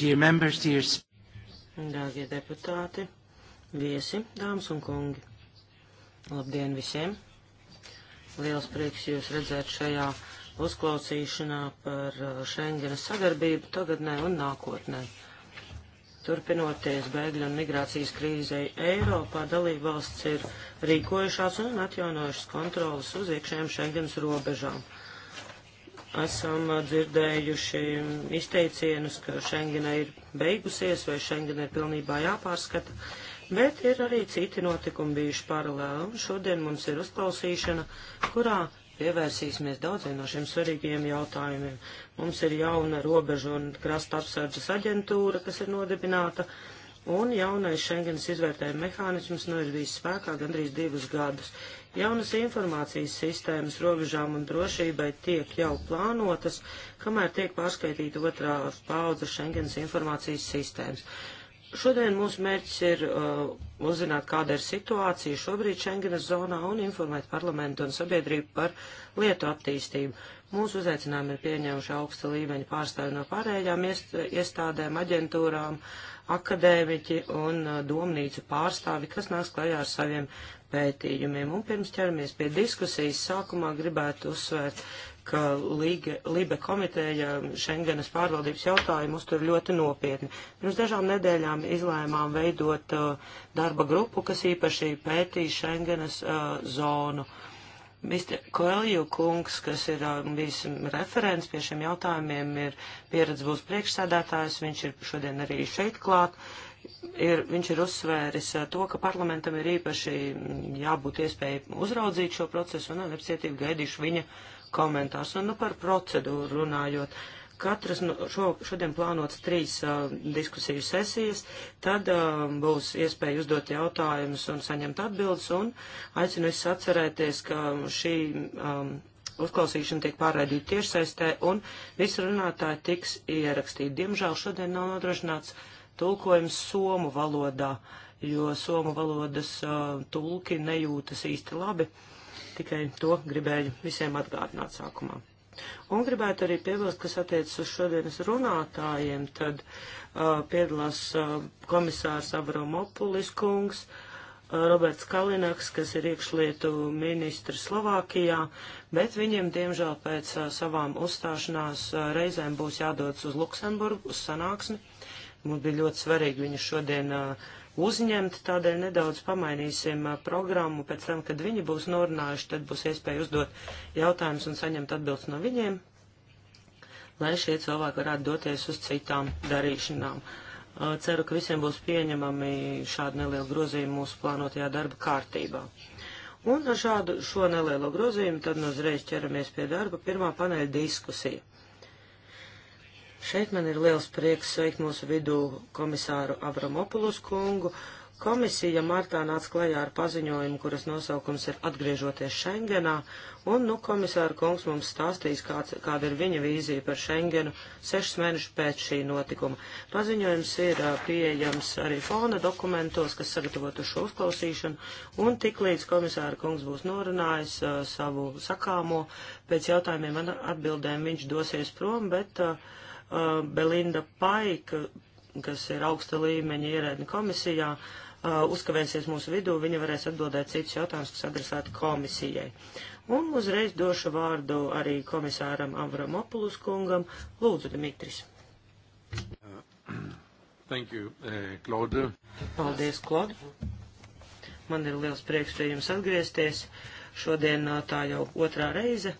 Dear members, dear... Dārgie deputāti, viesi, dāmas un kungi, labdien visiem! Liels prieks jūs redzēt šajā uzklausīšanā par uh, Schengena sadarbību tagadnē un nākotnē. Turpinoties bēgļu un migrācijas krīzei Eiropā, dalībvalsts ir rīkojušās un atjaunojušas kontrolas uz iekšējām Schengens robežām esam dzirdējuši izteicienus, ka Schengena ir beigusies vai Schengena ir pilnībā jāpārskata, bet ir arī citi notikumi bijuši paralēli, un šodien mums ir uzklausīšana, kurā pievērsīsimies daudziem no šiem svarīgiem jautājumiem. Mums ir jauna robežu un krasta apsardzes aģentūra, kas ir nodibināta. Uh, un jaunais Schengenas izvērtējuma mehānisms nu ir bijis spēkā gandrīz divus gadus. Jaunas informācijas sistēmas robežām un drošībai tiek jau plānotas, kamēr tiek pārskaitīta otrā paudze Schengenas informācijas sistēmas. Šodien mūsu mērķis ir uh, uzzināt, kāda ir situācija šobrīd Schengenas zonā un informēt parlamentu un sabiedrību par lietu attīstību. Mūsu uzaicinājumu ir pieņēmuši augsta līmeņa pārstāvi no pārējām iest, iestādēm, aģentūrām, uh, akadēmiķi un uh, domnīcu pārstāvi, kas nāks klajā ar saviem pētījumiem. Un pirms ķeramies pie diskusijas, sākumā gribētu uzsvērt, ka Liga, Libe komiteja Šengenas pārvaldības jautājumu uztur ļoti nopietni. Pirms dažām nedēļām izlēmām veidot uh, darba grupu, kas īpaši pētīs Šengenas uh, zonu. Uh, Koeliju kungs, kas ir bijis referents pie šiem jautājumiem, ir pieredze būs priekšsēdētājs, viņš ir šodien arī šeit klāt. Ir, viņš ir uzsvēris to, ka parlamentam ir īpaši jābūt iespēja uzraudzīt šo procesu un ar nepacietību gaidīšu viņa komentārs. Un nu par procedūru runājot. Uh, katras no šo, šodien plānotas trīs uh, diskusiju sesijas, tad uh, būs iespēja uzdot jautājumus un saņemt atbildes, un aicinu es atcerēties, ka šī um, uzklausīšana tiek pārraidīta tiešsaistē, un visi runātāji tiks ierakstīti. Diemžēl šodien nav nodrošināts tulkojums somu valodā, jo somu valodas uh, tulki nejūtas īsti labi, tikai to gribēju visiem atgādināt sākumā. Un gribētu arī piebilst, kas attiecas uz šodienas runātājiem, tad uh, piedalās uh, komisārs Avramopulis kungs, uh, Roberts Kalinaks, kas ir iekšlietu ministrs Slovākijā, bet viņiem, diemžēl, pēc uh, savām uzstāšanās uh, reizēm būs jādodas uz Luksemburgu, uz sanāksmi. Mums bija ļoti svarīgi viņu šodien uh, uzņemt, tādēļ nedaudz pamainīsim uh, programmu. Pēc tam, kad viņi būs norunājuši, tad būs iespēja uzdot jautājumus un saņemt atbildes no viņiem, lai šie cilvēki varētu doties uz citām darīšanām. Uh, ceru, ka visiem būs pieņemami šādi nelieli grozījumi mūsu plānotajā darba kārtībā. Un ar šādu šo nelielo grozījumu tad nu uzreiz ķeramies pie darba pirmā paneļa diskusija. Šeit man ir liels prieks sveikt mūsu vidū komisāru Avramopulus kungu. Komisija martā nāca klajā ar paziņojumu, kuras nosaukums ir atgriežoties Schengenā, un, nu, komisāra kungs mums stāstīs, kāds, kāda ir viņa vīzija par Schengenu sešas mēnešus pēc šī notikuma. Paziņojums ir pieejams arī fona dokumentos, kas sagatavot uz šo uzklausīšanu, un tiklīdz komisāra kungs būs norunājis uh, savu sakāmo, pēc jautājumiem un atbildēm viņš dosies prom, bet. Uh, uh, Belinda Paika, kas ir augsta līmeņa ierēdni komisijā, uh, uzkavēsies mūsu vidū, viņa varēs atbildēt citus jautājumus, kas adresēti komisijai. Un uzreiz došu vārdu arī komisāram Avramopulus kungam. Lūdzu, Dimitris. Thank you, uh, Claude. Paldies, Claude. Man ir liels prieks pie jums atgriezties. Šodien eh, tā jau otrā reize,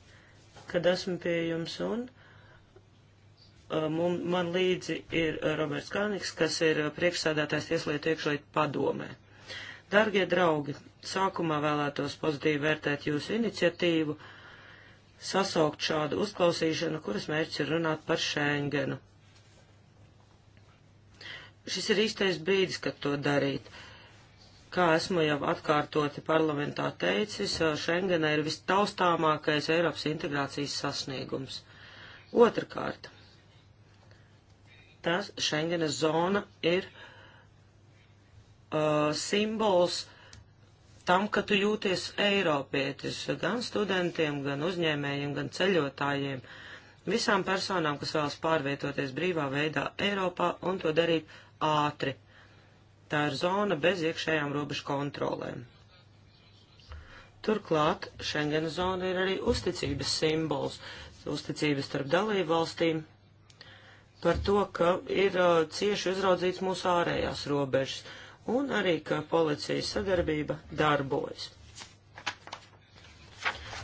kad esmu pie jums un man, man līdzi ir Roberts Kāniks, kas ir priekšsādātājs tieslietu iekšlietu padomē. Dargie draugi, sākumā vēlētos pozitīvi vērtēt jūsu iniciatīvu, sasaukt šādu uzklausīšanu, kuras mērķis ir runāt par Schengenu. Šis ir īstais brīdis, kad to darīt. Kā esmu jau atkārtoti parlamentā teicis, Schengena ir vistaustāmākais Eiropas integrācijas sasniegums. Otrakārt, tas Schengenes zona ir uh, simbols tam, ka tu jūties eiropietis gan studentiem, gan uzņēmējiem, gan ceļotājiem, visām personām, kas vēlas pārvietoties brīvā veidā Eiropā un to darīt ātri. Tā ir zona bez iekšējām robežu kontrolēm. Turklāt Schengen zona ir arī uzticības simbols, uzticības starp dalību valstīm par to, ka ir uh, cieši uzraudzīts mūsu ārējās robežas un arī, ka policijas sadarbība darbojas.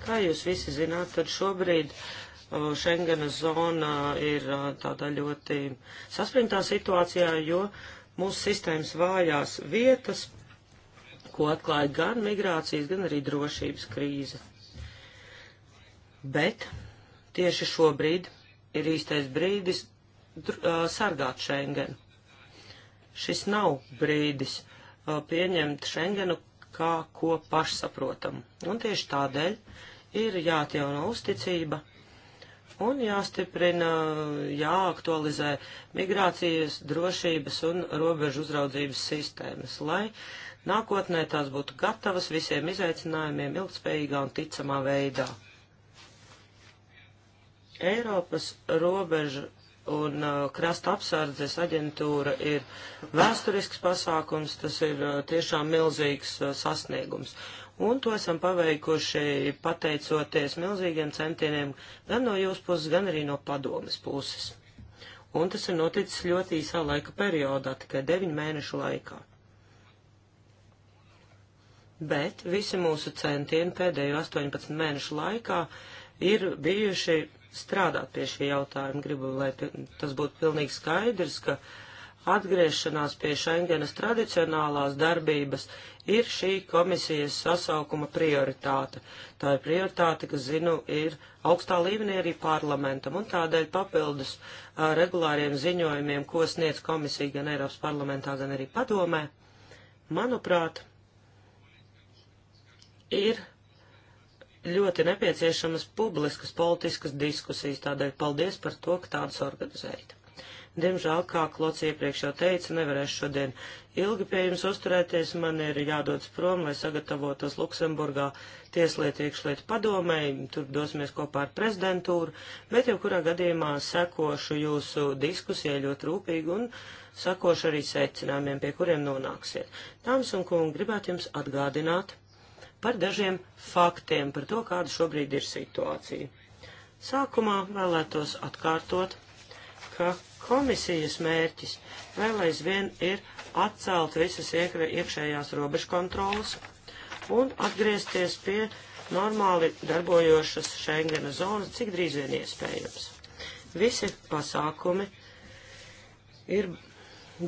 Kā jūs visi zināt, tad šobrīd uh, Schengena zona ir uh, tādā ļoti saspringtā situācijā, jo mūsu sistēmas vājās vietas, ko atklāja gan migrācijas, gan arī drošības krīze. Bet tieši šobrīd ir īstais brīdis Uh, sargāt Schengenu. Šis nav brīdis uh, pieņemt Schengenu kā ko pašsaprotamu. Un tieši tādēļ ir jāatjauno uzticība un jāstiprina, jāaktualizē migrācijas, drošības un robežu uzraudzības sistēmas, lai nākotnē tās būtu gatavas visiem izaicinājumiem ilgspējīgā un ticamā veidā. Eiropas robeža un uh, krasta apsardzes aģentūra ir vēsturisks pasākums, tas ir uh, tiešām milzīgs uh, sasniegums. Un to esam paveikuši pateicoties milzīgiem centieniem gan no jūsu puses, gan arī no padomas puses. Un tas ir noticis ļoti īsā laika periodā, tikai 9 mēnešu laikā. Bet visi mūsu centieni pēdējo 18 mēnešu laikā ir bijuši strādāt pie šī jautājuma. Gribu, lai tas būtu pilnīgi skaidrs, ka atgriešanās pie Schengenas tradicionālās darbības ir šī komisijas sasaukuma prioritāte. Tā ir prioritāte, kas, zinu, ir augstā līmenī arī parlamentam, un tādēļ papildus uh, regulāriem ziņojumiem, ko sniedz komisija gan Eiropas parlamentā, gan arī padomē, manuprāt, ir ļoti nepieciešamas publiskas politiskas diskusijas, tādēļ paldies par to, ka tādas organizējat. Diemžēl, kā Klots iepriekš jau teica, nevarēšu šodien ilgi pie jums uzturēties, man ir jādodas prom, lai sagatavotos Luksemburgā tieslietu iekšlietu padomēji, tur dosimies kopā ar prezidentūru, bet jau kurā gadījumā sekošu jūsu diskusijai ļoti rūpīgi un sekošu arī secinājumiem, pie kuriem nonāksiet. Tāms un kungi, gribētu jums atgādināt par dažiem faktiem par to, kāda šobrīd ir situācija. Sākumā vēlētos atkārtot, ka komisijas mērķis vēl aizvien ir atcelt visas iekšējās robežu kontrolas un atgriezties pie normāli darbojošas Schengena zonas, cik drīz vien iespējams. Visi pasākumi ir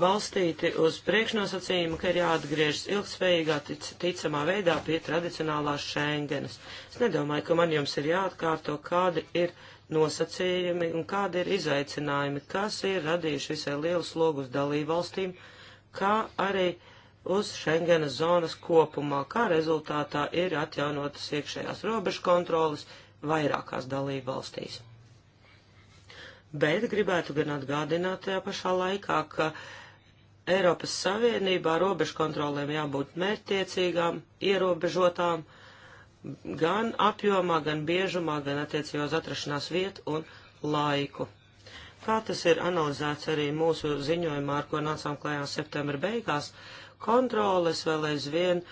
balstīti uz priekšnosacījumu, ka ir jāatgriežas ilgspējīgā tic, ticamā veidā pie tradicionālās Schengenas. Es nedomāju, ka man jums ir jāatkārto, kādi ir nosacījumi un kādi ir izaicinājumi, kas ir radījuši visai lielu slogu uz dalību valstīm, kā arī uz Schengenas zonas kopumā, kā rezultātā ir atjaunotas iekšējās robežu kontrolas vairākās dalību valstīs bet gribētu gan atgādināt tajā pašā laikā, ka Eiropas Savienībā robežu kontrolēm jābūt mērķtiecīgām, ierobežotām, gan apjomā, gan biežumā, gan attiecībā uz atrašanās vietu un laiku. Kā tas ir analizēts arī mūsu ziņojumā, ar ko nācām klajā septembra beigās, kontroles vēl aizvien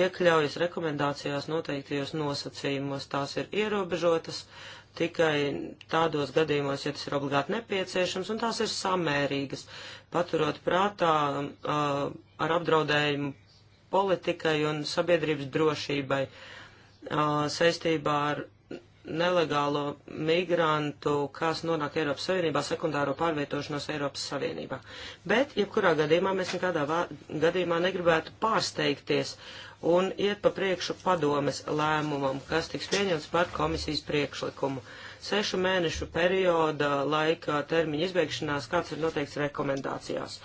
iekļaujas rekomendācijās noteiktajos nosacījumos. Tās ir ierobežotas, uh, tikai tādos gadījumos, ja tas ir obligāti nepieciešams, un tās ir samērīgas, paturot prātā uh, ar apdraudējumu politikai un sabiedrības drošībai uh, saistībā ar nelegālo migrantu, kas nonāk Eiropas Savienībā, sekundāro pārvietošanos Eiropas Savienībā. Bet, jebkurā gadījumā, mēs nekādā gadījumā negribētu pārsteigties un iet pa priekšu padomes lēmumam, kas tiks pieņemts par komisijas priekšlikumu. Sešu mēnešu perioda laika termiņa izbeigšanās, kāds ir noteikts rekomendācijās.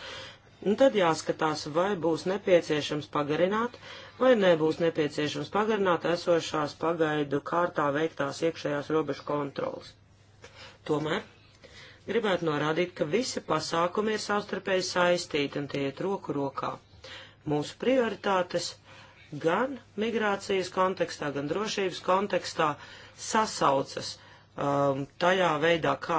Un nu, tad jāskatās, vai būs nepieciešams pagarināt, vai nebūs nepieciešams pagarināt esošās pagaidu kārtā veiktās iekšējās robežu kontrolas. Tomēr gribētu norādīt, ka visi pasākumi ir savstarpēji saistīti un tie iet roku rokā. Mūsu prioritātes gan migrācijas kontekstā, gan drošības kontekstā sasaucas um, tajā veidā, kā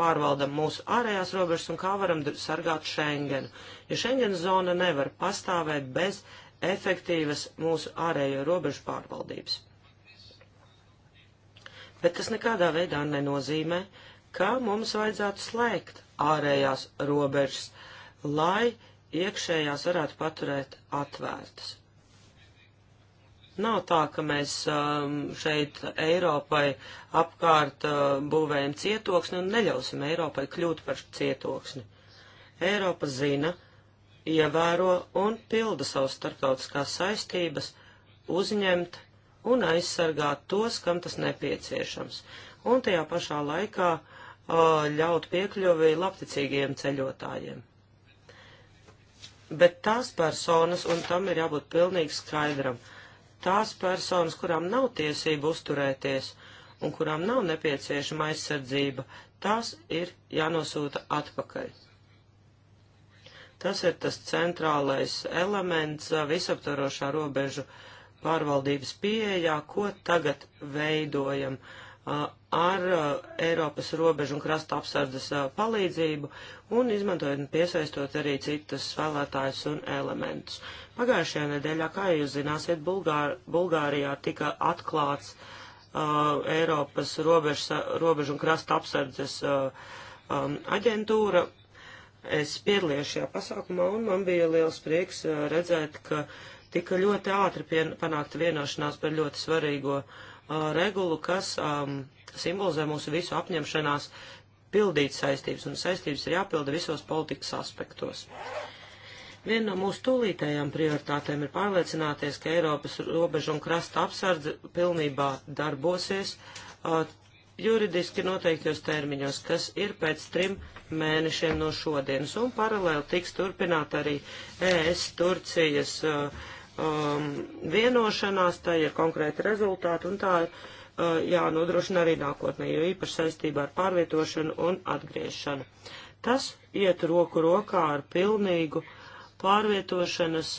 pārvaldam mūsu ārējās robežas un kā varam sargāt Schengenu. Jo Schengen zona nevar pastāvēt bez efektīvas mūsu ārējo robežu pārvaldības. Bet tas nekādā veidā nenozīmē, ka mums vajadzētu slēgt ārējās robežas, lai iekšējās varētu paturēt atvērtas. Nav tā, ka mēs um, šeit Eiropai apkārt uh, būvējam cietoksni un neļausim Eiropai kļūt par cietoksni. Eiropa zina, ievēro un pilda savas starptautiskās saistības, uzņemt un aizsargāt tos, kam tas nepieciešams, un tajā pašā laikā uh, ļaut piekļuvi labticīgiem ceļotājiem bet tās personas, un tam ir jābūt pilnīgi skaidram, tās personas, kurām nav tiesība uzturēties un kurām nav nepieciešama aizsardzība, tās ir jānosūta atpakaļ. Tas ir tas centrālais elements visaptvarošā robežu pārvaldības pieejā, ko tagad veidojam. Uh, ar Eiropas robežu un krasta apsardzes palīdzību un izmantojot un piesaistot arī citas spēlētājus un elementus. Pagājušajā nedēļā, kā jūs zināsiet, Bulgār Bulgārijā tika atklāts uh, Eiropas robežu, robežu un krasta apsardzes uh, um, aģentūra. Es piedalījos šajā pasākumā un man bija liels prieks uh, redzēt, ka tika ļoti ātri pien, panākta vienošanās par ļoti svarīgo uh, regulu, kas um, simbolizē mūsu visu apņemšanās pildīt saistības, un saistības ir jāpilda visos politikas aspektos. Viena no mūsu tūlītējām prioritātēm ir pārliecināties, ka Eiropas robeža un krasta apsardze pilnībā darbosies uh, juridiski noteiktos termiņos, kas ir pēc trim mēnešiem no šodienas, un paralēli tiks turpināt arī ES Turcijas uh, um, vienošanās, tā ir konkrēti rezultāti un tā ir uh, jānodrošina arī nākotnē, jo īpaši saistībā ar pārvietošanu un atgriešanu. Tas iet roku rokā ar pilnīgu pārvietošanas,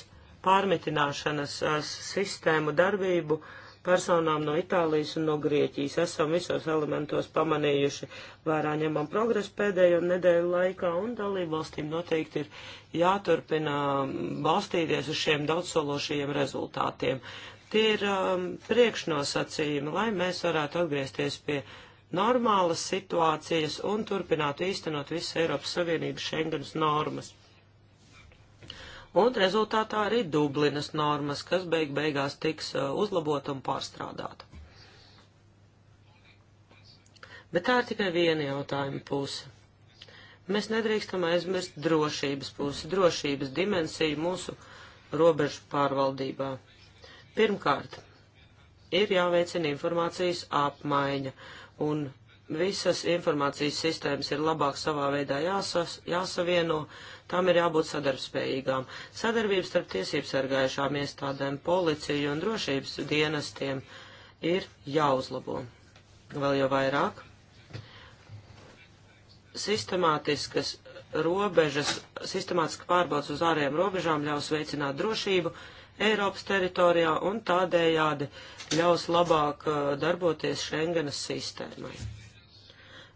pārmitināšanas uh, sistēmu darbību uh, personām no Itālijas un no Grieķijas. Esam visos elementos pamanījuši vērā ņemam progresu pēdējo nedēļu laikā, un dalību valstīm noteikti ir jāturpina balstīties uz šiem daudzsološajiem rezultātiem. Tie ir um, priekšnosacījumi, lai mēs varētu atgriezties pie normālas situācijas un turpinātu īstenot visas Eiropas Savienības Schengens normas un rezultātā arī Dublinas normas, kas beig beigās tiks uh, uzlabot un pārstrādāt. Bet tā ir tikai viena jautājuma puse. Mēs nedrīkstam aizmirst drošības pusi, drošības dimensiju mūsu robežu pārvaldībā. Pirmkārt, ir jāveicina informācijas apmaiņa un visas informācijas sistēmas ir labāk savā veidā jāsas, jāsavieno, tām ir jābūt sadarbspējīgām. Sadarbības starp tiesības sargājušām iestādēm, policiju un drošības dienestiem ir jāuzlabo. Vēl jau vairāk. Sistemātiskas robežas, sistemātiski pārbaudas uz ārējām robežām ļaus veicināt drošību Eiropas teritorijā un tādējādi ļaus labāk eh, darboties Schengenas sistēmai.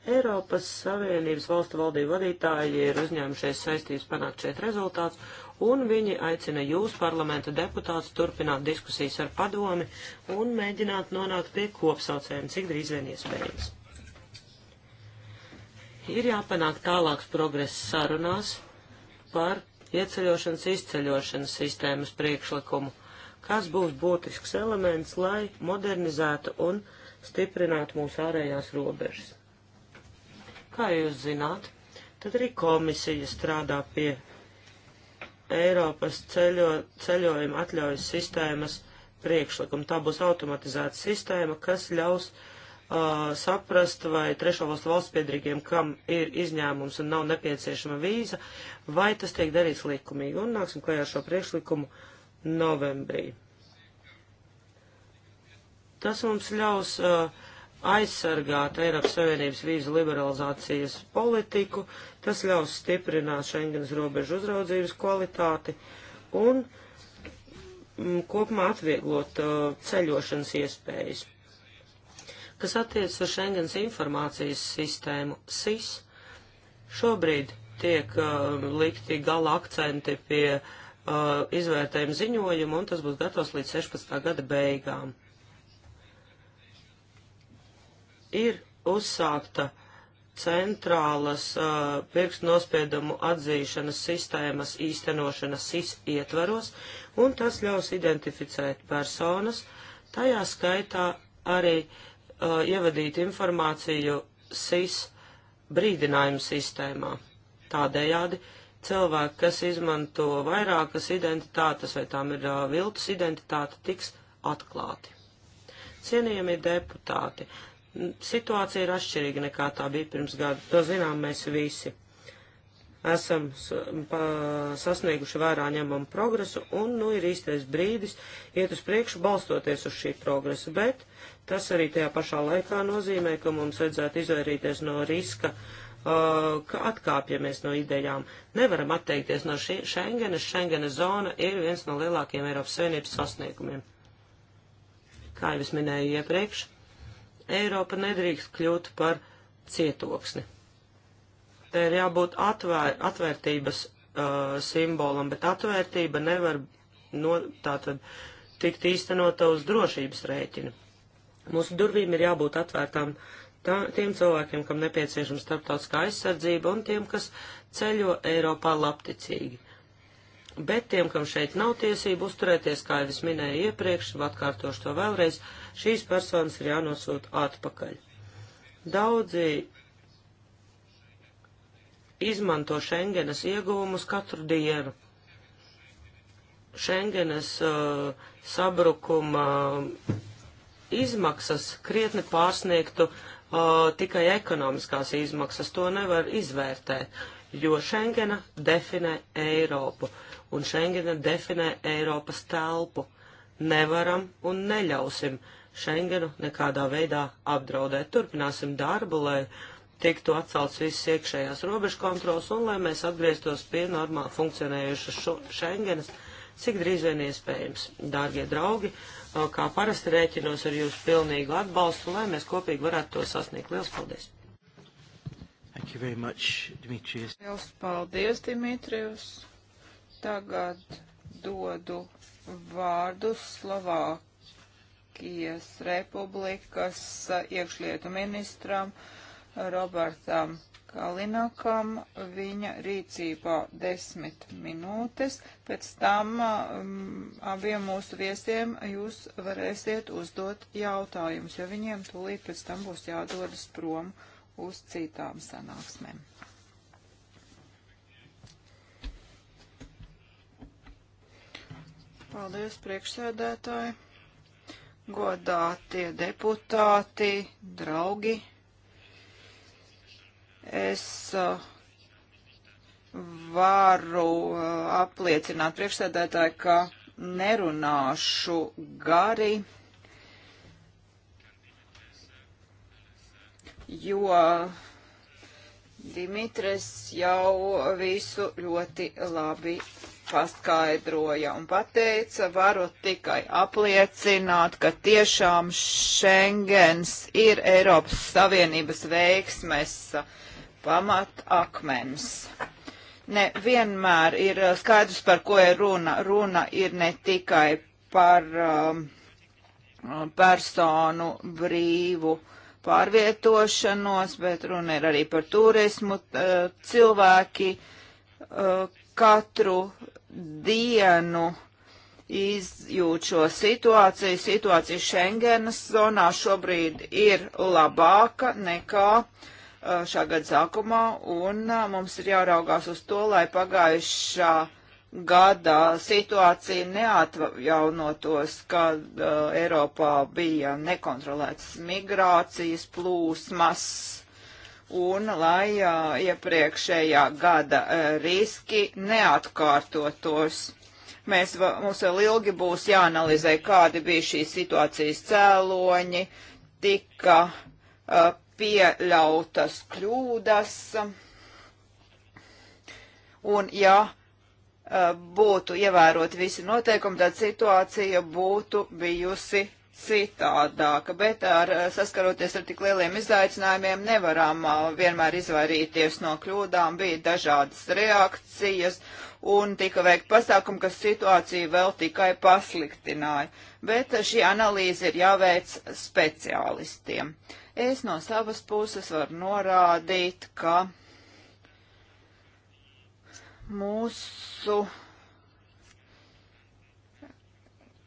Eiropas Savienības valstu valdību vadītāji ir uzņēmušies saistības panākt šeit rezultāts, un viņi aicina jūs, parlamenta deputātus, turpināt diskusijas ar padomi un mēģināt nonākt pie kopsaucējiem, cik drīz vien iespējams. Ir jāpanāk tālāks progress sarunās par ieceļošanas izceļošanas sistēmas priekšlikumu, kas būs būtisks elements, lai modernizētu un stiprinātu mūsu ārējās robežas. Kā jūs zināt, tad arī komisija strādā pie Eiropas ceļo, ceļojuma atļaujas sistēmas priekšlikuma. Tā būs automatizēta sistēma, kas ļaus uh, saprast, vai trešo valstu valsts piedrīgiem, kam ir izņēmums un nav nepieciešama vīza, vai tas tiek darīts likumīgi. Un nāksim klajā ar šo priekšlikumu novembrī. Tas mums ļaus uh, aizsargāt Eiropas Savienības vīzu liberalizācijas politiku, tas ļaus stiprināt Schengens robežu uzraudzības kvalitāti un m, mm, kopumā atvieglot uh, ceļošanas iespējas. Kas attiecas uz Schengens informācijas sistēmu SIS, šobrīd tiek uh, likti gala akcenti pie uh, izvērtējuma ziņojuma, un tas būs gatavs līdz 16. gada beigām. ir uzsākta centrālas uh, pirkstu nospiedumu atzīšanas sistēmas īstenošanas SIS ietvaros, un tas ļaus identificēt personas, tajā skaitā arī uh, ievadīt informāciju SIS brīdinājumu sistēmā. Tādējādi cilvēki, kas izmanto vairākas identitātes vai tām ir uh, viltus identitāte, tiks atklāti. Cienījamie deputāti, situācija ir atšķirīga nekā tā bija pirms gada. To zinām mēs visi. Esam sasnieguši vērā ņemamu progresu un nu ir īstais brīdis iet uz priekšu balstoties uz šī progresa, bet tas arī tajā pašā laikā nozīmē, ka mums vajadzētu izvairīties no riska, uh, ka atkāpjamies no idejām. Nevaram atteikties no Schengenes. Schengenes zona ir viens no lielākiem Eiropas Savienības sasniegumiem. Kā jau es minēju iepriekš, Eiropa nedrīkst kļūt par cietoksni. Te ir jābūt atvēr, atvērtības uh, simbolam, bet atvērtība nevar no, tātad tikt īstenota uz drošības rēķina. Mūsu durvīm ir jābūt atvērtām tā, tiem cilvēkiem, kam nepieciešama starptautiskā aizsardzība, un tiem, kas ceļo Eiropā labticīgi. Bet tiem, kam šeit nav tiesību uzturēties, kā jau es minēju iepriekš, atkārtošu to vēlreiz, šīs personas ir jānosūta atpakaļ. Daudzi izmanto Schengenas ieguvumus katru dienu. Schengenas uh, sabrukuma izmaksas krietni pārsniegtu uh, tikai ekonomiskās izmaksas. To nevar izvērtēt, jo Schengena definē Eiropu. Uh, un Schengena definē Eiropas telpu. Nevaram un neļausim Schengenu nekādā veidā apdraudēt. Turpināsim darbu, lai tiktu atcelts visas iekšējās robežu kontrols un lai mēs atgrieztos pie normāli funkcionējušas Schengenas, cik drīz vien iespējams. Dārgie draugi, kā parasti rēķinos ar jūsu pilnīgu atbalstu, lai mēs kopīgi varētu to sasniegt. Lielas paldies! Thank you very much, Dimitrijus. Lielas paldies, Dimitrijus. Tagad dodu vārdu Slovākijas republikas iekšlietu ministram Robertam Kalinakam. Viņa rīcībā desmit minūtes. Pēc tam um, abiem mūsu viesiem jūs varēsiet uzdot jautājumus, jo viņiem tūlīt pēc tam būs jādodas prom uz citām sanāksmēm. Paldies, priekšsēdētāji, godātie deputāti, draugi. Es uh, varu uh, apliecināt priekšsēdētāji, ka nerunāšu gari. jo Dimitris jau visu ļoti labi paskaidroja un pateica, varu tikai apliecināt, ka tiešām Schengens ir Eiropas Savienības veiksmes uh, pamatakmens. Ne vienmēr ir uh, skaidrs, par ko ir runa. Runa ir ne tikai par um, personu brīvu pārvietošanos, bet runa ir arī par turismu. Uh, cilvēki uh, katru dienu izjūt šo situāciju. Situācija Schengenas zonā šobrīd ir labāka nekā uh, šā gada sākumā, un uh, mums ir jāraugās uz to, lai pagājušā gada situācija neatjaunotos, kad uh, Eiropā bija nekontrolētas migrācijas plūsmas un lai uh, iepriekšējā gada uh, riski neatkārtotos. Mēs, va, mums vēl ilgi būs jāanalizē, kādi bija šīs situācijas cēloņi, tika uh, pieļautas kļūdas. Un, ja būtu ievērot visi noteikumi, tad situācija būtu bijusi citādāka, bet ar, eh, saskaroties ar tik lieliem izaicinājumiem nevaram eh, vienmēr izvairīties no kļūdām, bija dažādas reakcijas un tika veikt pasākumi, kas situāciju vēl tikai pasliktināja. Bet šī analīze ir jāveic speciālistiem. Es no savas puses varu norādīt, ka mūsu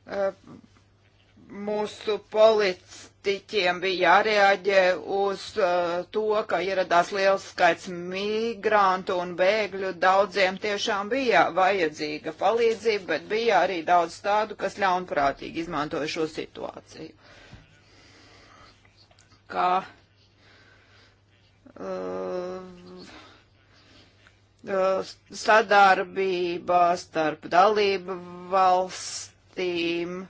uh, mūsu politiķiem bija jārēģē uz uh, to, ka ieradās liels skaits migrantu un bēgļu. Daudziem tiešām bija vajadzīga palīdzība, bet bija arī daudz tādu, kas ļaunprātīgi izmantoja šo situāciju. Kā, uh, uh sadarbība starp dalību valstīm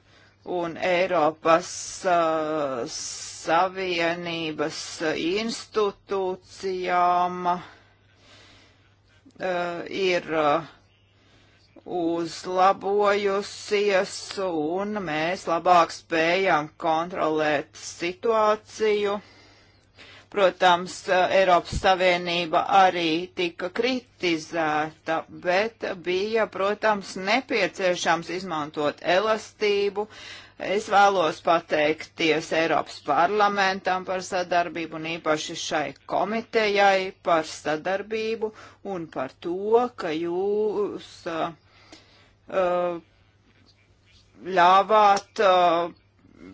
un Eiropas uh, Savienības institūcijām uh, ir uh, uzlabojusies un mēs labāk spējam kontrolēt situāciju. Protams, eh, Eiropas Savienība arī tika kritizēta, bet bija, protams, nepieciešams izmantot elastību. Es vēlos pateikties Eiropas parlamentam par sadarbību un īpaši šai komitejai par sadarbību un par to, ka jūs uh, ļāvāt uh,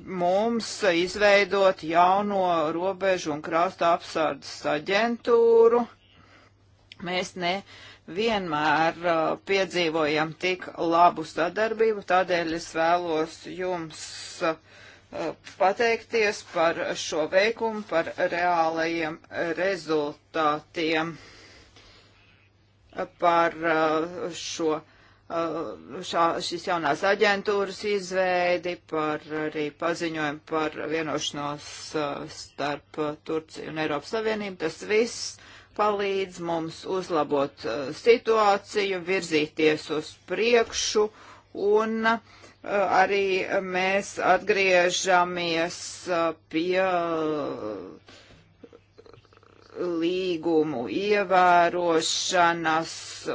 mums izveidot jauno robežu un krasta apsardzes aģentūru. Mēs ne vienmēr uh, piedzīvojam tik labu sadarbību, tādēļ es vēlos jums uh, pateikties par šo veikumu, par reālajiem rezultātiem, par uh, šo Uh, šā, šīs jaunās aģentūras izveidi, par arī paziņojumu par vienošanos uh, starp uh, Turciju un Eiropas Savienību. Tas viss palīdz mums uzlabot situāciju, virzīties uz priekšu un arī mēs atgriežamies pie līgumu ievērošanas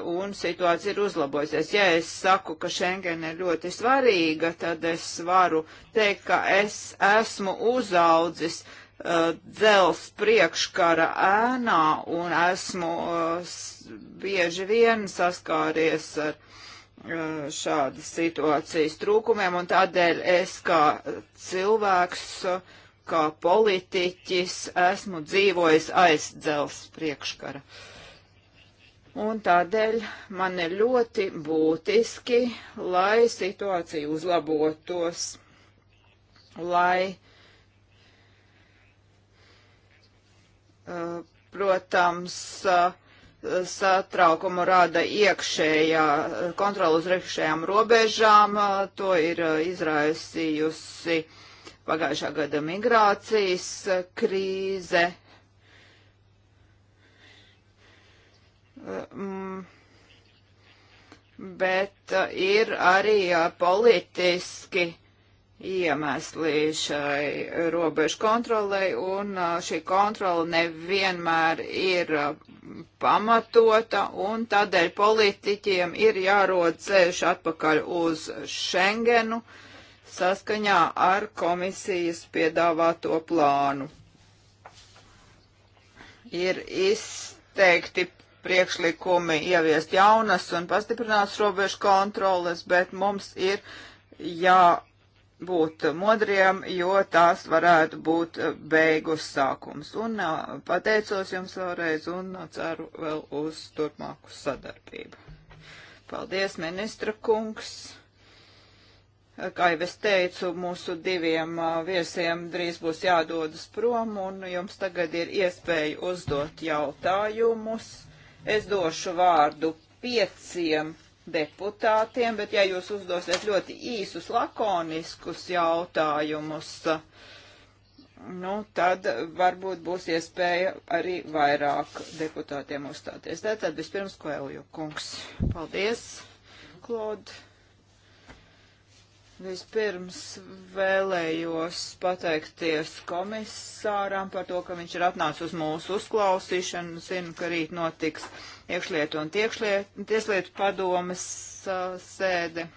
un situācija ir uzlabojusies. Ja es saku, ka Schengen ir ļoti svarīga, tad es varu teikt, ka es esmu uzaudzis uh, dzels priekškara ēnā un esmu uh, bieži vien saskāries ar uh, šādas situācijas trūkumiem un tādēļ es kā cilvēks uh, kā politiķis esmu dzīvojis aiz dzels priekškara. Un tādēļ man ir ļoti būtiski, lai situācija uzlabotos, lai, uh, protams, uh, satraukumu rada iekšējā kontrola uz iekšējām robežām, uh, to ir izraisījusi uh, pagājušā gada migrācijas eh, krīze. Um, bet eh, ir arī politiski iemesli šai robežu kontrolei, un šī kontrola nevienmēr ir pamatota, un tādēļ politiķiem ir jārod ceļš atpakaļ uz Schengenu. Uh, saskaņā ar komisijas piedāvāto plānu. Ir izteikti priekšlikumi ieviest jaunas un pastiprināts robežu kontroles, bet mums ir jābūt modriem, jo tās varētu būt beigu sākums. Un pateicos jums vēlreiz un ceru vēl uz turpmāku sadarbību. Paldies, ministra kungs! Kā jau es teicu, mūsu diviem viesiem drīz būs jādodas prom, un jums tagad ir iespēja uzdot jautājumus. Es došu vārdu pieciem deputātiem, bet ja jūs uzdosiet ļoti īsus, lakoniskus jautājumus, nu, tad varbūt būs iespēja arī vairāk deputātiem uzstāties. Tātad vispirms Koelju kungs. Paldies, Klod. Vispirms vēlējos pateikties komisāram par to, ka viņš ir atnācis uz mūsu uzklausīšanu. Zinu, ka rīt notiks iekšlietu un tieslietu padomas uh, sēde.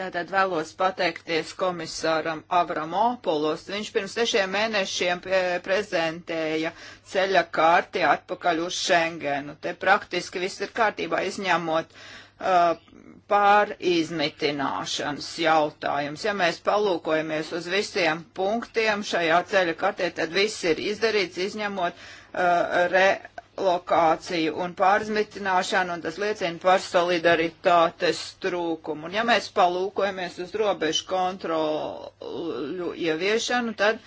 Tātad vēlos pateikties komisāram Avramopulos. Viņš pirms sešiem mēnešiem prezentēja ceļa kārti atpakaļ uz Schengenu. Te praktiski viss ir kārtībā izņemot uh, par izmitināšanas jautājums. Ja mēs palūkojamies uz visiem punktiem šajā ceļa kartē, tad viss ir izdarīts, izņemot uh, relokāciju un pārizmitināšanu, un tas liecina par solidaritātes trūkumu. Un ja mēs palūkojamies uz robežu kontrolu ieviešanu, tad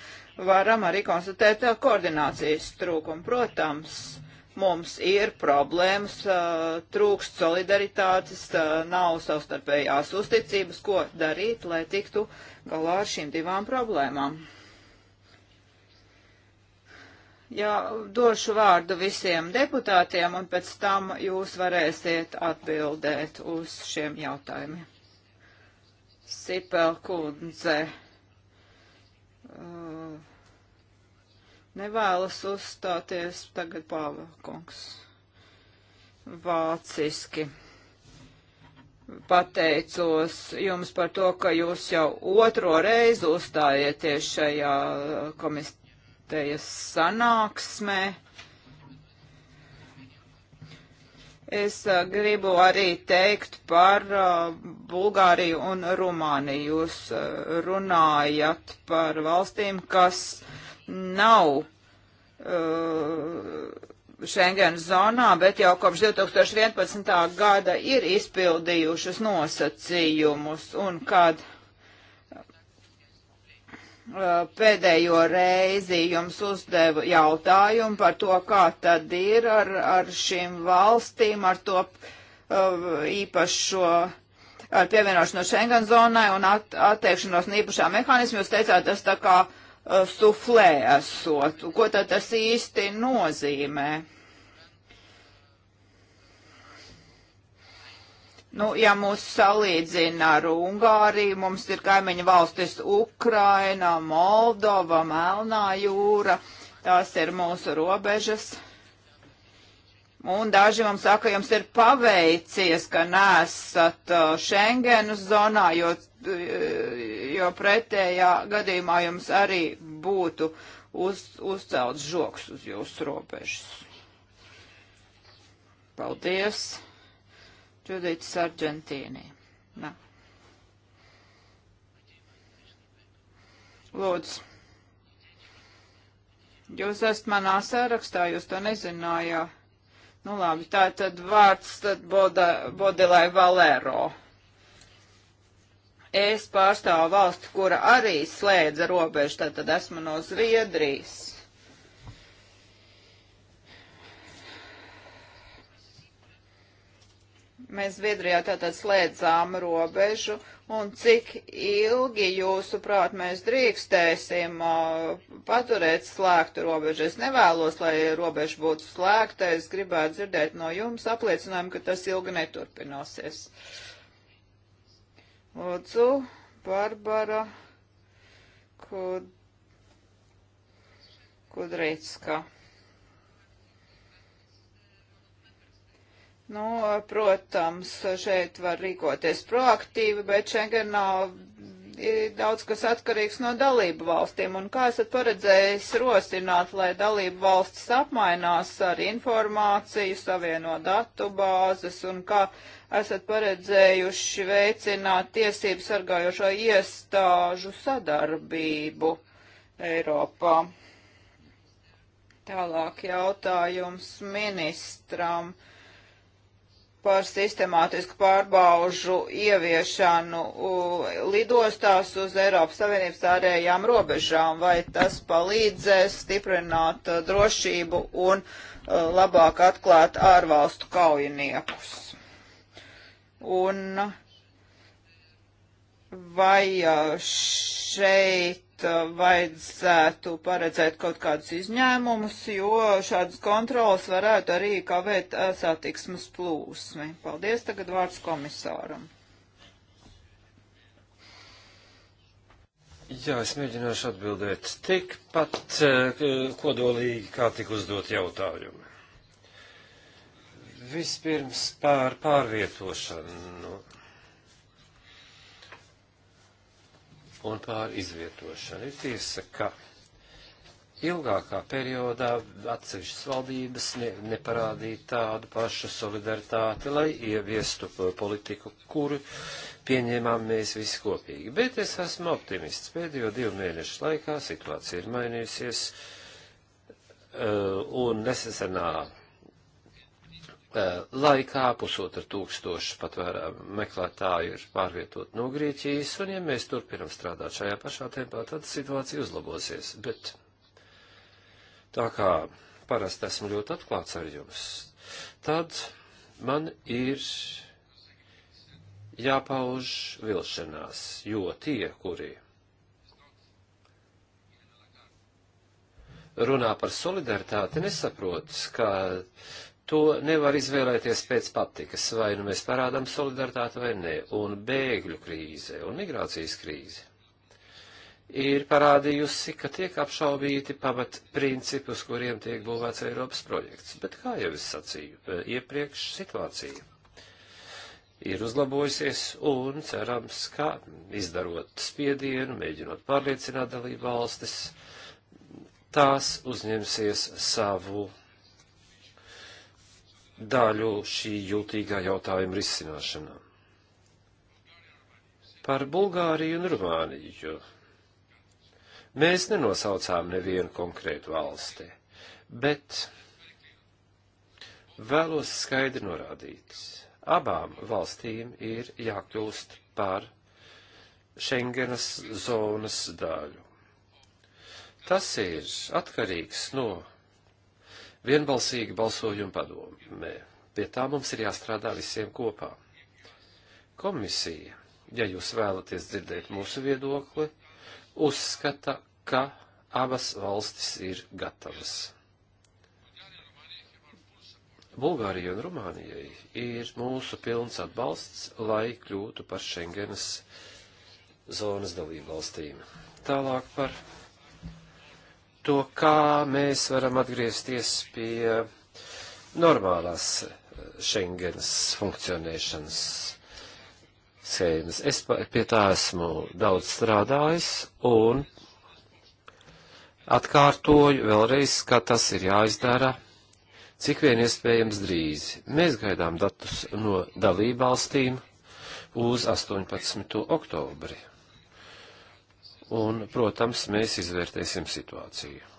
varam arī konstatēt uh, koordinācijas trūkumu. Protams, mums ir problēmas, trūkst solidaritātes, nav savstarpējās uzticības, ko darīt, lai tiktu galā ar šīm divām problēmām. Jā, došu vārdu visiem deputātiem, un pēc tam jūs varēsiet atbildēt uz šiem jautājumiem. Sipel kundze. Uh, nevēlas uzstāties. Tagad Pāvēkungs vāciski pateicos jums par to, ka jūs jau otro reizi uzstājieties šajā komitejas sanāksmē. Es a, eh, gribu arī teikt par a, eh, Bulgāriju un Rumāniju. Jūs a, eh, runājat par valstīm, kas uh, nav uh, Schengen zonā, bet jau kopš 2011. gada ir izpildījušas nosacījumus un kad uh, pēdējo reizi jums uzdevu jautājumu par to, kā tad ir ar, ar šīm valstīm, ar to uh, īpašo ar pievienošanos Schengen zonai un at, atteikšanos no īpašā mehānismu, jūs teicāt, tas tā kā uh, Uh, suflē esot. Ko tad tas īsti nozīmē? Nu, ja mūs salīdzina ar Ungāriju, mums ir kaimiņu valstis Ukraina, Moldova, Melnā jūra, tās ir mūsu robežas. Un daži mums saka, jums ir paveicies, ka nesat uh, Schengenas zonā, jo, uh, jo pretējā gadījumā jums arī būtu uz, uzcelts žoks uz jūsu robežas. Paldies, Džudīts Argentīnī. Nā. Lūdzu. Jūs esat manā sērakstā, jūs to nezinājāt. Nu labi, tā tad vārds tad Bodelai Valero. Es pārstāvu valstu, kura arī slēdza robežu, tad, tad esmu no Zviedrijas. Mēs Zviedrijā tātad slēdzām robežu un cik ilgi jūsuprāt mēs drīkstēsim uh, paturēt slēgtu robežu. Es nevēlos, lai robeža būtu slēgta, es gribētu dzirdēt no jums apliecinājumu, ka tas ilgi neturpināsies. Lūdzu, Barbara Kud... Kudrītska. Nu, protams, šeit var rīkoties proaktīvi, bet Schengenā ir daudz kas atkarīgs no dalību valstīm. Un kā esat paredzējis rosināt, lai dalību valstis apmainās ar informāciju, savieno datu bāzes un kā esat paredzējuši veicināt tiesību sargājošo iestāžu sadarbību Eiropā? Tālāk jautājums ministram. Uh, par sistemātisku pārbaužu ieviešanu lidostās uz Eiropas Savienības ārējām robežām, vai tas palīdzēs stiprināt uh, drošību un uh, labāk atklāt ārvalstu kaujiniekus. Un vai uh, šeit Uh, vajadzētu paredzēt kaut kādus izņēmumus, jo šādas kontrolas varētu arī kavēt uh, satiksmes plūsmi. Paldies, tagad vārds komisāram. Jā, es mēģināšu atbildēt tikpat uh, kodolīgi, kā tik uzdot jautājumi. Vispirms pār pārvietošanu un pār izvietošanu. Ir tiesa, ka ilgākā periodā atsevišķas valdības ne, neparādīja tādu pašu solidaritāti, lai ieviestu politiku, kuru pieņēmām mēs visi kopīgi. Bet es esmu optimists. Pēdējo divu mēnešu laikā situācija ir mainījusies, uh, un nesesenā Eh, laikā pusotra tūkstoša patvērā meklētāju ir pārvietot no Grieķijas, un ja mēs turpinam strādāt šajā pašā tempā, tad situācija uzlabosies. Bet tā kā parasti esmu ļoti atklāts ar jums, tad man ir jāpauž vilšanās, jo tie, kuri runā par solidaritāti, nesaprot, ka to nevar izvēlēties pēc patikas, vai nu mēs parādām solidaritāti vai nē, un bēgļu krīze un migrācijas krīze ir parādījusi, ka tiek apšaubīti pamat principi, uz kuriem tiek būvēts Eiropas projekts. Bet, kā jau es sacīju, e, iepriekš situācija ir uzlabojusies un cerams, ka izdarot spiedienu, mēģinot pārliecināt dalību valstis, tās uzņemsies savu daļu šī jūtīgā jautājuma risināšanā. Par Bulgāriju un Rumāniju. Mēs nenosaucām nevienu konkrētu valsti, bet vēlos skaidri norādīt, abām valstīm ir jākļūst par Schengenas zonas daļu. Tas ir atkarīgs no vienbalsīgi balsojumu padomē. Pie tā mums ir jāstrādā visiem kopā. Komisija, ja jūs vēlaties dzirdēt mūsu viedokli, uzskata, ka abas valstis ir gatavas. Bulgārijai un Rumānijai ir mūsu pilns atbalsts, lai kļūtu par Schengenas zonas dalību valstīm. Tālāk par to, kā mēs varam atgriezties pie normālās eh, Schengens funkcionēšanas schēmas. Es pie tā esmu daudz strādājis un atkārtoju vēlreiz, ka tas ir jāizdara cik vien iespējams drīz. Mēs gaidām datus no dalībvalstīm uz 18. oktobri un, protams, mēs izvērtēsim situāciju.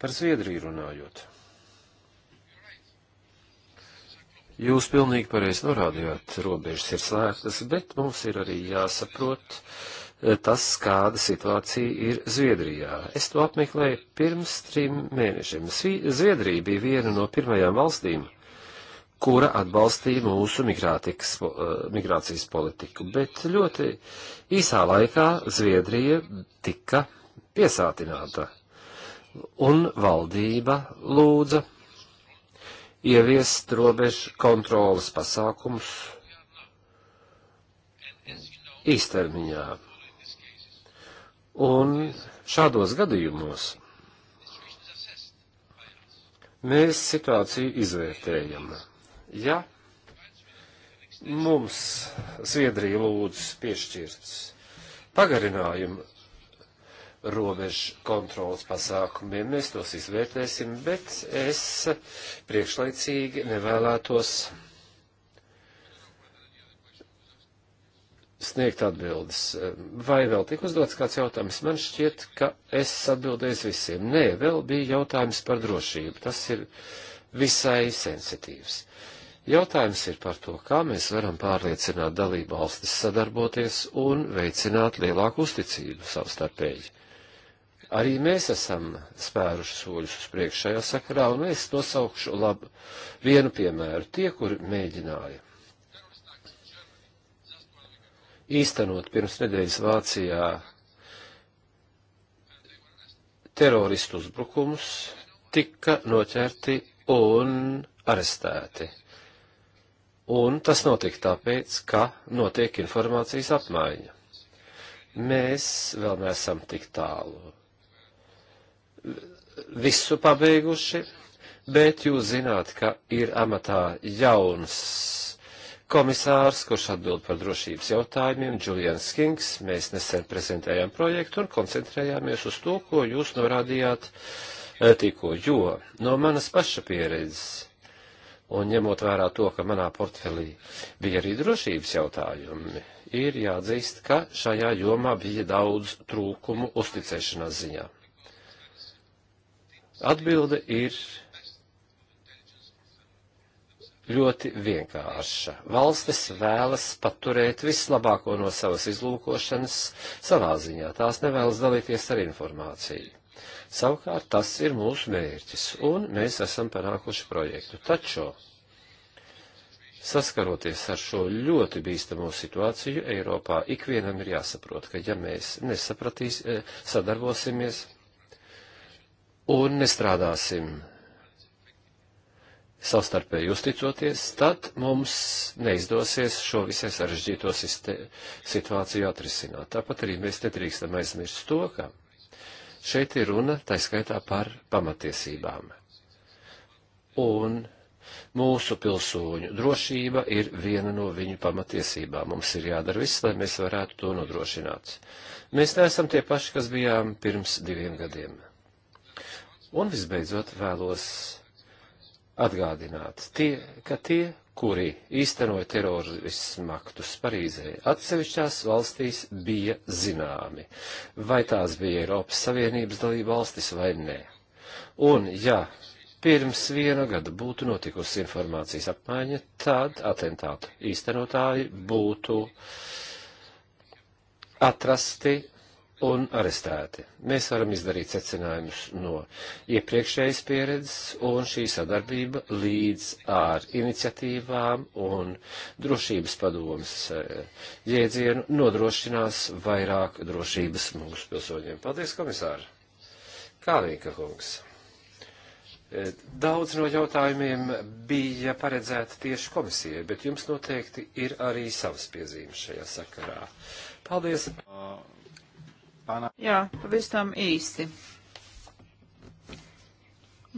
Par Zviedriju runājot. Jūs pilnīgi pareizi norādījāt, robežas ir slēgtas, bet mums ir arī jāsaprot eh, tas, kāda situācija ir Zviedrijā. Es to apmeklēju pirms trim mēnešiem. Zviedrija bija viena no pirmajām valstīm, kura atbalstīja mūsu eh, migrācijas politiku. Bet ļoti īsā laikā Zviedrija tika piesātināta, un valdība lūdza ieviest robežu kontrolas pasākums īstermiņā. Un šādos gadījumos mēs situāciju izvērtējam. Ja mums Zviedrija lūdzas piešķirts pagarinājumu robežu kontrolas pasākumiem, mēs tos izvērtēsim, bet es priekšlaicīgi nevēlētos sniegt atbildes. Vai vēl tik uzdots kāds jautājums? Man šķiet, ka es atbildēju visiem. Nē, vēl bija jautājums par drošību. Tas ir visai sensitīvs. Uh, Jautājums ir par to, kā mēs varam pārliecināt dalību valstis sadarboties un veicināt lielāku uzticību savstarpēji. Arī mēs esam spēruši soļus uz priekšu šajā sakarā, un es nosaukšu labu vienu piemēru tie, kuri mēģināja. Īstenot pirms nedēļas Vācijā teroristu uzbrukumus, tika noķerti un arestēti. Un tas notiek tāpēc, ka notiek informācijas apmaiņa. Mēs vēl neesam tik tālu visu pabeiguši, bet jūs zināt, ka ir amatā jauns komisārs, kurš atbild par drošības jautājumiem, Julians Kings. Mēs nesen prezentējām projektu un koncentrējāmies uz to, ko jūs norādījāt eh, tikko, jo no manas paša pieredzes un ņemot vērā to, ka manā portfelī bija arī drošības jautājumi, ir jāatzīst, ka šajā jomā bija daudz trūkumu uzticēšanās ziņā. Atbilde ir ļoti vienkārša. Valstis vēlas paturēt vislabāko no savas izlūkošanas savā ziņā. Tās nevēlas dalīties ar informāciju. Savukārt tas ir mūsu mērķis, un mēs esam panākuši projektu. Taču, saskaroties ar šo ļoti bīstamo situāciju Eiropā, ikvienam ir jāsaprot, ka ja mēs nesapratīs, e, sadarbosimies un nestrādāsim savstarpēji uzticoties, tad mums neizdosies šo visai sarežģīto situāciju atrisināt. Tāpat arī mēs nedrīkstam aizmirst to, ka Šeit ir runa, tā skaitā, par pamatiesībām. Un mūsu pilsoņu drošība ir viena no viņu pamatiesībām. Mums ir jādara viss, lai mēs varētu to nodrošināt. Mēs neesam tie paši, kas bijām pirms diviem gadiem. Un visbeidzot vēlos atgādināt, tie, ka tie, kuri īstenoja terorismu aktus Parīzē, atsevišķās valstīs bija zināmi, vai tās bija Eiropas Savienības dalība valstis vai nē. Un, ja pirms viena gada būtu notikusi informācijas apmaiņa, tad atentātu īstenotāji būtu atrasti un arestēti. Mēs varam izdarīt secinājumus no iepriekšējas pieredzes, un šī sadarbība līdz ar iniciatīvām un drošības padomas eh, jēdzienu nodrošinās vairāk drošības mūsu pilsoņiem. Paldies, komisāri! Kālīka kungs! Eh, daudz no jautājumiem bija paredzēti tieši komisijai, bet jums noteikti ir arī savas piezīmes šajā sakarā. Paldies! Uh. Pana... Jā, pavisam īsi.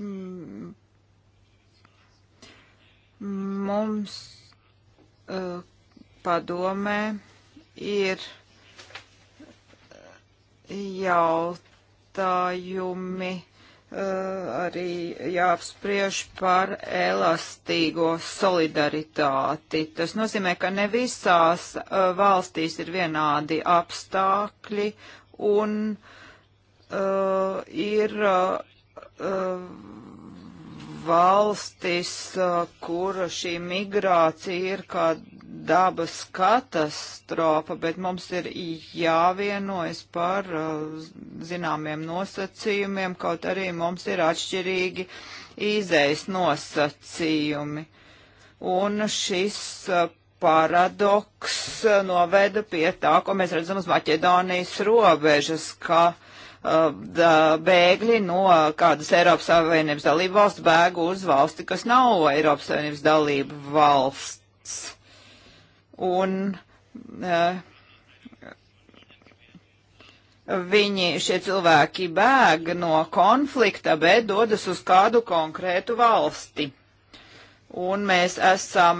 Mm. Mums uh, padomē ir jautājumi uh, arī jāapspriež par elastīgo solidaritāti. Tas nozīmē, ka ne visās uh, valstīs ir vienādi apstākļi un uh, ir uh, uh, valstis, uh, kur šī migrācija ir kā dabas katastrofa, bet mums ir jāvienojas par uh, zināmiem nosacījumiem, kaut arī mums ir atšķirīgi izējas nosacījumi. Un šis uh, paradoks noveda pie tā, ko mēs redzam uz Maķedonijas robežas, ka uh, bēgļi no kādas Eiropas Savienības dalību valsts bēg uz valsti, kas nav Eiropas Savienības dalību valsts. Un uh, viņi, šie cilvēki bēg no konflikta, bet dodas uz kādu konkrētu valsti. Un mēs esam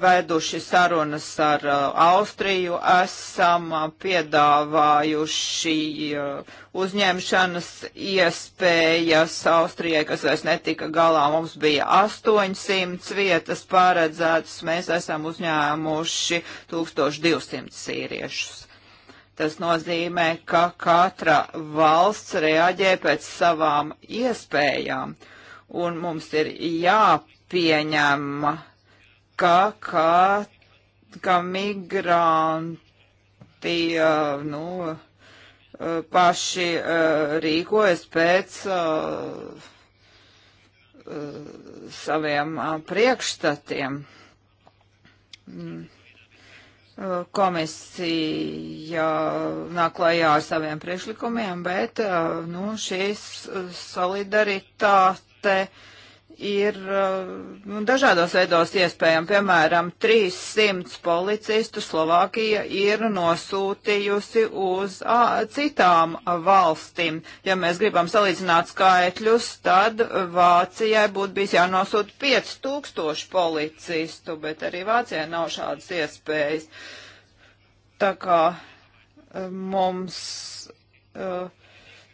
veduši sarunas ar uh, Austriju, esam uh, piedāvājuši uh, uzņemšanas iespējas Austrijai, kas vairs netika galā. Mums bija 800 vietas paredzētas, mēs esam uzņēmuši 1200 sīriešus. Tas nozīmē, ka katra valsts reaģē pēc savām iespējām. Un mums ir jāpārādās pieņēma, ka, ka, ka migranti, nu, paši rīkojas pēc saviem priekšstatiem. Mm. Komisija nāk klajā ar saviem priekšlikumiem, bet nu, šīs solidaritāte uh, ir uh, nu, dažādos veidos iespējami. Piemēram, 300 policistu Slovākija ir nosūtījusi uz a, citām valstīm. Ja mēs gribam salīdzināt skaitļus, tad Vācijai būtu bijis jānosūta 5000 policistu, bet arī Vācijai nav šādas iespējas. Tā kā uh, mums. Uh,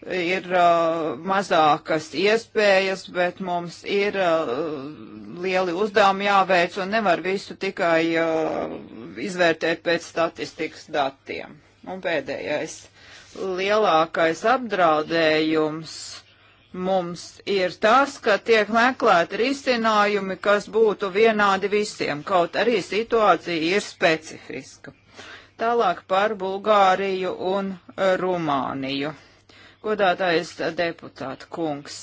ir uh, mazākas iespējas, bet mums ir uh, lieli uzdevumi jāveic un nevar visu tikai uh, izvērtēt pēc statistikas datiem. Un pēdējais lielākais apdraudējums mums ir tas, ka tiek meklēti risinājumi, kas būtu vienādi visiem, kaut arī situācija ir specifiska. Tālāk par Bulgāriju un Rumāniju godātais deputāta kungs.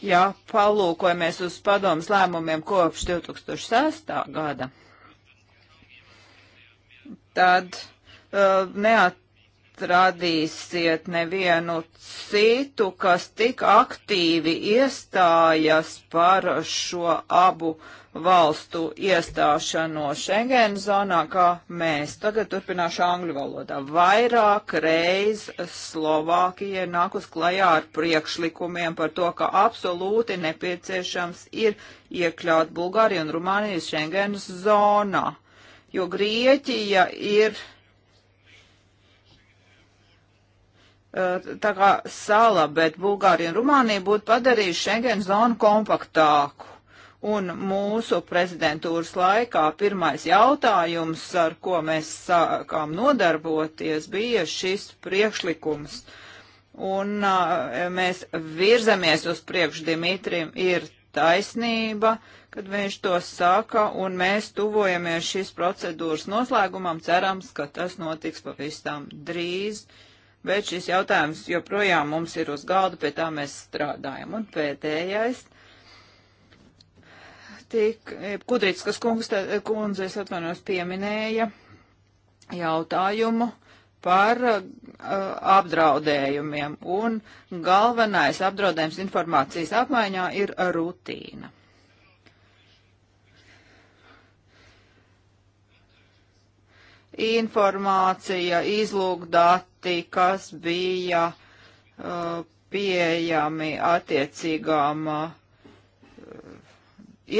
Ja palūkojamies uz padomas lēmumiem kopš 2006. gada, tad uh, neat atradīsiet nevienu citu, kas tik aktīvi iestājas par šo abu valstu iestāšanu Schengen zonā, kā mēs. Tagad turpināšu angļu valodā. Vairāk reiz Slovākija ir nākus klajā ar priekšlikumiem par to, ka absolūti nepieciešams ir iekļaut Bulgāriju un Rumāniju Schengen zonā, jo Grieķija ir Eh, tā kā sala, bet Bulgārija un Rumānija būtu padarījuši Schengen zonu kompaktāku. Un mūsu prezidentūras laikā pirmais jautājums, ar ko mēs sākām nodarboties, bija šis priekšlikums. Un a, eh, mēs virzamies uz priekšu Dimitrim, ir taisnība, kad viņš to saka, un mēs tuvojamies šīs procedūras noslēgumam, cerams, ka tas notiks pavisam drīz. Uh, bet šis jautājums joprojām mums ir uz galda, pie tā mēs strādājam. Un pēdējais. Tik, eh, Kudrītskas kungs, eh, kundze, es atvainojos, pieminēja jautājumu par uh, apdraudējumiem, un galvenais apdraudējums informācijas apmaiņā ir rutīna. informācija, izlūkdati, dati, kas bija uh, pieejami attiecīgām uh,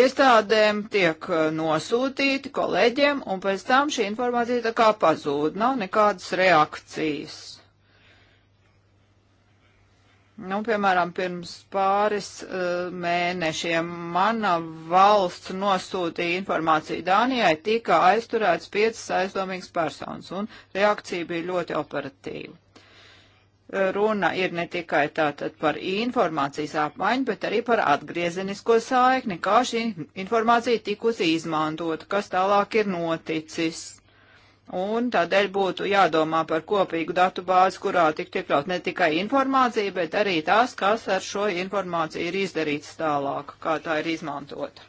iestādēm, tiek uh, nosūtīti kolēģiem, un pēc tam šī informācija tā kā pazūd, nav nekādas reakcijas. Nu, piemēram, pirms pāris uh, mēnešiem mana valsts nosūtīja informāciju Dānijai, tika aizturēts piecas aizdomīgas personas, un reakcija bija ļoti operatīva. Eh, runa ir ne tikai tātad par informācijas apmaiņu, bet arī par atgriezenisko saikni, kā šī informācija tikusi izmantota, kas tālāk ir noticis Un tādēļ būtu jādomā par kopīgu datu bāzi, kurā tik iekļaut ne tikai informācija, bet arī tās, kas ar šo informāciju ir izdarīts tālāk, kā tā ir izmantota.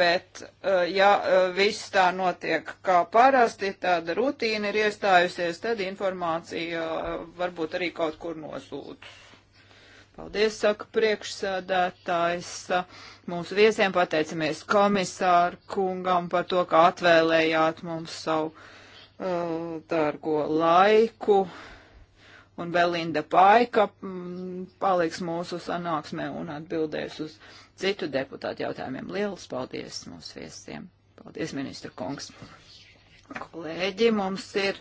Bet, eh, ja eh, viss tā notiek kā parasti, tāda rutīna ir iestājusies, tad informācija eh, varbūt arī kaut kur nosūta. Paldies, saka priekšsēdētājs. Mūsu viesiem pateicamies komisāru kungam par to, ka atvēlējāt mums savu Eh, dārgo laiku. Un Belinda Paika mm, paliks mūsu sanāksmē un atbildēs uz citu deputātu jautājumiem. Lielas paldies mūsu viesiem. Paldies, ministra kungs. Kolēģi, mums ir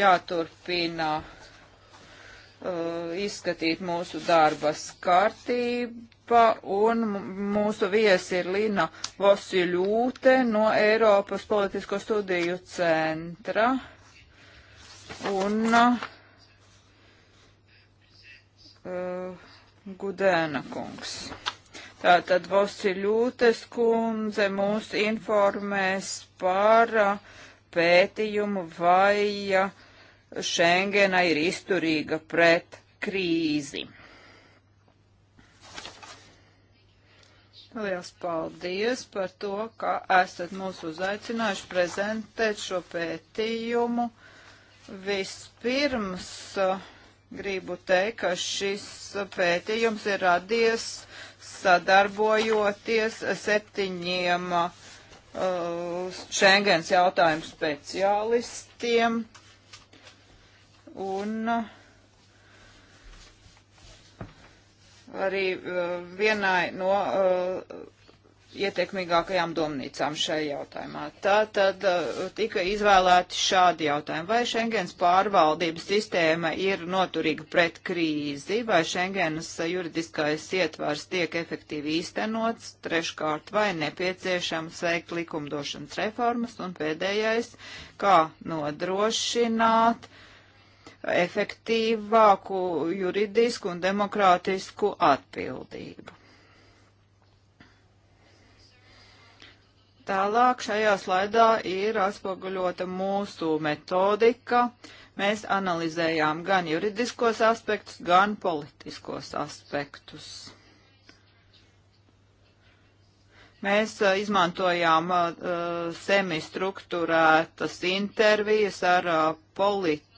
jāturpina uh, izskatīt mūsu darbas kārtību Eiropa, un mūsu viesi ir Lina Vosiļūte no Eiropas politisko studiju centra. Un uh, Gudēna kungs. Tātad Vosiļūtes kundze mūs informēs par uh, pētījumu, vai uh, Schengena ir izturīga pret krīzi. Liels paldies par to, ka esat mūs uzaicinājuši prezentēt šo pētījumu. Vispirms eh, gribu teikt, ka šis pētījums ir radies sadarbojoties septiņiem eh, Schengens jautājumu speciālistiem. Un uh, arī eh, vienai no eh, ietekmīgākajām domnīcām šajā jautājumā. Tā tad eh, tika izvēlēti šādi jautājumi. Vai Schengens pārvaldības sistēma ir noturīga pret krīzi, vai Schengenas juridiskais ietvars tiek efektīvi īstenots, treškārt, vai nepieciešams veikt likumdošanas reformas, un pēdējais, kā nodrošināt, uh, efektīvāku juridisku un demokrātisku atbildību. Tālāk šajā slaidā ir atspoguļota mūsu metodika. Mēs analizējām gan juridiskos aspektus, gan politiskos aspektus. Mēs a, uh, izmantojām a, uh, uh, semistruktūrētas intervijas ar a, politi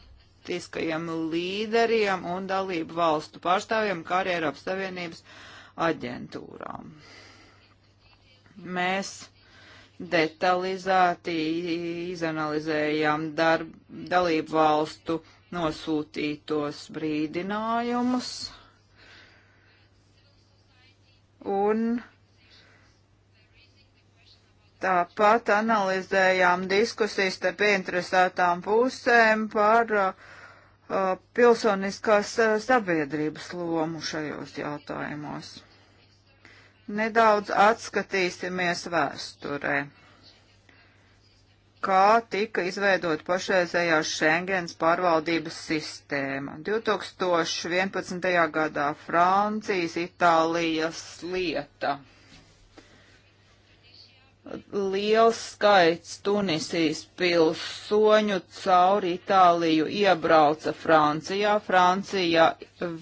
politiskajiem līderiem un dalību valstu pārstāvjiem, kā arī Eiropas Savienības aģentūrām. Mēs detalizēti izanalizējām darb, dalību valstu nosūtītos brīdinājumus un tāpat analizējām diskusijas starp interesētām pusēm par uh, Uh, pilsoniskās uh, sabiedrības lomu šajos jautājumos. Nedaudz atskatīsimies vēsturē, kā tika izveidot pašreizējā Schengens pārvaldības sistēma. 2011. gadā Francijas, Itālijas lieta liels skaits Tunisijas pilsoņu cauri Itāliju iebrauca Francijā. Francija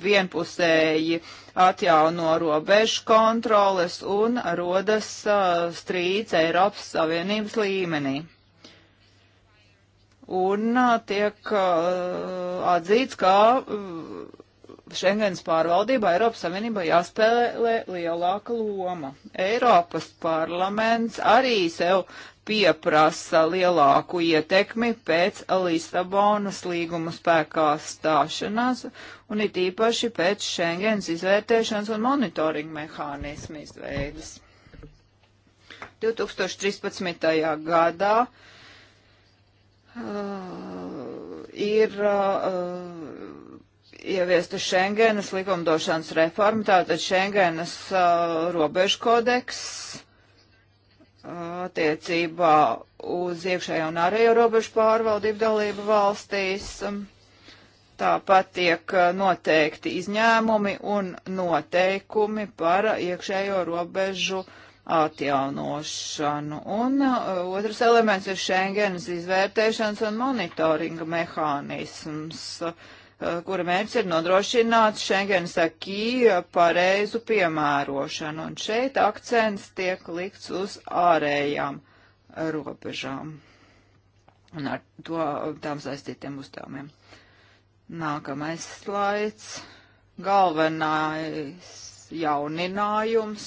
vienpusēji atjauno robežu kontroles un rodas uh, strīds Eiropas Savienības līmenī. Un uh, tiek uh, atzīts, ka uh, Schengens pārvaldībā Eiropas Savienībā jāspēlē lielāka loma. Eiropas parlaments arī sev pieprasa lielāku ietekmi pēc Lisabonas līguma spēkā stāšanās un it īpaši pēc Schengens izvērtēšanas un monitoringa mehānismu izveidas. 2013. gadā uh, ir uh, ieviestu Schengenas likumdošanas reformu, tātad Schengenas uh, robežu kodeks uh, attiecībā uz iekšējo un ārējo robežu pārvaldību dalību valstīs. Um, tāpat tiek uh, noteikti izņēmumi un noteikumi par iekšējo robežu atjaunošanu. Un uh, otrs elements ir Schengenas izvērtēšanas un monitoringa mehānisms. Uh, Uh, kura mērķis ir nodrošināt Schengens akī uh, pareizu piemērošanu. Un šeit akcents tiek likts uz ārējām robežām un ar to uh, tām saistītiem uzdevumiem. Nākamais slaids. Galvenais jauninājums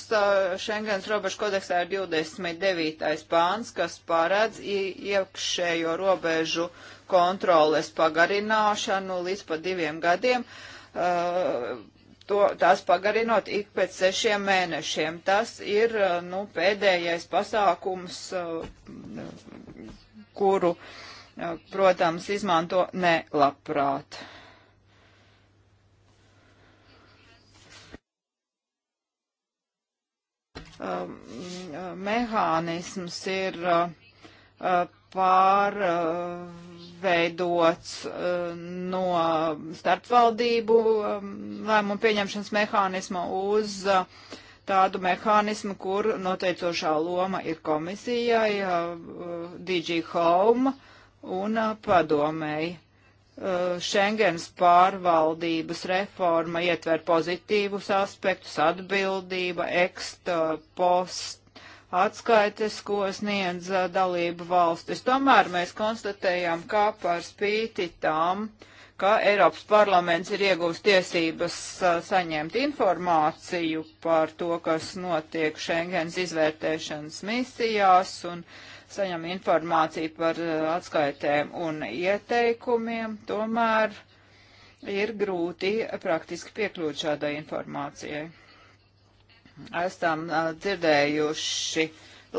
Schengens robežu kodeksā ir 29. pāns, kas paredz iekšējo robežu uh, kontroles pagarināšanu līdz pa diviem gadiem, uh, to, tās pagarinot ik pēc sešiem mēnešiem. Tas ir uh, nu, pēdējais pasākums, uh, kuru, uh, protams, izmanto nelabprāt. Um, uh, mehānisms ir uh, pār izveidots eh, no starpvaldību eh, lēmumu pieņemšanas mehānisma uz eh, tādu mehānismu, kur noteicošā loma ir komisijai, DG Home un padomēji. Šengens pārvaldības reforma ietver pozitīvus aspektus - atbildība, eksta, post, atskaites, ko sniedz dalību valstis. Tomēr mēs konstatējām, kā par spīti tam, ka Eiropas parlaments ir iegūst tiesības saņemt informāciju par to, kas notiek Schengens izvērtēšanas misijās un saņem informāciju par atskaitēm un ieteikumiem. Tomēr ir grūti praktiski piekļūt šādai informācijai esam dzirdējuši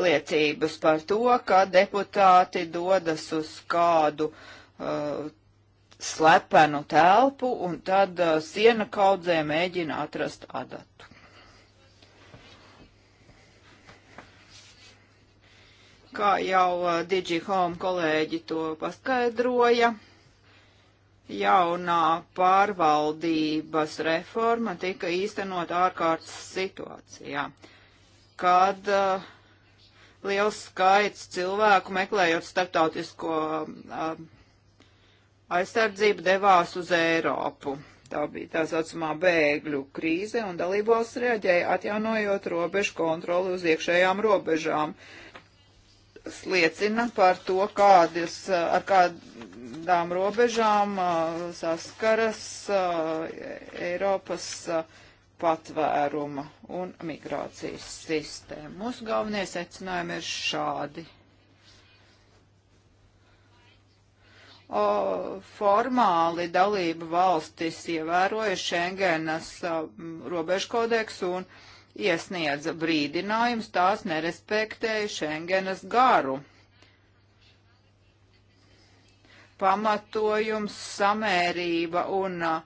liecības par to, ka deputāti dodas uz kādu uh, slepenu telpu un tad uh, siena kaudzē mēģina atrast adatu. Kā jau uh, DigiHome kolēģi to paskaidroja, jaunā pārvaldības reforma tika īstenot ārkārtas situācijā, kad uh, liels skaits cilvēku meklējot starptautisko uh, aizsardzību devās uz Eiropu. Tā bija tā saucamā bēgļu krīze, un dalībvalsts reaģēja atjaunojot robežu kontroli uz iekšējām robežām. Tas liecina par to, kādas, uh, ar kādu ārējām robežām saskaras Eiropas patvēruma un migrācijas sistēma. Mūsu galvenie secinājumi ir šādi. O, formāli dalība valstis ievēroja Schengenas robežkodeksu un iesniedza brīdinājums, tās nerespektēja Schengenas garu pamatojums, samērība un uh,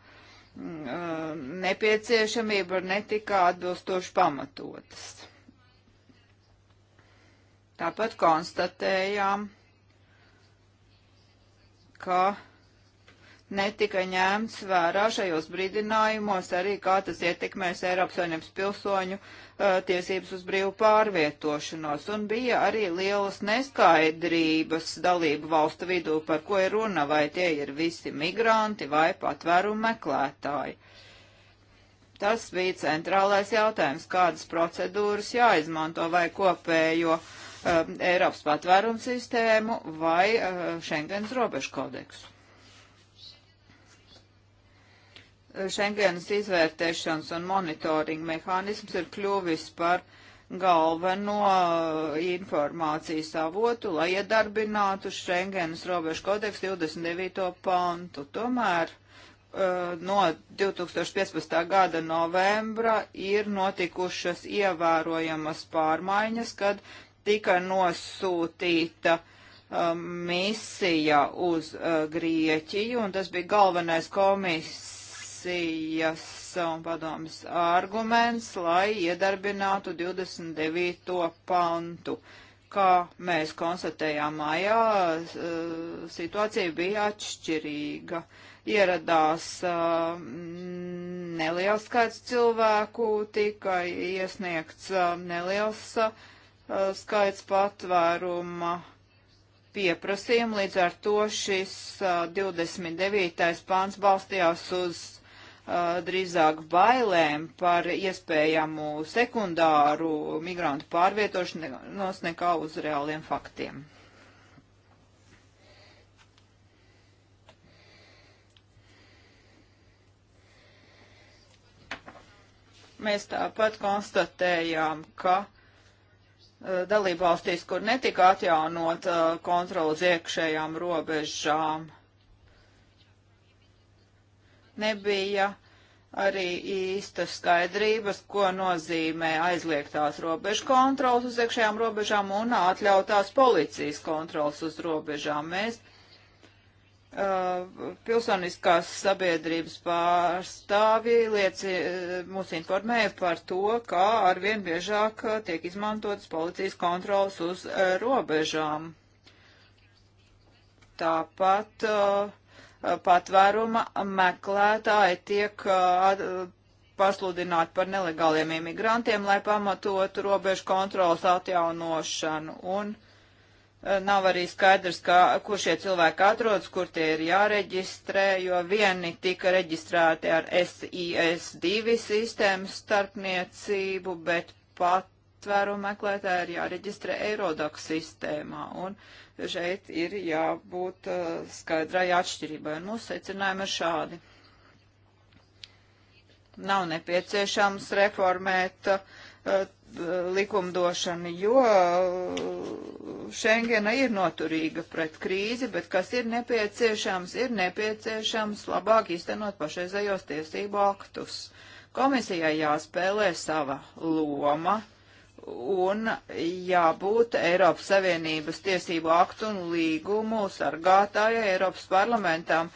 mm, uh nepieciešamība netika atbilstoši pamatotas. Tāpat konstatējām, ka netika ņemts vērā šajos brīdinājumos arī, kā tas ietekmēs Eiropas Savienības pilsoņu uh, tiesības uz brīvu pārvietošanos. Un bija arī lielas neskaidrības dalību valstu vidū, par ko ir runa, vai tie ir visi migranti vai patvērumu meklētāji. Tas bija centrālais jautājums, kādas procedūras jāizmanto vai kopējo um, Eiropas patvērumu sistēmu vai uh, Schengens robežu kodeksu. Schengenas izvērtēšanas un monitoringa mehānisms ir kļuvis par galveno uh, informācijas avotu, lai iedarbinātu Schengenas robežu kodeksu 29. pantu. Tomēr uh, no 2015. gada novembra ir notikušas ievērojamas pārmaiņas, kad tika nosūtīta uh, misija uz uh, Grieķiju, un tas bija galvenais komis, komisijas un padomas arguments, lai iedarbinātu 29. pantu. Kā mēs konstatējām mājā, e, situācija bija atšķirīga. Ieradās e, neliels skaits cilvēku, tika iesniegts e, neliels skaits patvēruma pieprasījumu, līdz ar to šis 29. pāns balstījās uz Uh, drīzāk bailēm par iespējamu sekundāru migrantu pārvietošanos nekā uz reāliem faktiem. Mēs tāpat konstatējām, ka uh, dalībvalstīs, kur netika atjaunot uh, kontrolas iekšējām robežām, nebija arī īsta skaidrības, ko nozīmē aizliegtās robežu kontrols uz iekšējām robežām un atļautās policijas kontrols uz robežām. Mēs uh, pilsoniskās sabiedrības pārstāvji lieci, uh, mūs informēja par to, ka arvien biežāk uh, tiek izmantotas policijas kontrols uz uh, robežām. Tāpat uh, patvēruma meklētāji tiek uh, pasludināti par nelegāliem imigrantiem, lai pamatotu robežu kontrolas atjaunošanu. Un uh, nav arī skaidrs, kā, kur šie cilvēki atrodas, kur tie ir jāreģistrē, jo vieni tika reģistrēti ar SIS2 sistēmas starpniecību, bet pat patvērumu meklētāji ir jāreģistrē Eirodak sistēmā, un šeit ir jābūt uh, skaidrai atšķirībai. Un mūsu secinājumi ir šādi. Nav nepieciešams reformēt uh, likumdošanu, jo uh, Schengena ir noturīga pret krīzi, bet kas ir nepieciešams, ir nepieciešams labāk iztenot pašreizējos tiesību aktus. Komisijai jāspēlē sava loma, un jābūt Eiropas Savienības tiesību aktu un līgumu sargātājai Eiropas parlamentām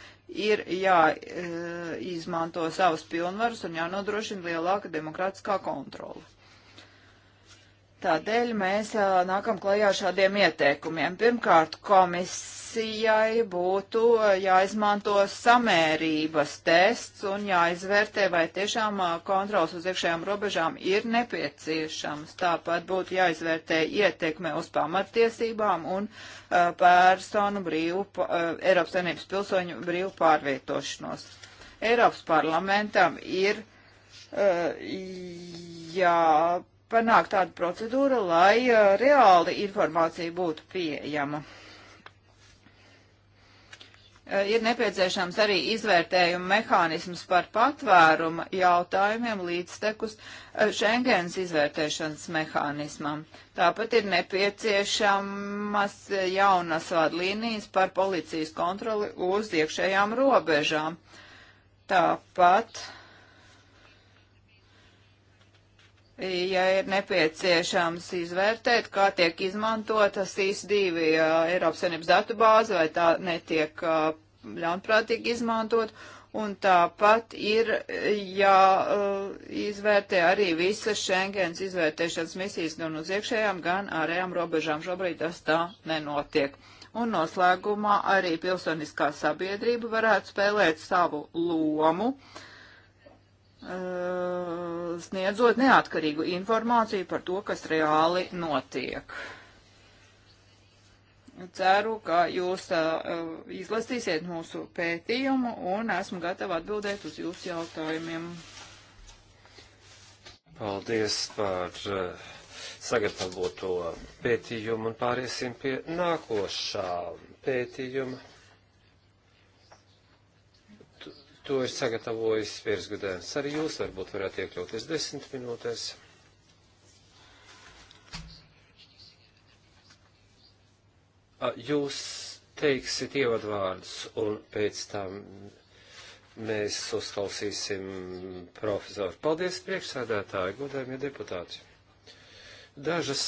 ir jāizmanto e, savas pilnvaras un jānodrošina lielāka demokrātiskā kontrola. Tādēļ mēs e, nākam klajā šādiem ieteikumiem. Pirmkārt, komisija komisijai būtu jāizmanto samērības tests un jāizvērtē, vai tiešām kontrols uz iekšējām robežām ir nepieciešams. Tāpat būtu jāizvērtē ietekme uz pamattiesībām un uh, personu brīvu, uh, Eiropas Savienības pilsoņu brīvu pārvietošanos. Eiropas parlamentam ir uh, jā panākt tādu procedūru, lai uh, reāli informācija būtu pieejama. Eh, ir nepieciešams arī izvērtējuma mehānisms par patvēruma jautājumiem līdztekus eh, Schengens izvērtēšanas mehānismam. Tāpat ir nepieciešamas eh, jaunas vadlīnijas par policijas kontroli uz iekšējām robežām. Tāpat ja ir nepieciešams izvērtēt, kā tiek izmantota SIS-2 Eiropas Savienības datubāze, vai tā netiek ļaunprātīgi izmantot, un tāpat ir jāizvērtē ja, arī visas Schengens izvērtēšanas misijas gan uz iekšējām, gan ārējām robežām. Šobrīd tas tā nenotiek. Un noslēgumā arī pilsoniskā sabiedrība varētu spēlēt savu lomu. Uh, Uh, sniedzot neatkarīgu informāciju par to, kas reāli notiek. Ceru, ka jūs uh, izlasīsiet mūsu pētījumu un esmu gatava atbildēt uz jūsu jautājumiem. Paldies par uh, sagatavoto pētījumu un pāriesim pie nākošā pētījuma To ir sagatavojis virsgudēns arī jūs, varbūt varētu iekļauties desmit minūtēs. Jūs teiksit ievadvārdus un pēc tam mēs uzklausīsim profesoru. Paldies priekšsēdētāji, godējumie deputāti. Dažas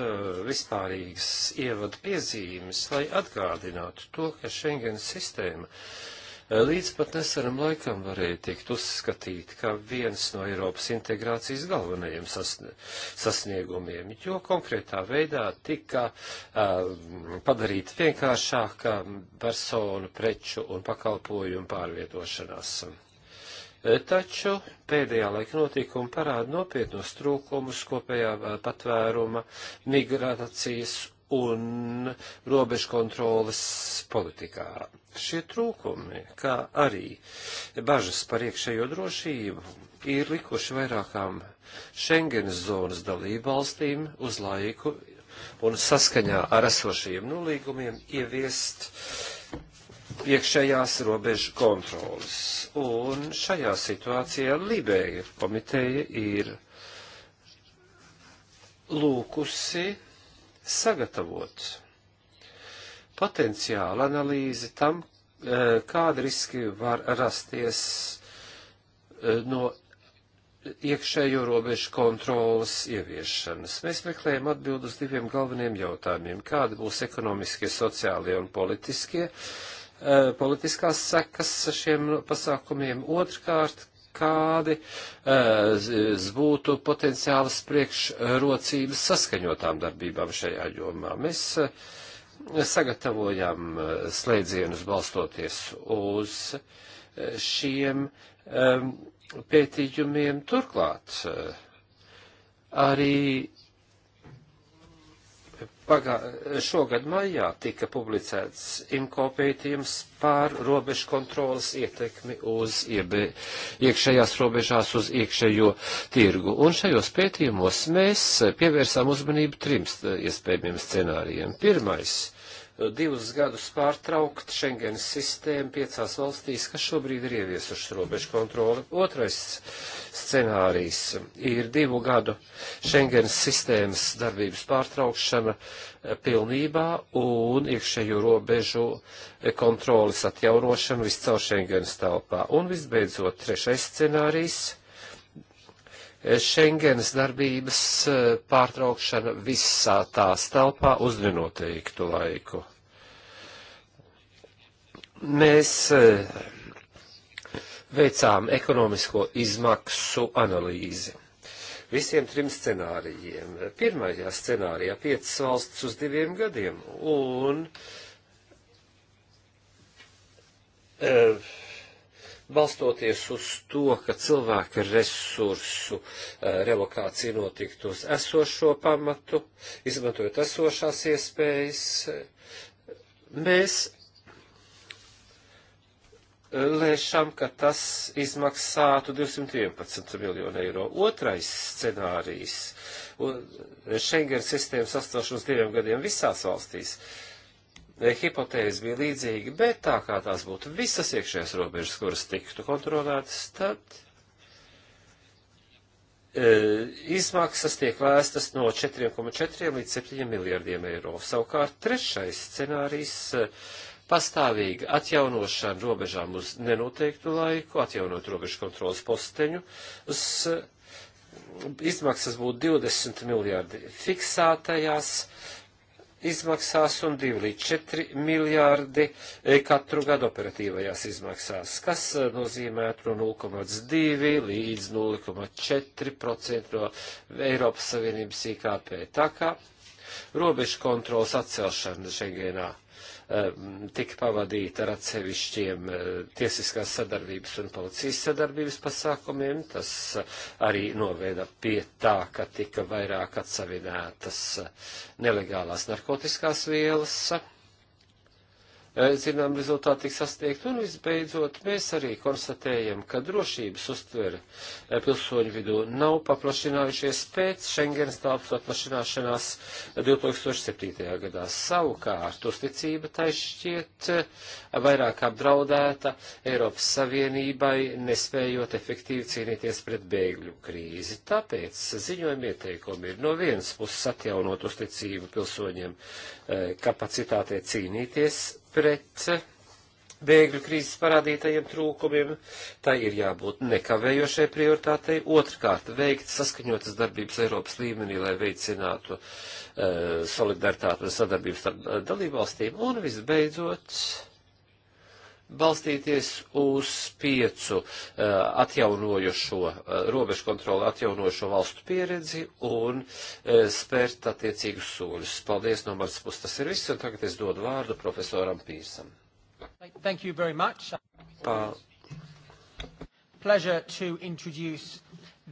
uh, vispārīgas ievada piezīmes, lai atgādinātu to, ka Schengen sistēma uh, līdz pat nesaram laikam varēja tikt uzskatīt kā viens no Eiropas integrācijas galvenajiem sasniegumiem, jo konkrētā veidā tika um, padarīta vienkāršāka personu, preču un pakalpojumu pārvietošanās. Taču pēdējā laika notikumi parāda nopietnos trūkumus kopējā uh, patvēruma, migrācijas un robežu kontroles politikā. Šie trūkumi, kā arī bažas par iekšējo drošību, ir likuši vairākām Schengenas zonas dalību valstīm uz laiku un saskaņā ar esošajiem nolīgumiem ieviest iekšējās robežu kontrolas. Un šajā situācijā Libēja komiteja ir lūkusi sagatavot potenciālu analīzi tam, e, kādi riski var rasties e, no iekšējo robežu kontrolas ieviešanas. Mēs meklējam atbildi uz diviem galveniem jautājumiem. Kādi būs ekonomiskie, sociālie un politiskie, e, politiskās sekas šiem pasākumiem? Otrkārt, kādi eh, būtu potenciālas priekšrocības saskaņotām darbībām šajā jomā. Mēs eh, sagatavojam eh, slēdzienus balstoties uz šiem pētījumiem turklāt. Arī Pagā, šogad maijā tika publicēts inkopētījums pār robežu kontrolas ietekmi uz iebe, iekšējās robežās uz iekšējo tirgu. Un šajos pētījumos mēs pievērsām uzmanību trim iespējamiem scenārijiem. Pirmais divus gadus pārtraukt Schengenas sistēmu piecās valstīs, kas šobrīd ir ieviesušas robežu kontroli. Otrais scenārijs ir divu gadu Schengenas sistēmas darbības pārtraukšana eh, pilnībā un iekšējo robežu eh, kontrolas atjaunošana viscaur Schengenas telpā. Un visbeidzot, trešais scenārijs Šengenas darbības eh, pārtraukšana visā tās telpā uz nenoteiktu laiku. Mēs eh, veicām ekonomisko izmaksu analīzi visiem trim scenārijiem. Pirmajā scenārijā piecas valsts uz diviem gadiem un uh, balstoties uz to, ka cilvēka resursu eh, relokācija notiktu uz esošo pamatu, izmantojot esošās iespējas, mēs lēšam, ka tas izmaksātu 211 miljonu eiro. Otrais scenārijs - Schengen sistēmas atstāšanos diviem gadiem visās valstīs. Uh, hipotēze bija līdzīga, bet tā kā tās būtu visas iekšējās robežas, kuras tiktu kontrolētas, tad e, izmaksas tiek lēstas no 4,4 līdz 7 miljardiem eiro. Savukārt trešais scenārijs e, pastāvīga atjaunošana robežām uz nenoteiktu laiku, atjaunot robežu kontrolas posteņu, uz, e, izmaksas būtu 20 miljardi fiksētajās izmaksās un 2 līdz 4 miljārdi e, katru gadu operatīvajās izmaksās, kas nozīmētu no 0,2 līdz 0,4% no Eiropas Savienības IKP. Tā kā robežu kontrolas atcelšana Šengenā tika pavadīta ar atsevišķiem eh, tiesiskās sadarbības un policijas sadarbības pasākumiem. Tas eh, arī noveda pie tā, ka tika vairāk atsavinētas eh, nelegālās narkotiskās vielas Eh, zinām rezultāti tiks sasniegt. Un visbeidzot, mēs arī konstatējam, ka drošības uztvere eh, pilsoņu vidū nav paplašinājušies pēc Schengens telpas atmašināšanās 2007. Eh, gadā. Savukārt, uzticība tai šķiet vairāk apdraudēta Eiropas Savienībai, nespējot efektīvi cīnīties pret bēgļu krīzi. Tāpēc ziņojumi ieteikumi ir no vienas puses atjaunot uzticību pilsoņiem kapacitātei cīnīties pret bēgļu krīzes parādītajiem trūkumiem, tai ir jābūt nekavējošai prioritātei. Otrkārt, veikt saskaņotas darbības Eiropas līmenī, lai veicinātu uh, eh, solidaritātu un sadarbību starp eh, dalībvalstīm. Un visbeidzot, uh, balstīties uz piecu uh, atjaunojošo, uh, robežu kontroli atjaunojošo valstu pieredzi un uh, spērt attiecīgus soļus. Paldies no manas puses, tas ir viss, un tagad es dodu vārdu profesoram Pīrsam. Thank you very much. Pa... Pleasure to introduce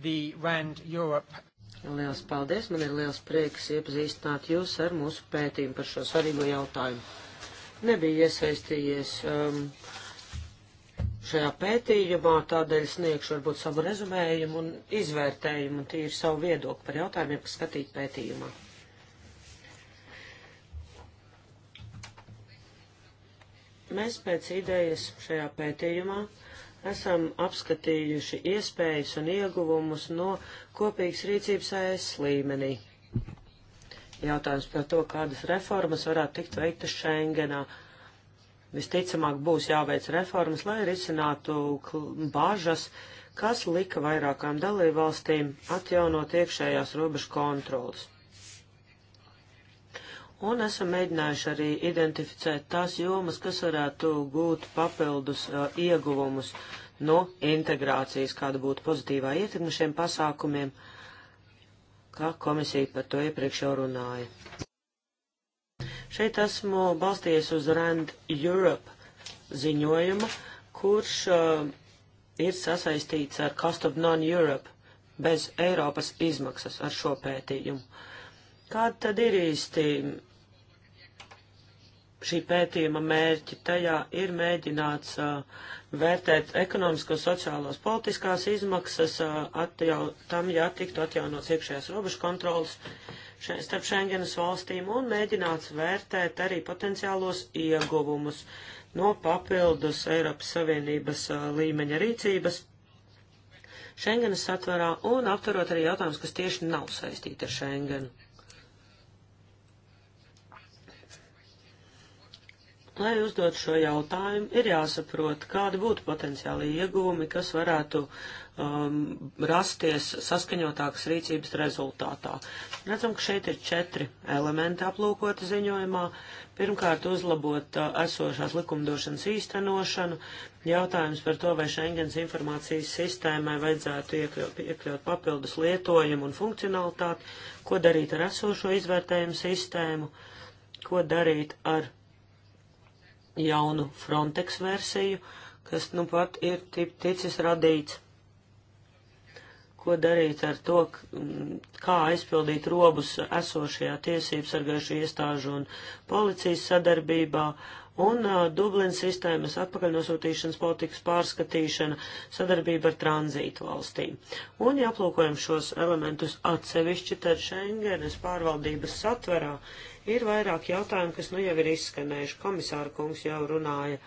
the RAND Europe Liels paldies! Man ir liels prieks iepazīstināt jūs ar mūsu pētījumu par šo svarīgo jautājumu nebija iesaistījies um, šajā pētījumā, tādēļ sniegšu varbūt savu rezumējumu un izvērtējumu, tīri savu viedokli par jautājumiem, kas skatīt pētījumā. Mēs pēc idejas šajā pētījumā esam apskatījuši iespējas un ieguvumus no kopīgas rīcības AS līmenī. Jautājums par to, kādas reformas varētu tikt veiktas Schengenā. Visticamāk būs jāveic reformas, lai risinātu bažas, kas lika vairākām dalībvalstīm atjaunot iekšējās robežu kontrolas. Un esam mēģinājuši arī identificēt tās jomas, kas varētu gūt papildus uh, ieguvumus no integrācijas, kāda būtu pozitīvā ietekme šiem pasākumiem. Uh, kā komisija par to iepriekš jau runāja. Šeit esmu balstījies uz Rand Europe ziņojumu, kurš uh, ir sasaistīts ar Cost of Non-Europe bez Eiropas izmaksas ar šo pētījumu. Kāda tad ir īsti šī pētījuma mērķi. Tajā ir mēģināts uh, vērtēt ekonomisko, sociālās, politiskās izmaksas, uh, atjau, tam, ja tiktu atjaunots iekšējās robežu kontrolas še, starp Schengenas valstīm, un mēģināts vērtēt arī potenciālos ieguvumus no papildus Eiropas Savienības uh, līmeņa rīcības. Schengenas satvarā un aptverot arī jautājumus, kas tieši nav saistīti ar Schengenu. Lai uzdot šo jautājumu, ir jāsaprot, kādi būtu potenciāli ieguvumi, kas varētu um, rasties saskaņotākas rīcības rezultātā. Redzam, ka šeit ir četri elementi aplūkoti ziņojumā. Pirmkārt, uzlabot uh, esošās likumdošanas īstenošanu. Jautājums par to, vai Schengens informācijas sistēmai vajadzētu iekļaut, iekļaut papildus lietojumu un funkcionalitāti, ko darīt ar esošo izvērtējumu sistēmu, ko darīt ar jaunu Frontex versiju, kas nu pat ir ticis radīts. Ko darīt ar to, kā aizpildīt robus esošajā tiesības sargājušu iestāžu un policijas sadarbībā, uh, un uh, Dublinas sistēmas atpakaļnosūtīšanas politikas pārskatīšana, sadarbība ar tranzītu valstīm. Un, ja aplūkojam šos elementus atsevišķi, tad Schengenes pārvaldības satverā ir vairāk jautājumu, kas nu jau ir izskanējuši. Komisāra kungs jau runāja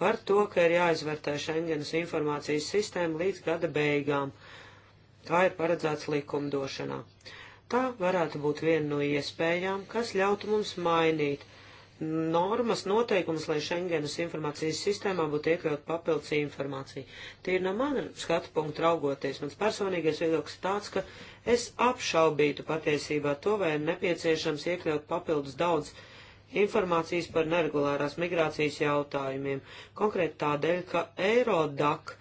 par to, ka ir jāizvērtē Schengenes informācijas sistēma līdz gada beigām, kā ir paredzēts likumdošanā. Tā varētu būt viena no iespējām, kas ļautu mums mainīt uh, normas, noteikumus, lai Schengenas informācijas sistēmā būtu iekļaut papildus informācija. Tie ir no mana skatu punkta raugoties. Mans personīgais viedoklis ir tāds, ka es apšaubītu patiesībā to, vai ir nepieciešams iekļaut papildus daudz informācijas par neregulārās migrācijas jautājumiem. Konkrēt tādēļ, ka Eirodak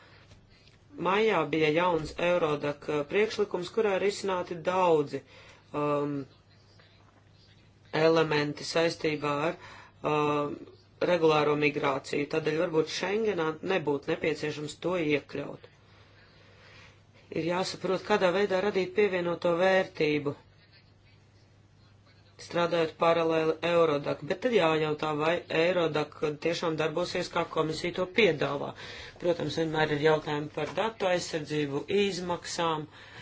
maijā bija jauns Eurodak eh, priekšlikums, kurā ir izsināti daudzi um, elementi saistībā ar uh, regulāro migrāciju, tādēļ varbūt Schengenā nebūtu nepieciešams to iekļaut. Ir jāsaprot, kādā veidā radīt pievienoto vērtību, strādājot paralēli Eurodak, bet tad jājautā, vai Eurodak tiešām darbosies, kā komisija to piedāvā. Protams, vienmēr ir jautājumi par datu aizsardzību, izmaksām. Uh,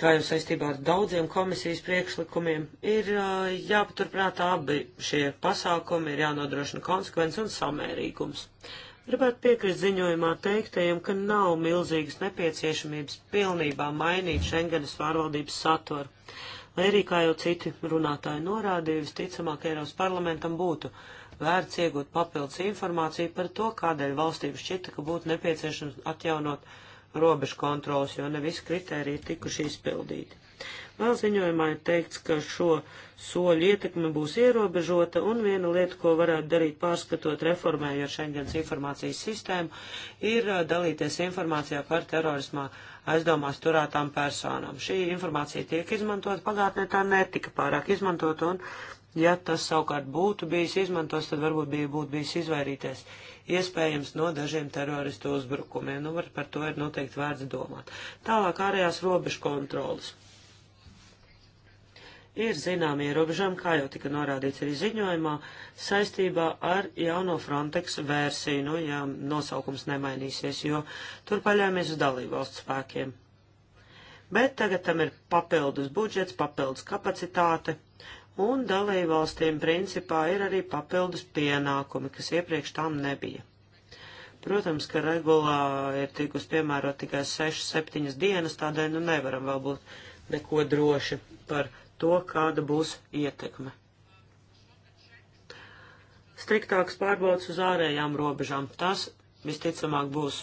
kā jau saistībā ar daudziem komisijas priekšlikumiem, ir uh, jāpaturprātā abi šie pasākumi, ir jānodrošina konsekvence un samērīgums. Gribētu piekrist ziņojumā teiktajam, ka nav milzīgas nepieciešamības pilnībā mainīt Schengenas pārvaldības saturu. Lai arī, kā jau citi runātāji norādīja, visticamāk Eiropas parlamentam būtu vērts iegūt papildus informāciju par to, kādēļ valstīm šķita, ka būtu nepieciešams atjaunot robežu kontrols, jo ne visi kriteriji tikuši izpildīti. Vēl ziņojumā ir teikts, ka šo soļu ietekme būs ierobežota, un viena lieta, ko varētu darīt pārskatot reformējot Schengens informācijas sistēmu, ir dalīties informācijā par terorismā aizdomās turētām personām. Šī informācija tiek izmantot, pagātnē tā netika pārāk izmantot, un ja tas savukārt būtu bijis izmantos, tad varbūt bija būtu bijis izvairīties iespējams no dažiem teroristu uzbrukumiem. Nu, var, par to ir noteikti vērts domāt. Tālāk ārējās robežu kontrolas. Ir zināmi ierobežojumi, kā jau tika norādīts arī ziņojumā, saistībā ar jauno Frontex versiju, nu, ja nosaukums nemainīsies, jo tur paļāmies uz dalībvalstu spēkiem. Bet tagad tam ir papildus budžets, papildus kapacitāte, un dalībvalstīm principā ir arī papildus pienākumi, kas iepriekš tam nebija. Protams, ka regulā ir tikus piemērot tikai 6-7 dienas, tādēļ nu nevaram vēl būt neko droši par to, kāda būs ietekme. Striktāks pārbaudas uz ārējām robežām. Tas visticamāk būs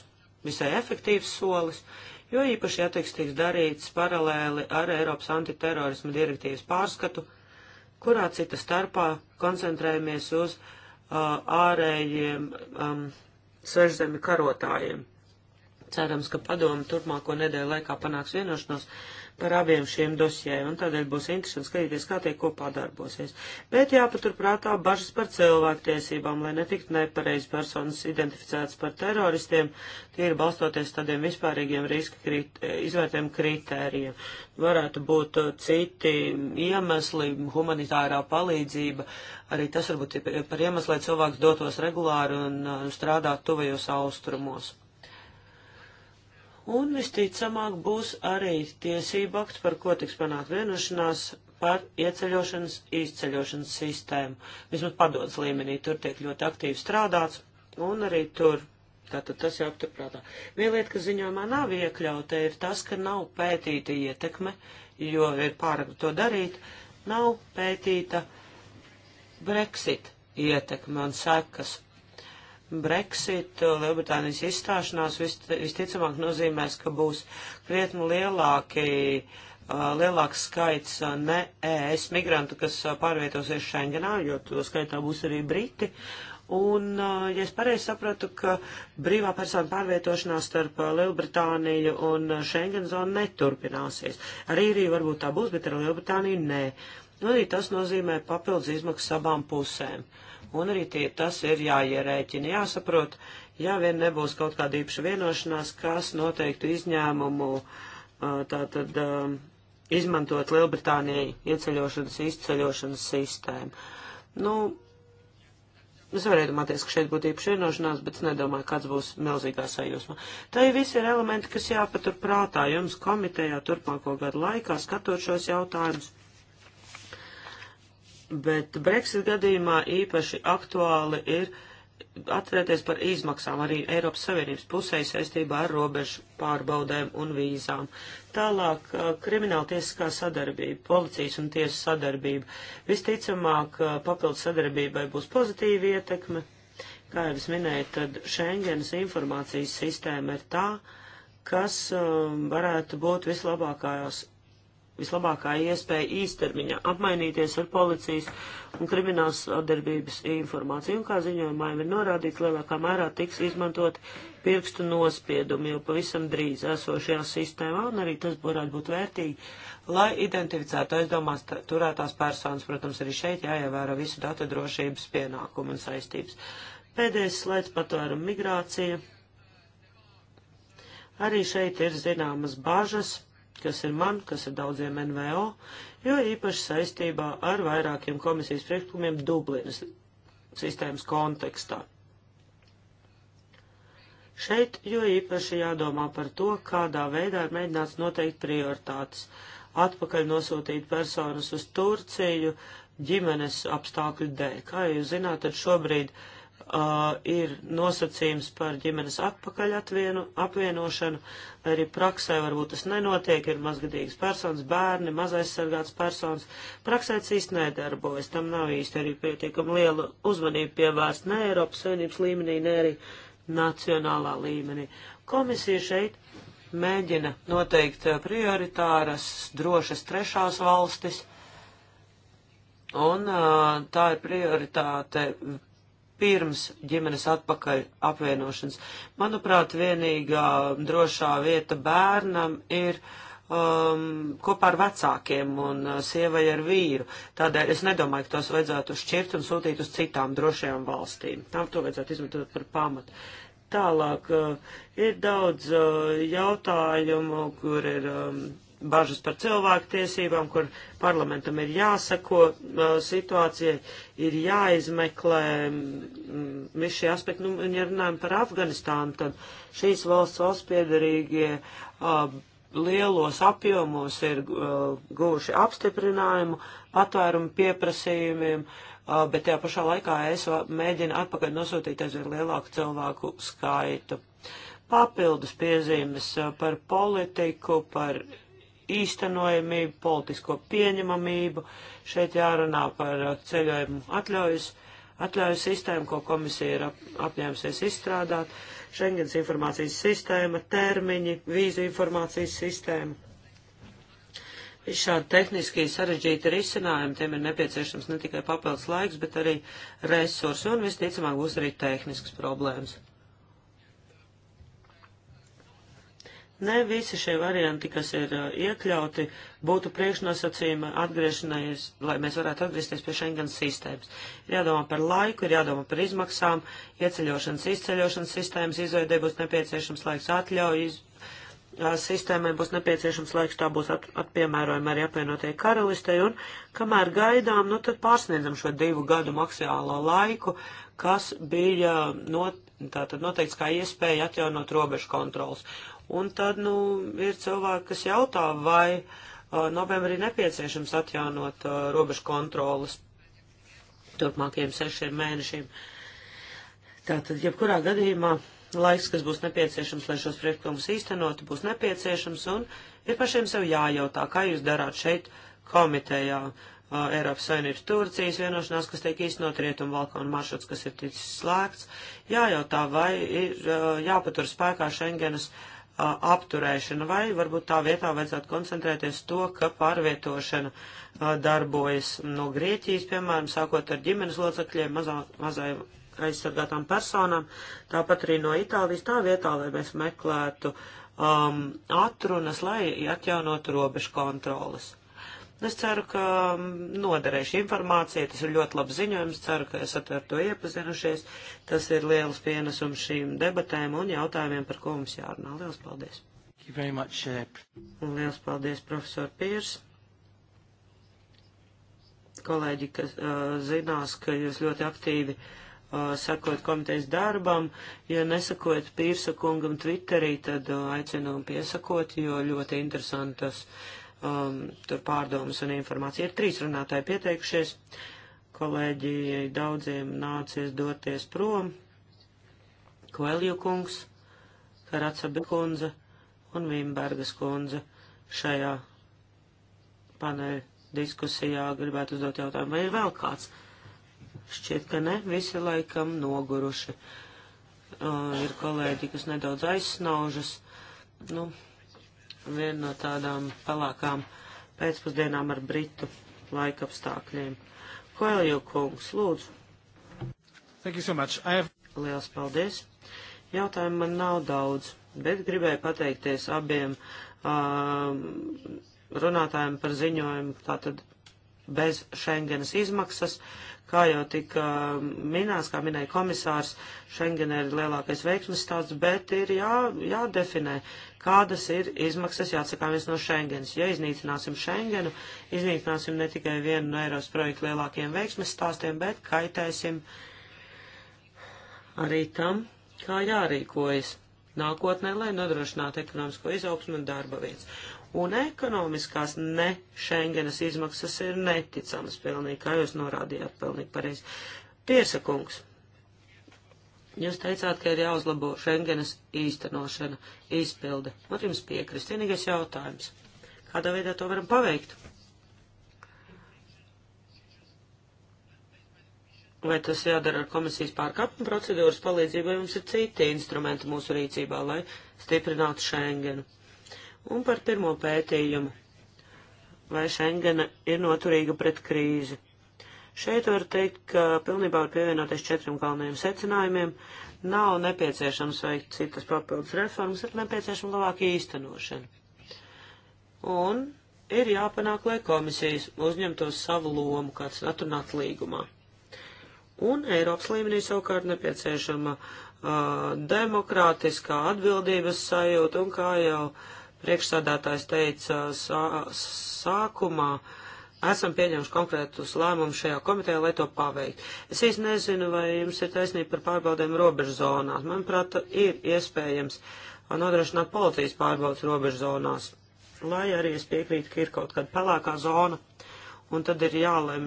visai efektīvs solis, jo īpaši attieks tiks darīts paralēli ar Eiropas antiterorisma direktīvas pārskatu 2008 kurā cita starpā koncentrējamies uz uh, ārējiem um, svežzemi karotājiem. Cerams, ka padomu turpmāko nedēļu laikā panāks vienošanos, uh, par abiem šiem dosjēm, un tādēļ būs interesanti skatīties, kā tie kopā darbosies. Bet jāpaturprātā bažas par cilvēktiesībām, lai netiktu nepareizi personas identificētas par teroristiem, tie ir balstoties tādiem vispārīgiem riska krit, izvērtiem kritērijiem. Varētu būt citi iemesli, humanitārā palīdzība, arī tas varbūt ir par iemeslu, lai cilvēks dotos regulāri un uh, strādātu tuvajos austrumos un visticamāk būs arī tiesība akts, par ko tiks panākt vienošanās par ieceļošanas, izceļošanas sistēmu. Vismaz padodas līmenī tur tiek ļoti aktīvi strādāts, un arī tur. Tātad tas jāapturprātā. Viena lieta, kas ziņojumā nav iekļauta, ir tas, ka nav pētīta ietekme, jo ir pārāk to darīt, nav pētīta Brexit ietekme un sekas Brexit, eh, Lielbritānijas izstāšanās vist, visticamāk nozīmēs, ka būs krietni lielāki, eh, lielāks skaits eh, ne ES migrantu, kas pārvietosies Schengenā, jo to skaitā būs arī Briti. Un, ja es pareizi sapratu, ka brīvā persona pārvietošanās starp Lielbritāniju un Schengen zonu neturpināsies. Ar Īriju varbūt tā būs, bet ar Lielbritāniju nē. Nu, arī tas nozīmē papildus izmaksas abām pusēm. Uh, un arī tie, tas ir jāierēķina, jāsaprot, ja vien nebūs kaut kāda īpaša vienošanās, kas noteiktu izņēmumu tātad izmantot Lielbritānijai ieceļošanas, izceļošanas sistēmu. Nu, Es varēju domāties, ka šeit būtu īpaši vienošanās, bet es nedomāju, kāds būs milzīgā sajūsma. Tā ir visi ir elementi, kas jāpatur prātā jums komitejā turpmāko gadu laikā, skatot šos jautājumus. Bet Brexit gadījumā īpaši aktuāli ir atcerēties par izmaksām arī Eiropas Savienības pusē saistībā ar robežu pārbaudēm un vīzām. Tālāk uh, krimināla tiesiskā sadarbība, policijas un tiesu sadarbība. Visticamāk, uh, papildus sadarbībai būs pozitīva ietekme. Kā jau es minēju, tad Schengenas informācijas sistēma ir tā, kas um, varētu būt vislabākajās vislabākā iespēja īstermiņā apmainīties ar policijas un kriminālas sadarbības informāciju, un kā ziņojumā jau ir norādīts, lielākā mērā tiks izmantot pirkstu nospiedumi jau pavisam drīz esošajā sistēmā, un arī tas varētu būt vērtīgi, lai identificētu aizdomās turētās personas, protams, arī šeit jāievēro visu datu drošības pienākumu un saistības. Pēdējais slaids patvērumu migrācija. Arī šeit ir zināmas bažas kas ir man, kas ir daudziem NVO, jo īpaši saistībā ar vairākiem komisijas priekšlikumiem Dublinas sistēmas kontekstā. Šeit jo īpaši jādomā par to, kādā veidā ir mēģināts noteikt prioritātes, atpakaļ nosūtīt personas uz Turciju ģimenes apstākļu dēļ. Kā jūs zināt, tad šobrīd uh, uh, ir nosacījums par ģimenes atpakaļ atvienu, apvienošanu, arī praksē varbūt tas nenotiek, ir mazgadīgas personas, bērni, mazaizsargāts personas. Praksē tas īsti nedarbojas, tam nav īsti arī pietiekam liela uzmanība pievērst ne Eiropas Savienības līmenī, ne arī nacionālā līmenī. Komisija šeit mēģina noteikt prioritāras, drošas trešās valstis, un uh, tā ir prioritāte pirms ģimenes atpakaļ apvienošanas. Manuprāt, vienīgā drošā vieta bērnam ir um, kopā ar vecākiem un uh, sievai ar vīru. Tādēļ es nedomāju, ka tos vajadzētu šķirt un sūtīt uz citām drošajām valstīm. Tam to vajadzētu izmantot par pamatu. Tālāk uh, ir daudz uh, jautājumu, kur ir. Um, bažas par cilvēku tiesībām, kur parlamentam ir jāsako uh, situācijai, ir jāizmeklē mm, visi šie aspekti. Nu, ja runājam par Afganistānu, tad šīs valsts valsts piedarīgie uh, lielos apjomos ir uh, guvuši apstiprinājumu patvērumu pieprasījumiem, bet tajā pašā laikā es mēģinu atpakaļ nosūtīt aizvien lielāku cilvēku skaitu papildus piezīmes par politiku, par īstenojamību, politisko pieņemamību. Šeit jārunā par uh, ceļojumu atļaujas, atļauju sistēmu, ko komisija ir ap, apņēmusies izstrādāt, Schengens informācijas sistēma, termiņi, vīzu informācijas sistēma. Viss šādi tehniski sarežģīti risinājumi, tiem ir nepieciešams ne tikai papildus laiks, bet arī resursi, un visticamāk būs arī tehniskas problēmas. Ne visi šie varianti, kas ir uh, iekļauti, būtu priekšnosacījumi atgriešanās, lai mēs varētu atgriezties pie Schengen sistēmas. Ir jādomā par laiku, ir jādomā par izmaksām, ieceļošanas, izceļošanas sistēmas izveidē būs nepieciešams laiks atļaujas. Uh, sistēmai būs nepieciešams laiks, tā būs at, atpiemērojama arī apvienotajai karalistei, un kamēr gaidām, nu tad pārsniedzam šo divu gadu maksimālo laiku, kas bija uh, not, tātad noteikts kā iespēja atjaunot robežu kontrols. Un tad, nu, ir cilvēki, kas jautā, vai uh, novembrī nepieciešams atjaunot uh, robežu kontrolas turpmākajiem sešiem mēnešiem. Tātad, jebkurā gadījumā laiks, kas būs nepieciešams, lai šos priekšlikumus īstenotu, būs nepieciešams, un ir pašiem sev jājautā, kā jūs darāt šeit komitejā. Uh, Eiropas Savienības Turcijas vienošanās, kas tiek īstenot Rietumu Balkanu maršruts, kas ir ticis slēgts, jājautā, vai ir uh, jāpatur spēkā Schengenas uh, apturēšana, vai varbūt tā vietā vajadzētu koncentrēties to, ka pārvietošana a, darbojas no Grieķijas, piemēram, sākot ar ģimenes locekļiem, mazā, mazai aizsargātām personām, tāpat arī no Itālijas, tā vietā, lai mēs meklētu um, atrunas, lai atjaunotu robežu kontrolas. Nu, es ceru, ka mm, noderēšu informācija, tas ir ļoti labs ziņojums, ceru, ka esat ar to iepazinušies. Tas ir liels pienesums šīm debatēm un jautājumiem, par ko mums jārunā. Liels paldies! Much, uh, un liels paldies, profesor Pīrs! Kolēģi, kas uh, zinās, ka jūs ļoti aktīvi uh, sakot komitejas darbam, ja nesakot Pīrsa kungam Twitterī, tad uh, aicinu piesakot, jo ļoti interesantas. Uh, um, tur pārdomas un informācija. Ir trīs runātāji pieteikušies, kolēģi daudziem nācies doties prom, Koelju kungs, Karatsabi kundze un Vimbergas kundze šajā paneļa diskusijā gribētu uzdot jautājumu, vai ir vēl kāds? Šķiet, ka ne, visi laikam noguruši. Uh, ir kolēģi, kas nedaudz aizsnaužas. Nu, viena no tādām palākām pēcpusdienām ar britu laika apstākļiem. Koeliju kungs, lūdzu. Thank you so much. I have... Liels paldies. Jautājumu man nav daudz, bet gribēju pateikties abiem um, runātājiem par ziņojumu, tātad bez Schengenas izmaksas. Uh, Kā jau tika minēts, kā minēja komisārs, Schengen ir lielākais veiksmes stāsts, bet ir jā, jādefinē, kādas ir izmaksas jāatsakāmies no Schengens. Ja iznīcināsim Schengenu, iznīcināsim ne tikai vienu no Eiropas projektu lielākajiem veiksmes stāstiem, bet kaitēsim arī tam, kā jārīkojas nākotnē, lai nodrošinātu ekonomisko izaugsmu un darba vietas un ekonomiskās ne Schengenas izmaksas ir neticamas pilnīgi, kā jūs norādījāt pilnīgi pareizi. Tiesa kungs, jūs teicāt, ka ir jāuzlabo Schengenas īstenošana, izpilde. Var jums piekrist, vienīgais jautājums. Kādā veidā to varam paveikt? Vai tas jādara ar komisijas pārkāpuma procedūras palīdzību, vai mums ir citi instrumenti mūsu rīcībā, lai stiprinātu Schengenu? Un par pirmo pētījumu. Vai Schengena ir noturīga pret krīzi? Šeit var teikt, ka pilnībā var pievienoties četriem galvenajiem secinājumiem. Nav nepieciešams veikt citas papildus reformas, ir nepieciešama labāka īstenošana. Un ir jāpanāk, lai komisijas uzņemtos savu lomu kāds atrunāt līgumā. Un Eiropas līmenī savukārt nepieciešama uh, demokrātiskā atbildības sajūta un kā jau uh, priekšsādātājs teica sākumā, esam pieņēmuši konkrētus lēmumus šajā komitejā, lai to paveikt. Es īsti nezinu, vai jums ir taisnība par pārbaudēm robežu zonās. Manuprāt, ir iespējams nodrošināt policijas pārbaudas robežu zonās, lai arī es piekrītu, ka ir kaut kāda pelēkā zona, un tad ir jālem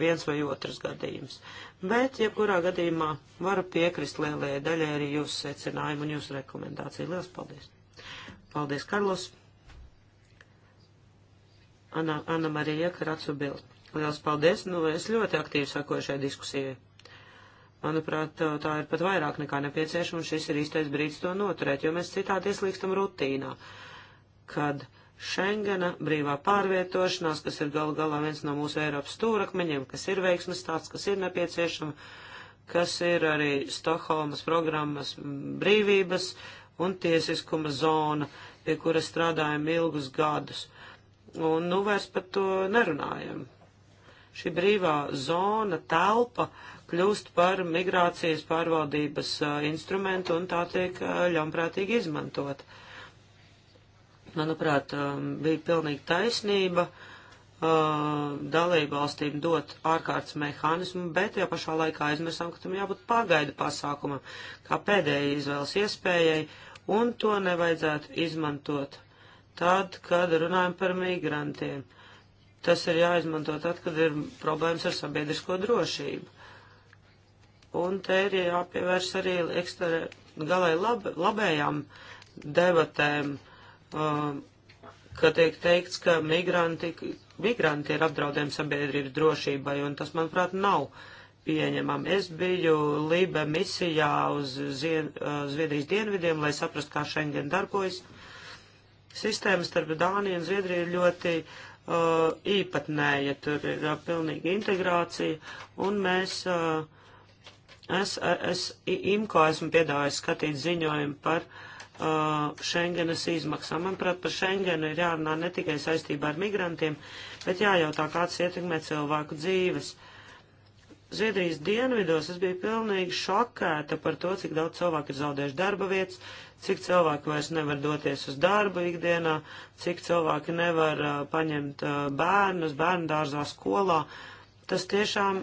viens vai otrs gadījums. Bet, jebkurā gadījumā, varu piekrist lielajai daļai arī jūsu secinājumu un jūsu rekomendāciju. Lielas paldies! Paldies, Karlos. Anna, Anna Marija Karatsu Bild. Liels paldies, nu es ļoti aktīvi sakoju šai diskusijai. Manuprāt, tā ir pat vairāk nekā nepieciešama, un šis ir īstais brīdis to noturēt, jo mēs citādi ieslīkstam rutīnā, kad Schengena brīvā pārvietošanās, kas ir galu galā viens no mūsu Eiropas stūrakmeņiem, kas ir veiksmes tāds, kas ir nepieciešama, kas ir arī Stokholmas programmas brīvības, uh, un tiesiskuma zona, pie kuras strādājam ilgus gadus. Un nu vairs par to nerunājam. Šī brīvā zona, telpa kļūst par migrācijas pārvaldības uh, instrumentu un tā tiek uh, ļaunprātīgi izmantot. Manuprāt, um, bija pilnīgi taisnība uh, dalību valstīm dot ārkārtas mehānismu, bet jau pašā laikā aizmirsām, ka tam jābūt pagaida pasākumam, kā pēdējai izvēles iespējai, uh, un to nevajadzētu izmantot tad, kad runājam par migrantiem. Tas ir jāizmanto tad, kad ir problēmas ar sabiedrisko drošību. Un te ir jāpievērš arī ekstra, galai lab, labējām debatēm, um, ka tiek teikts, ka migranti, migranti ir apdraudējumi sabiedrības drošībai, un tas, manuprāt, nav uh, pieņemami. Es biju Lībe misijā uz Zien, uh, Zviedrijas dienvidiem, lai saprastu, kā Schengen darbojas. Sistēma starp Dāniju un Zviedriju ir ļoti uh, īpatnēja, tur ir uh, pilnīga integrācija, un mēs, uh, es, es IMKO esmu piedāvājis skatīt ziņojumu par uh, Schengenas izmaksām. Manuprāt, par Schengenu ir jārunā ne tikai saistībā ar migrantiem, bet jājautā, kāds ietekmē cilvēku dzīves. Uh, Zviedrijas dienvidos es biju pilnīgi šokēta par to, cik daudz cilvēku ir zaudējuši darba vietas, cik cilvēki vairs nevar doties uz darbu ikdienā, cik cilvēki nevar uh, paņemt uh, bērnus bērnu dārzā skolā. Tas tiešām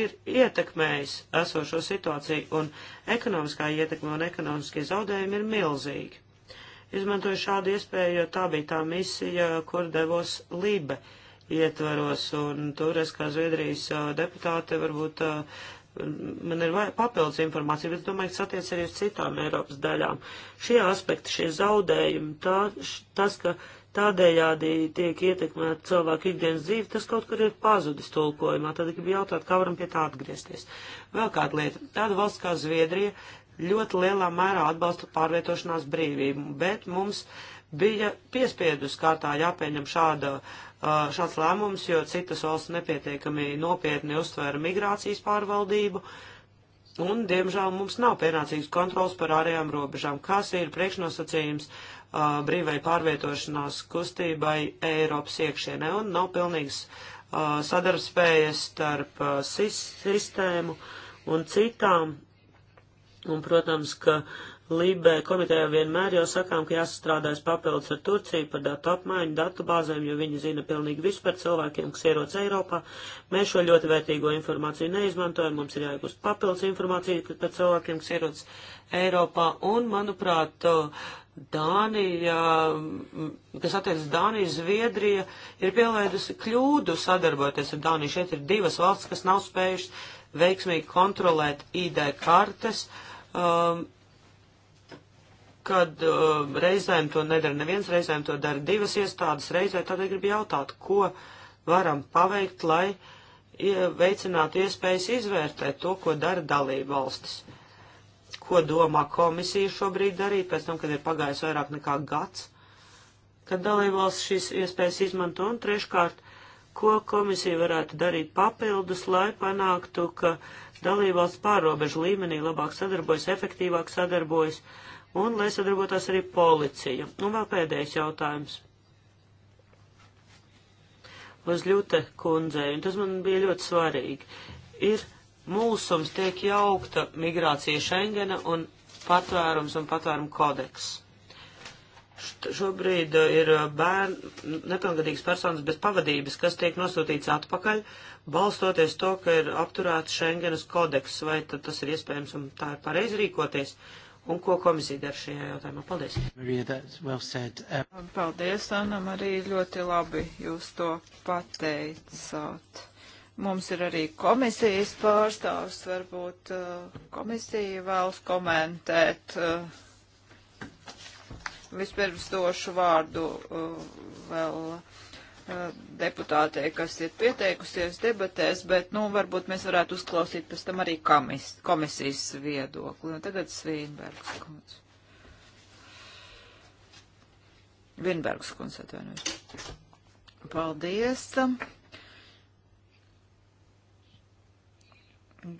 ir ietekmējis esošo situāciju, un ekonomiskā ietekme un ekonomiskie zaudējumi ir milzīgi. Izmantoju šādu iespēju, jo tā bija tā misija, kur devos Lībe. Uh, ietvaros, un tur es kā Zviedrijas deputāte varbūt man ir papildus informācija, bet domāju, ka tas attiec arī uz citām Eiropas daļām. Šie aspekti, šie zaudējumi, tā, š, tas, ka tādējādi tiek ietekmēta cilvēka ikdienas dzīve, tas kaut kur ir pazudis tulkojumā. Tad gribu jautāt, kā varam pie tā atgriezties. Vēl kāda lieta. Tāda valsts kā Zviedrija ļoti lielā mērā atbalsta pārvietošanās brīvību, bet mums bija piespiedus kārtā jāpieņem šāda uh, šāds lēmums, jo citas valsts nepietiekami nopietni uztvēra migrācijas pārvaldību. Un, diemžēl, mums nav pienācīgas kontrols par ārējām robežām, kas ir priekšnosacījums uh, brīvai pārvietošanās kustībai Eiropas iekšienē, un nav pilnīgas uh, sadarbspējas starp uh, sis sistēmu un citām. Un, protams, ka uh, Libē komitejā vienmēr jau sakām, ka jāsastrādājas papildus ar Turciju par datu apmaiņu, datu bāzēm, jo viņi zina pilnīgi visu par cilvēkiem, kas ierodas Eiropā. Mēs šo ļoti vērtīgo informāciju neizmantojam, mums ir jāiegūst papildus informācija par cilvēkiem, kas ierodas Eiropā. Un, manuprāt, Dānija, kas attiecas Dāniju, Zviedrija, ir pielaidusi kļūdu sadarbojoties ar Dāniju. Šeit ir divas valsts, kas nav spējušas veiksmīgi kontrolēt ID kartes. Um, kad uh, reizēm to nedara neviens, reizēm to dara divas iestādes reizē, tad gribu jautāt, ko varam paveikt, lai veicinātu iespējas izvērtēt to, ko dara dalība valstis. Ko domā komisija šobrīd darīt, pēc tam, kad ir pagājis vairāk nekā gads, kad dalība valsts šīs iespējas izmanto, un treškārt, ko komisija varētu darīt papildus, lai panāktu, ka dalībvalsts pārrobežu līmenī labāk sadarbojas, efektīvāk sadarbojas, uh, un lai sadarbotos arī policija. Un vēl pēdējais jautājums. Uz Ļute kundzei, un tas man bija ļoti svarīgi, ir mūsums tiek jaukta migrācija Schengena un patvērums un patvērumu kodeks. Šobrīd uh, ir uh, bērni, nepilngadīgs personas bez pavadības, kas tiek nosūtīts atpakaļ, balstoties to, ka ir apturēts Schengenas kodeks, vai tad tas ir iespējams un tā ir pareizi rīkoties. Uh, un ko komisija dara šajā jautājumā. Paldies! Marija, well said. um... Paldies, Anna, arī ļoti labi jūs to pateicāt. Mums ir arī komisijas pārstāvs, varbūt uh, komisija vēlas komentēt. Uh, vispirms došu vārdu uh, vēl. Uh, Uh, deputātei, kas ir pieteikusies debatēs, bet, nu, varbūt mēs varētu uzklausīt pēc tam arī komis, komisijas viedokli. Un tagad Svīnbergs kundze. Vinbergs kundze atvainojas. Paldies.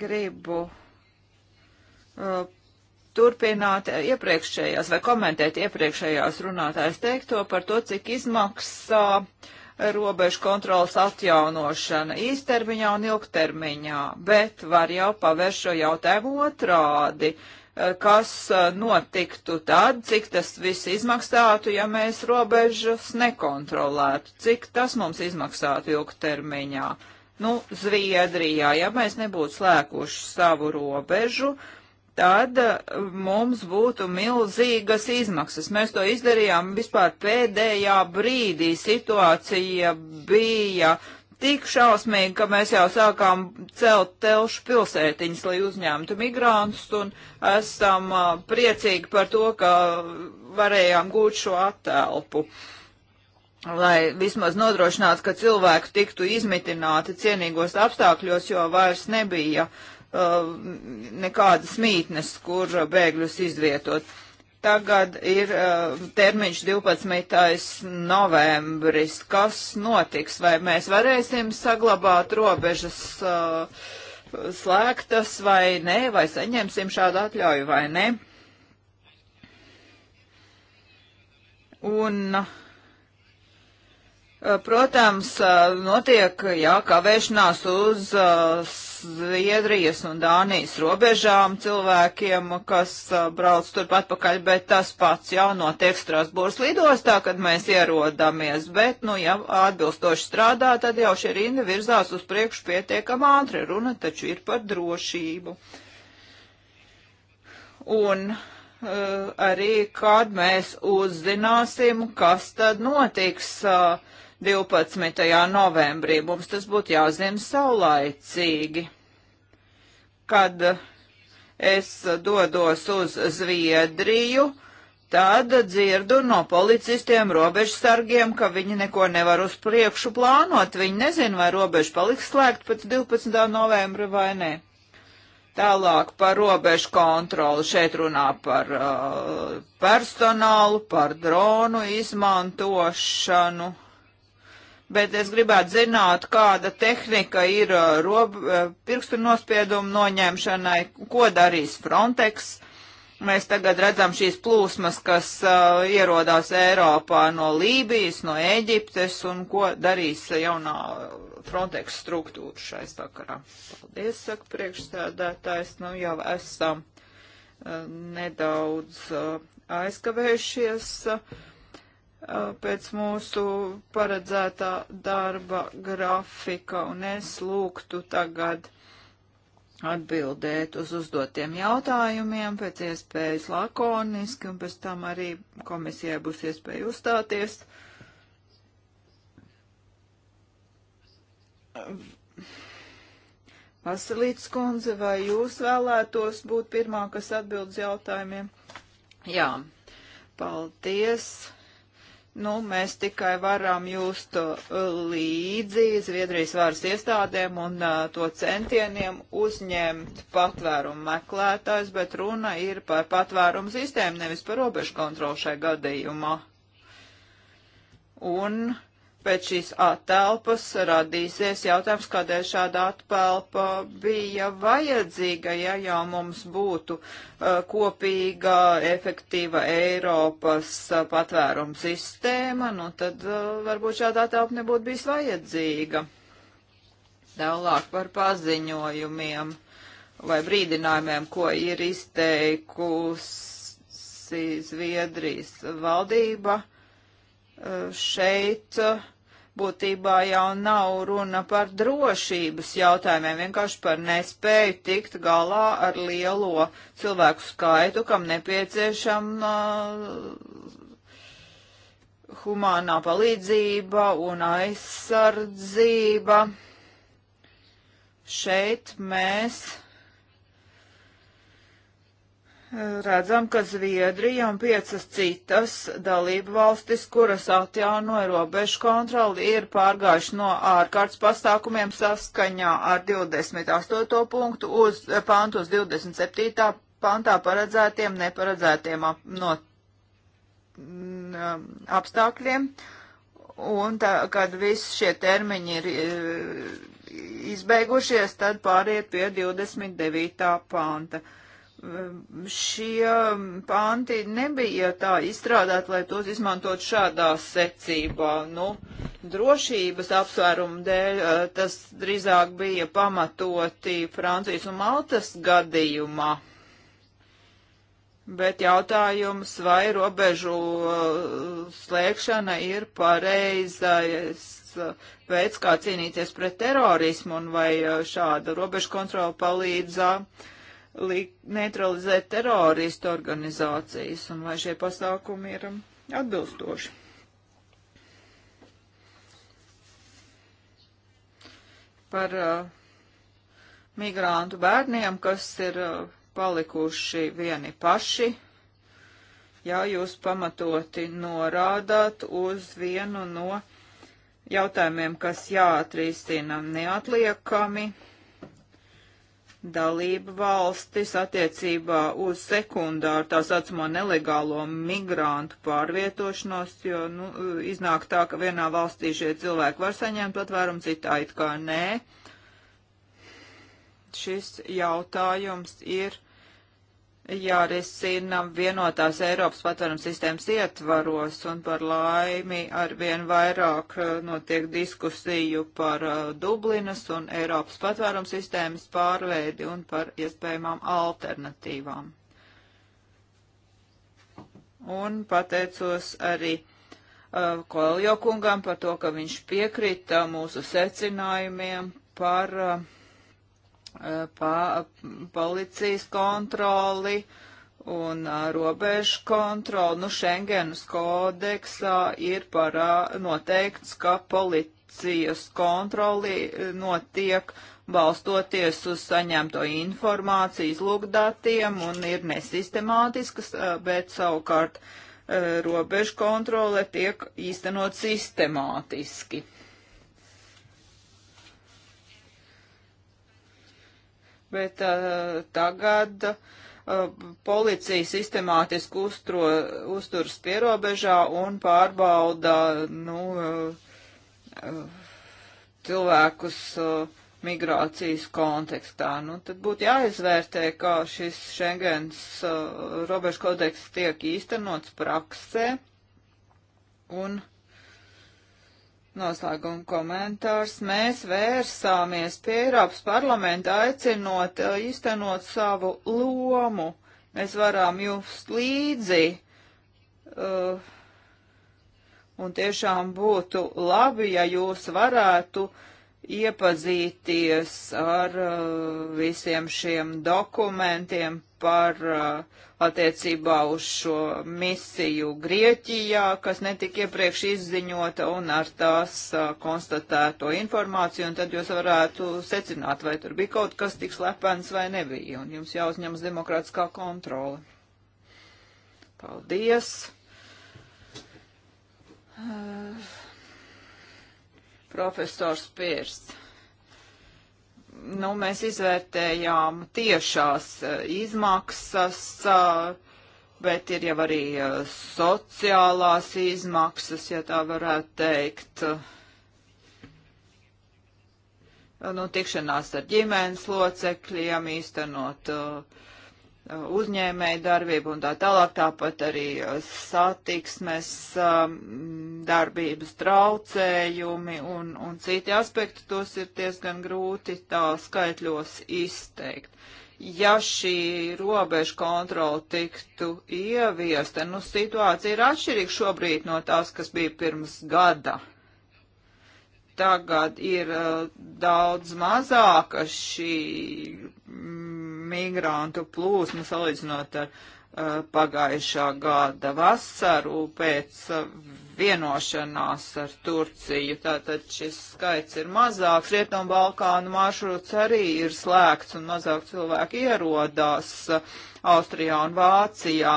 Gribu uh, turpināt iepriekšējās vai komentēt iepriekšējās runātājas teikto par to, cik izmaksā uh, robežu kontrolas atjaunošana īstermiņā un ilgtermiņā, bet var jau pavērst šo jautājumu otrādi eh, kas eh, notiktu tad, cik tas viss izmaksātu, ja mēs robežas nekontrolētu, cik tas mums izmaksātu ilgtermiņā. Nu, Zviedrijā, ja mēs nebūtu slēguši savu robežu tad eh, mums būtu milzīgas izmaksas. Mēs to izdarījām vispār pēdējā brīdī. Situācija bija tik šausmīgi, ka mēs jau sākām celt telšu pilsētiņas, lai uzņemtu migrantus, un esam uh, priecīgi par to, ka varējām gūt šo attēlpu. Lai vismaz nodrošinātu, ka cilvēku tiktu izmitināti cienīgos apstākļos, jo vairs nebija Uh, nekādas mītnes, kur bēgļus izvietot. Tagad ir uh, termiņš 12. novembris. Kas notiks? Vai mēs varēsim saglabāt robežas uh, slēgtas vai nē, vai saņemsim šādu atļauju vai nē? Un uh, Eh, protams, eh, notiek jā, kavēšanās uz eh, Zviedrijas un Dānijas robežām cilvēkiem, kas brauc turpat pakaļ, bet tas pats jau notiek Strasbūras lidostā, kad mēs ierodamies. Bet, nu, ja atbilstoši strādā, tad jau šī rinda virzās uz priekšu pietiekam ātri. Runa taču ir par drošību. Un uh, arī, kad mēs uzzināsim, kas tad notiks. Uh, 12. novembrī. Mums tas būtu jāzina saulaicīgi, kad es dodos uz Zviedriju. Tad dzirdu no policistiem, robežsargiem, ka viņi neko nevar uz priekšu plānot. Viņi nezina, vai robeža paliks slēgta pēc 12. novembra vai nē. Tālāk par robežu kontroli. Šeit runā par uh, personālu, par dronu izmantošanu bet es gribētu zināt, kāda tehnika ir uh, rob, uh, pirkstu nospiedumu noņemšanai, ko darīs Frontex. Mēs tagad redzam šīs plūsmas, kas uh, ierodās Eiropā no Lībijas, no Ēģiptes, un ko darīs jaunā Frontex struktūra šai sakarā. Paldies, saka priekšstādātājs, nu jau esam uh, nedaudz uh, aizkavējušies. Uh, Uh, pēc mūsu paredzētā darba grafika, un es lūgtu tagad atbildēt uz uzdotiem jautājumiem pēc iespējas lakoniski, un pēc tam arī komisijai būs iespēja uzstāties. Vasilīts kundze, vai jūs vēlētos būt pirmā, kas atbild uz jautājumiem? Jā, paldies. Nu, mēs tikai varam just uh, līdzi Zviedrijas varas iestādēm un uh, to centieniem uzņemt patvērumu meklētājs, bet runa ir par patvērumu sistēmu, nevis par robežu kontrolu šai gadījumā. Un uh, pēc šīs atelpas radīsies jautājums, kādēļ šāda atelpa bija vajadzīga, ja jau mums būtu uh, kopīga, efektīva Eiropas uh, patvērums sistēma, nu tad uh, varbūt šāda atelpa nebūtu bijis vajadzīga. Tālāk par paziņojumiem vai brīdinājumiem, ko ir izteikusi Zviedrijas valdība uh, šeit. Uh, būtībā jau nav runa par drošības jautājumiem, vienkārši par nespēju tikt galā ar lielo cilvēku skaitu, kam nepieciešama uh, humānā palīdzība un aizsardzība. Šeit mēs redzam, ka Zviedrija un piecas citas dalību valstis, kuras atjaunoja robežu kontroli, ir pārgājuši no ārkārtas pastākumiem saskaņā ar 28. punktu uz pantu uz 27. pantā paredzētiem neparedzētiem ap, no, m, mm, um, apstākļiem. Un tā, kad viss šie termiņi ir e, izbeigušies, tad pāriet pie 29. panta. Uh, Ehm, šie ehm, panti nebija tā izstrādāti, lai tos izmantot šādā secībā. Nu, drošības apsvērumu dēļ eh, tas drīzāk bija pamatoti Francijas un Maltas gadījumā. Bet jautājums, vai robežu eh, slēgšana ir pareizais eh, veids, kā cīnīties pret terorismu un vai šāda robežu kontrola palīdzā uh, neutralizēt teroristu organizācijas un vai šie pasākumi ir um, atbilstoši. Par uh, migrantu bērniem, kas ir uh, palikuši vieni paši, ja jūs pamatoti norādāt uz vienu no jautājumiem, kas jāatrisina neatliekami dalību valstis attiecībā uz sekundāru tā saucamo nelegālo migrantu pārvietošanos, jo nu, iznāk tā, ka vienā valstī šie cilvēki var saņemt patvērumu, citā it kā nē. Šis jautājums ir jārisina vienotās Eiropas patvērums sistēmas ietvaros, un par laimi arvien vairāk eh, notiek diskusiju par eh, Dublinas un Eiropas patvērums sistēmas pārveidi un par iespējamām alternatīvām. Un pateicos arī uh, Koeljo kungam par to, ka viņš piekrita mūsu secinājumiem par uh, pa, policijas kontroli un robežu kontroli. Nu, Schengenas kodeksā ir parā noteikts, ka policijas kontroli notiek balstoties uz saņemto informāciju, lūgdatiem un ir nesistemātiskas, bet savukārt robežu kontrole tiek īstenot sistemātiski. bet uh, tagad uh, policija sistemātiski uztro, uzturas pierobežā un pārbauda nu, uh, uh cilvēkus uh, migrācijas kontekstā. Nu, tad būtu jāizvērtē, kā šis Schengens uh, robežu kodeks tiek īstenots praksē. Un, uh, Noslēguma komentārs. Mēs vērsāmies pie Eiropas parlamenta aicinot eh, īstenot savu lomu. Mēs varam jums līdzi. Uh, un tiešām būtu labi, ja jūs varētu iepazīties ar uh, visiem šiem dokumentiem, par uh, attiecībā uz šo misiju Grieķijā, kas netika iepriekš izziņota un ar tās uh, konstatēto informāciju, un tad jūs varētu secināt, vai tur bija kaut kas tik slepens vai nebija, un jums jāuzņemas demokrātiskā kontrole. Paldies! Uh, profesors Piersts nu, mēs izvērtējām tiešās eh, izmaksas, eh, bet ir jau arī eh, sociālās izmaksas, ja tā varētu teikt. Nu, tikšanās ar ģimenes locekļiem, īstenot uh, uzņēmēju darbību un tā tālāk, tāpat arī uh, satiksmes um, darbības traucējumi un, un citi aspekti, tos ir diezgan grūti tā skaitļos izteikt. Ja šī robeža kontrola tiktu ieviesta, nu situācija ir atšķirīga šobrīd no tās, kas bija pirms gada. Tagad ir uh, daudz mazāka šī mm, migrantu plūsmu salīdzinot ar uh, pagājušā gada vasaru pēc uh, vienošanās ar Turciju. Tātad šis skaits ir mazāks. Rietumu Balkānu maršruts arī ir slēgts un mazāk cilvēki ierodās uh, Austrijā un Vācijā,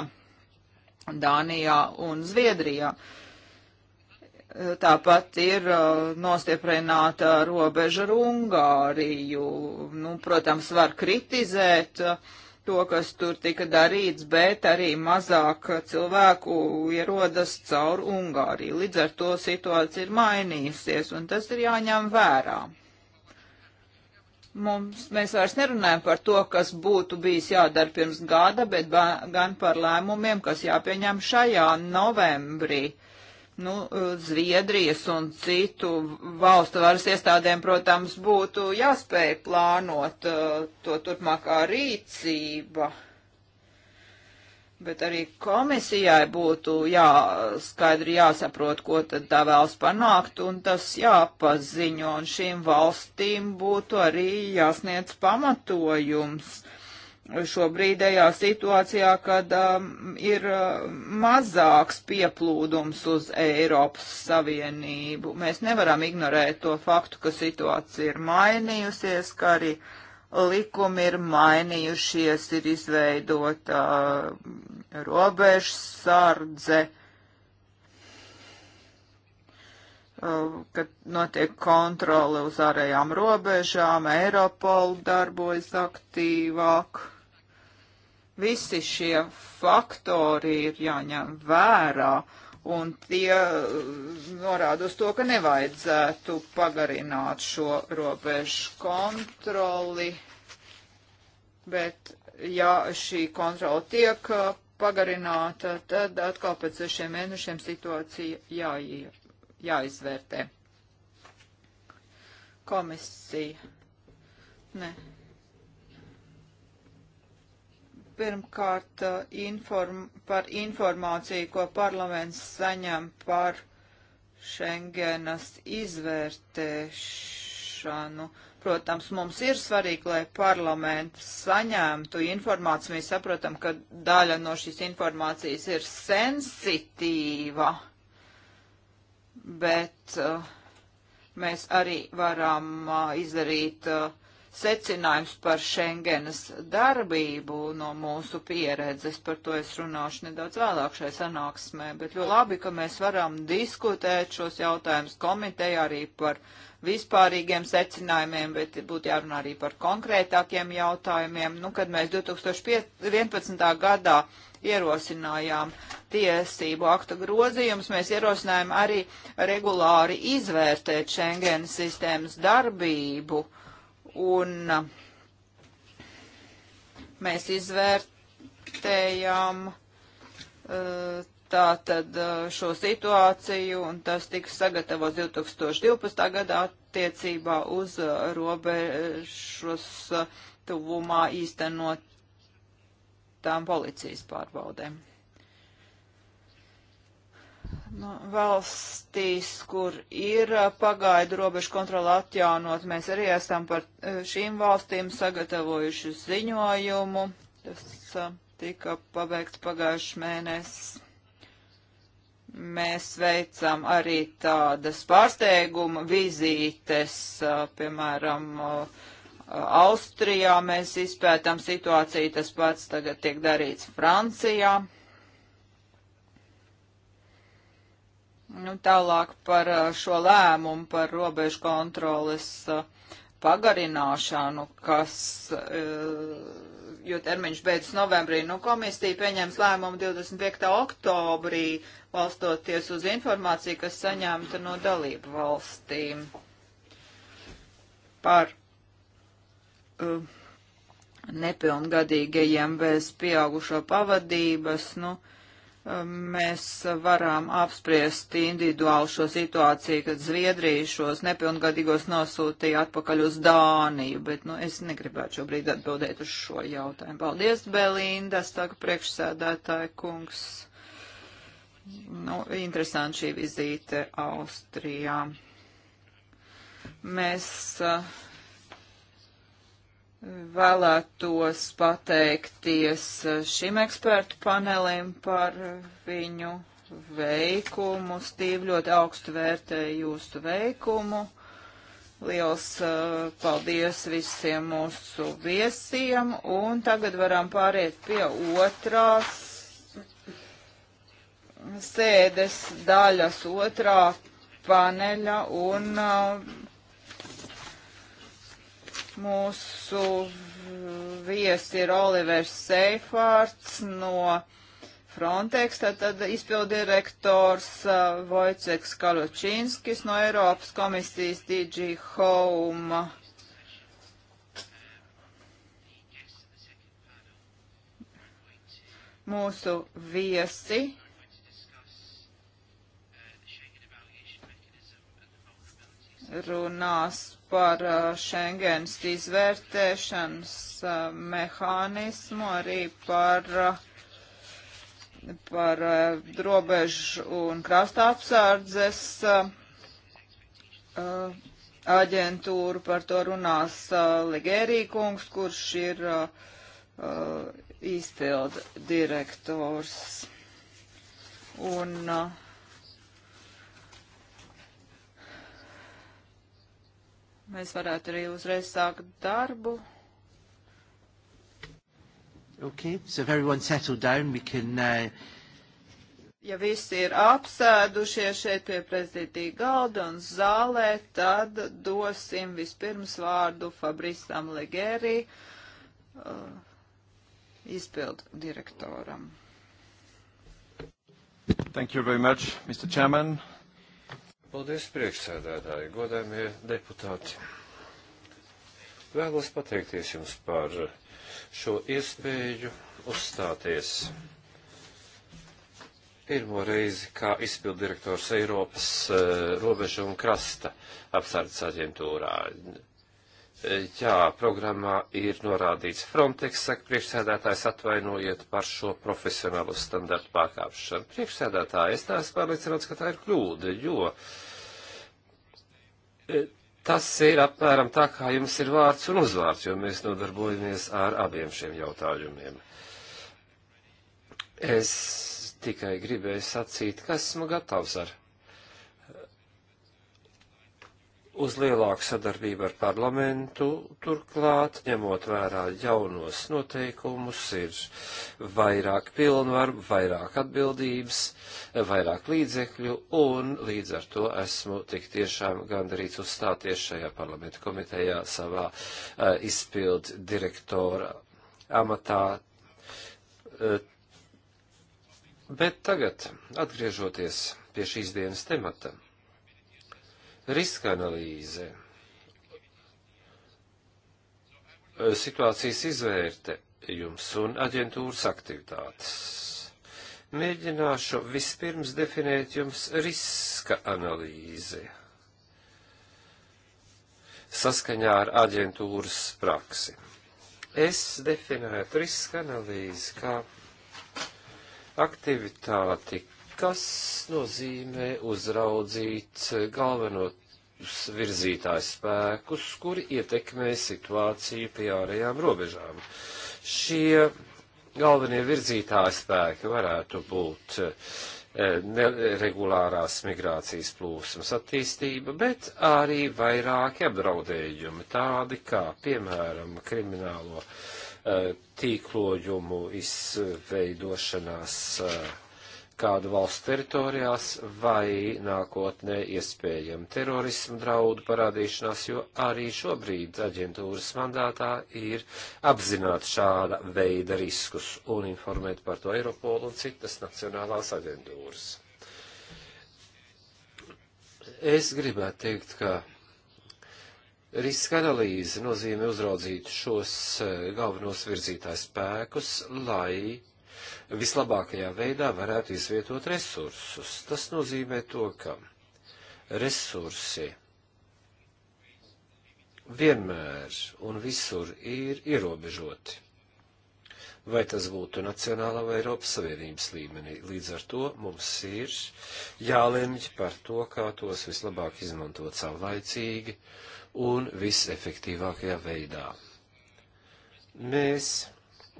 Dānijā un Zviedrijā. Uh, Tāpat ir nostieprināta robeža ar Ungāriju. Nu, protams, var kritizēt to, kas tur tika darīts, bet arī mazāk cilvēku ierodas caur Ungāriju. Līdz ar to situācija ir mainījusies, un tas ir jāņem vērā. Mums, mēs vairs nerunājam par to, kas būtu bijis jādara pirms gada, bet gan par lēmumiem, kas jāpieņem šajā novembrī nu, Zviedrijas un citu valstu varas iestādēm, protams, būtu jāspēj plānot uh, to turpmākā rīcība. Bet arī komisijai būtu jāskaidri jāsaprot, ko tad tā vēlas panākt, un tas jāpaziņo, un šīm valstīm būtu arī jāsniedz pamatojums šobrīdējā situācijā, kad um, ir um, mazāks pieplūdums uz Eiropas Savienību. Mēs nevaram ignorēt to faktu, ka situācija ir mainījusies, ka arī likumi ir mainījušies, ir izveidota uh, robežsardze, uh, kad notiek kontrole uz ārējām robežām, Eiropola darbojas aktīvāk Visi šie faktori ir jāņem vērā, un tie uh, norāda uz to, ka nevajadzētu pagarināt šo robežu kontroli, bet ja šī kontrola tiek uh, pagarināta, tad atkal pēc sešiem mēnešiem situācija jāie, jāizvērtē. Komisija. Nē. Pirmkārt, inform, par informāciju, ko parlaments saņem par Schengenas izvērtēšanu. Protams, mums ir svarīgi, lai parlaments saņemtu informāciju. Mēs saprotam, ka daļa no šīs informācijas ir sensitīva, bet uh, mēs arī varam uh, izdarīt uh, secinājums par Schengenas darbību no mūsu pieredzes. Par to es runāšu nedaudz vēlāk šai sanāksmē, bet ļoti labi, ka mēs varam diskutēt šos jautājumus komitejā arī par vispārīgiem secinājumiem, bet būtu jārunā arī par konkrētākiem jautājumiem. Nu, kad mēs 2011. gadā ierosinājām tiesību aktu grozījumus, mēs ierosinājām arī regulāri izvērtēt Schengen sistēmas darbību. Uh, un mēs izvērtējām eh, tātad eh, šo situāciju, un tas tika sagatavots 2012. gadā attiecībā uz eh, robežas tuvumā īstenot tām policijas pārbaudēm nu, valstīs, kur ir pagaidu robežu kontrola atjaunot, mēs arī esam par šīm valstīm sagatavojuši ziņojumu. Tas tika pabeigts pagājušajā mēnesī. Mēs veicam arī tādas pārsteiguma vizītes, piemēram, Austrijā mēs izpētām situāciju, tas pats tagad tiek darīts Francijā. Nu, tālāk par šo lēmumu par robežu kontroles pagarināšanu, kas, jo termiņš beidzas novembrī, nu komisija pieņems lēmumu 25. oktobrī, valstoties uz informāciju, kas saņemta no dalību valstīm par uh, nepilngadīgajiem bez pieaugušo pavadības, nu, uh, mēs varam apspriest individuāli šo situāciju, kad Zviedrija šos nepilngadīgos nosūtīja atpakaļ uz Dāniju, bet nu, es negribētu šobrīd atbildēt uz šo jautājumu. Paldies, Belinda, saka priekšsēdētāja kungs. Nu, interesanti šī vizīte Austrijā. Mēs uh, vēlētos pateikties eh, šim ekspertu panelim par eh, viņu veikumu. Stīv ļoti augstu vērtēju jūsu veikumu. Liels uh, paldies visiem mūsu viesiem, un tagad varam pāriet pie otrās sēdes daļas, otrā paneļa, un uh, Mūsu viesi ir Olivers Seifārds no Frontex, tad izpildirektors uh, Vojceks Kalučinskis no Eiropas komisijas DG Home. Mūsu viesi runās par uh, Schengens izvērtēšanas uh, mehānismu, arī par uh, par uh, robežu un krasta apsārdzes uh, aģentūru, par to runās uh, Ligērīkungs, kurš ir izpildu direktors. Un uh, Mēs varētu arī uzreiz sākt darbu. Okay, so if everyone settled down, we can... Uh... Ja visi ir apsēdušies šeit pie prezidentī galda un zālē, tad dosim vispirms vārdu Fabrisam Legeri, uh, izpildu direktoram. Thank you very much, Mr. Chairman. Paldies priekšsēdētāji, godājumie deputāti. Vēlos pateikties jums par šo iespēju uzstāties pirmo reizi kā izpildirektors Eiropas uh, eh, robežu un krasta apsardzes aģentūrā. Jā, programmā ir norādīts Frontex, saka priekšsēdētājs, atvainojiet par šo profesionālu standartu pārkāpšanu. Priekšsēdētāji, es tās pārliecināts, ka tā ir kļūda, jo uh, E, tas ir apmēram tā, kā jums ir vārds un uzvārds, jo mēs nodarbojamies ar abiem šiem jautājumiem. Es tikai gribēju sacīt, ka esmu gatavs ar uz lielāku sadarbību ar parlamentu, turklāt, ņemot vērā jaunos noteikumus, ir vairāk pilnvaru, vairāk atbildības, vairāk līdzekļu, un līdz ar to esmu tik tiešām gandarīts uzstāties šajā parlamentu komitejā savā uh, izpildu direktora amatā. Uh, bet tagad, atgriežoties pie šīs dienas temata, Riska analīze, situācijas izvērtējums un aģentūras aktivitātes. Mēģināšu vispirms definēt jums riska analīzi saskaņā ar aģentūras praksi. Es definētu riska analīzi kā aktivitāti, kas nozīmē uzraudzīt galveno virzītājs spēkus, kuri ietekmē situāciju pie ārējām robežām. Šie galvenie virzītāji spēki varētu būt eh, neregulārās migrācijas plūsmas attīstība, bet arī vairāki apdraudējumi, tādi kā, piemēram, kriminālo eh, tīklojumu izveidošanās eh, kādu valstu teritorijās vai nākotnē iespējami terorismu draudu parādīšanās, jo arī šobrīd aģentūras mandātā ir apzināt šāda veida riskus un informēt par to Eiropolu un citas nacionālās aģentūras. Es gribētu teikt, ka Riska analīze nozīmē uzraudzīt šos eh, galvenos virzītājs spēkus, lai vislabākajā veidā varētu izvietot resursus. Tas nozīmē to, ka resursi vienmēr un visur ir ierobežoti. Vai tas būtu nacionālā vai Eiropas Savienības līmenī. Līdz ar to mums ir jālemj par to, kā tos vislabāk izmantot savlaicīgi un visefektīvākajā veidā. Mēs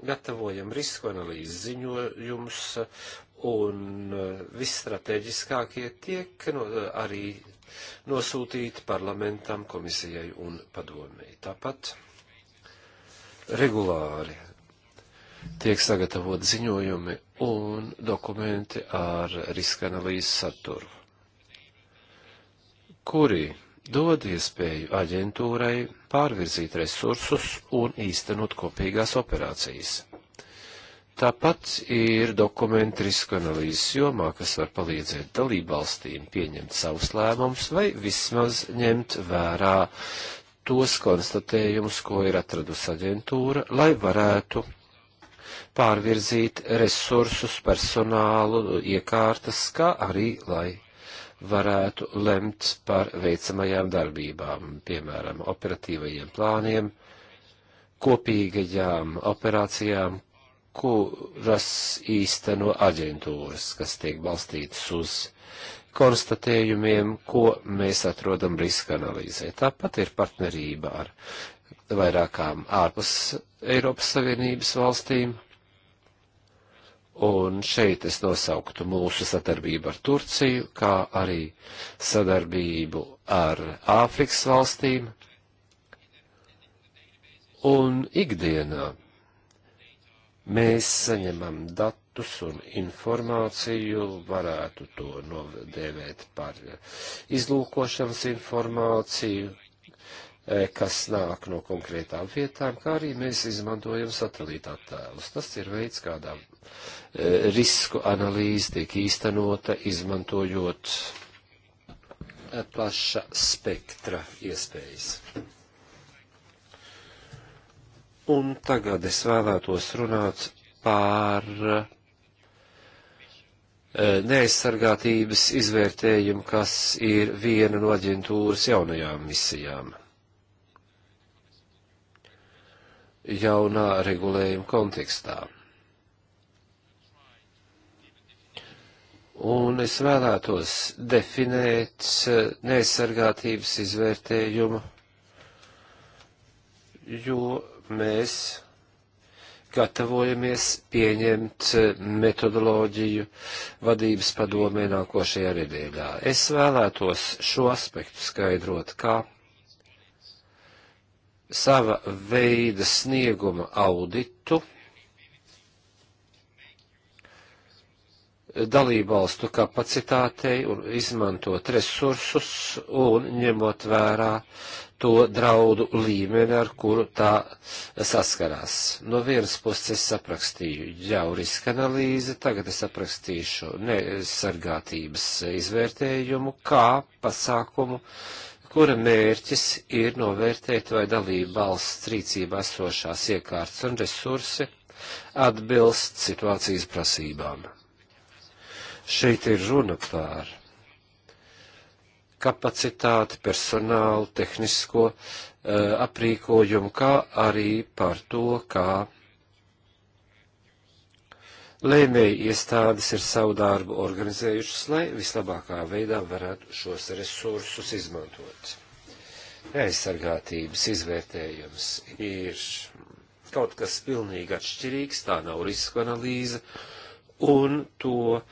gatavojam risku analīzes ziņojumus, un eh, visstrateģiskākie tiek no, eh, arī nosūtīti parlamentam, komisijai un padomēji. Tāpat regulāri tiek sagatavot ziņojumi un dokumenti ar riska analīzes saturu, kuri dod iespēju aģentūrai pārvirzīt resursus un īstenot kopīgās operācijas. Tāpat ir dokumenti risku analīzes jomā, kas var palīdzēt dalībvalstīm pieņemt savus lēmumus vai vismaz ņemt vērā tos konstatējumus, ko ir atradusi aģentūra, lai varētu pārvirzīt resursus, personālu, iekārtas, kā arī lai varētu lemt par veicamajām darbībām, piemēram, operatīvajiem plāniem, kopīgajām operācijām, kuras īsteno aģentūras, kas tiek balstītas uz konstatējumiem, ko mēs atrodam riska analīzē. Tāpat ir partnerība ar vairākām ārpus Eiropas Savienības valstīm Un šeit es nosauktu mūsu sadarbību ar Turciju, kā arī sadarbību ar Āfrikas valstīm. Un ikdienā mēs saņemam datus un informāciju, varētu to novdēvēt par izlūkošanas informāciju, eh, kas nāk no konkrētām vietām, kā arī mēs izmantojam satelīta attēlus. Tas ir veids, kādā Eh, risku analīze tiek īstenota, izmantojot eh, plaša spektra iespējas. Un tagad es vēlētos runāt par eh, neaizsargātības izvērtējumu, kas ir viena no aģentūras jaunajām misijām. Jaunā regulējuma kontekstā. un es vēlētos definēt eh, neaizsargātības izvērtējumu, jo mēs gatavojamies pieņemt eh, metodoloģiju vadības padomē nākošajā nedēļā. Es vēlētos šo aspektu skaidrot kā sava veida snieguma auditu dalībvalstu kapacitātei un izmantot resursus un ņemot vērā to draudu līmeni, ar kuru tā saskarās. No vienas puses es aprakstīju jau riska analīzi, tagad es aprakstīšu nesargātības izvērtējumu kā pasākumu, kura mērķis ir novērtēt, vai dalība valsts rīcībā esošās iekārtas un resursi atbilst situācijas prasībām. Šeit ir runa par kapacitāti, personālu, tehnisko uh, aprīkojumu, kā arī par to, kā lēmēji iestādes ir savu darbu organizējušas, lai vislabākā veidā varētu šos resursus izmantot. Aizsargātības izvērtējums ir kaut kas pilnīgi atšķirīgs, tā nav riska analīze. Uh, un to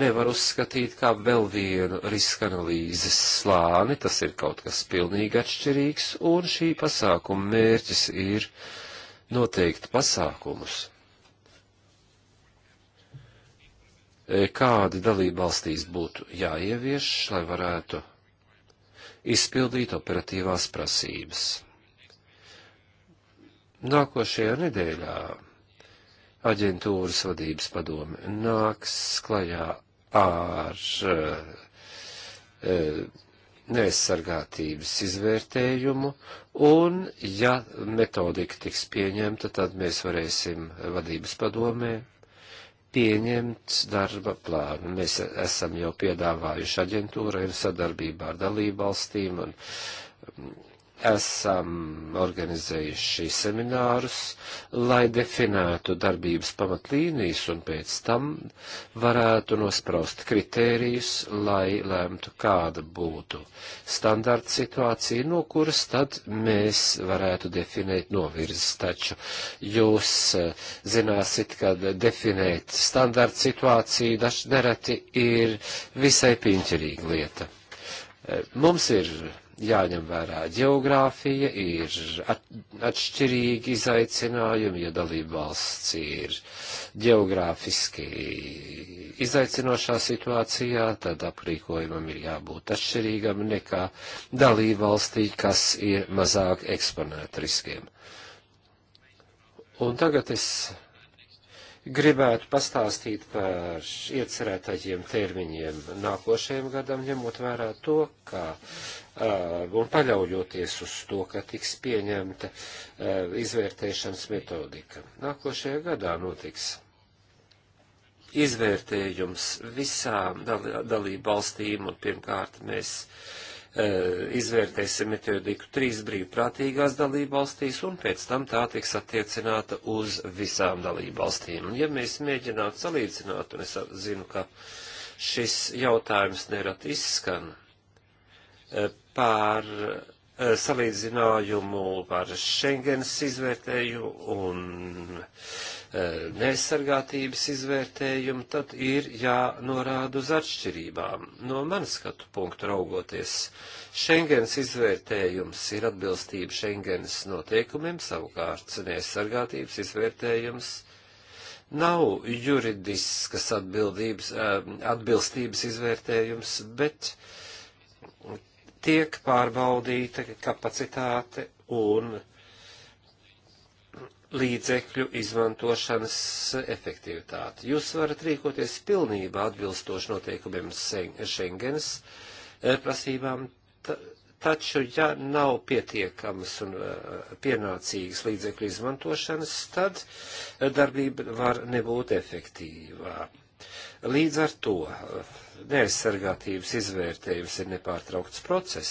nevar uzskatīt kā vēl vienu riska analīzes slāni, tas ir kaut kas pilnīgi atšķirīgs, un šī pasākuma mērķis ir noteikt pasākumus. E, kādi dalība valstīs būtu jāievieš, lai varētu izpildīt operatīvās prasības? Nākošajā nedēļā aģentūras vadības padome nāks klajā ar eh, eh, neaizsargātības izvērtējumu, un, ja metodika tiks pieņemta, tad mēs varēsim vadības padomē pieņemt darba plānu. Mēs esam jau piedāvājuši aģentūrai sadarbībā ar dalībvalstīm un esam organizējuši seminārus, lai definētu darbības pamatlīnijas un pēc tam varētu nospraust kritērijus, lai lemtu, kāda būtu standarta situācija, no kuras tad mēs varētu definēt novirzes. Taču jūs eh, zināsit, ka definēt standarta situāciju dažs nereti ir visai piņķerīga lieta. Eh, mums ir jāņem vērā geogrāfija, ir atšķirīgi izaicinājumi, jo dalība valsts ir geogrāfiski izaicinošā situācijā, tad aprīkojumam ir jābūt atšķirīgam nekā dalība valstī, kas ir mazāk eksponēta riskiem. Un tagad es gribētu pastāstīt par iecerētajiem termiņiem nākošajam gadam, ņemot vērā to, ka uh, un paļaujoties uz to, ka tiks pieņemta izvērtēšanas metodika. Nākošajā gadā notiks izvērtējums visām dalību valstīm, un pirmkārt mēs izvērtēsim metodiku trīs brīvprātīgās dalību valstīs, un pēc tam tā tiks attiecināta uz visām dalību valstīm. Un ja mēs mēģinātu salīdzināt, un es zinu, ka šis jautājums nerad izskan, par eh, salīdzinājumu par Schengens izvērtēju un eh, neaizsargātības izvērtējumu, tad ir jānorāda uz atšķirībām. No manas skatu punktu raugoties, Schengens izvērtējums ir atbilstība Schengens noteikumiem, savukārt neaizsargātības izvērtējums nav juridiskas atbildības, eh, atbilstības izvērtējums, bet uh, tiek pārbaudīta kapacitāte un līdzekļu izmantošanas efektivitāte. Jūs varat rīkoties pilnībā atbilstoši noteikumiem Schengens eh, prasībām, taču, ja nav pietiekamas un eh, pienācīgas līdzekļu izmantošanas, tad eh, darbība var nebūt efektīvā. Līdz ar to neaizsargātības izvērtējums ir nepārtraukts process,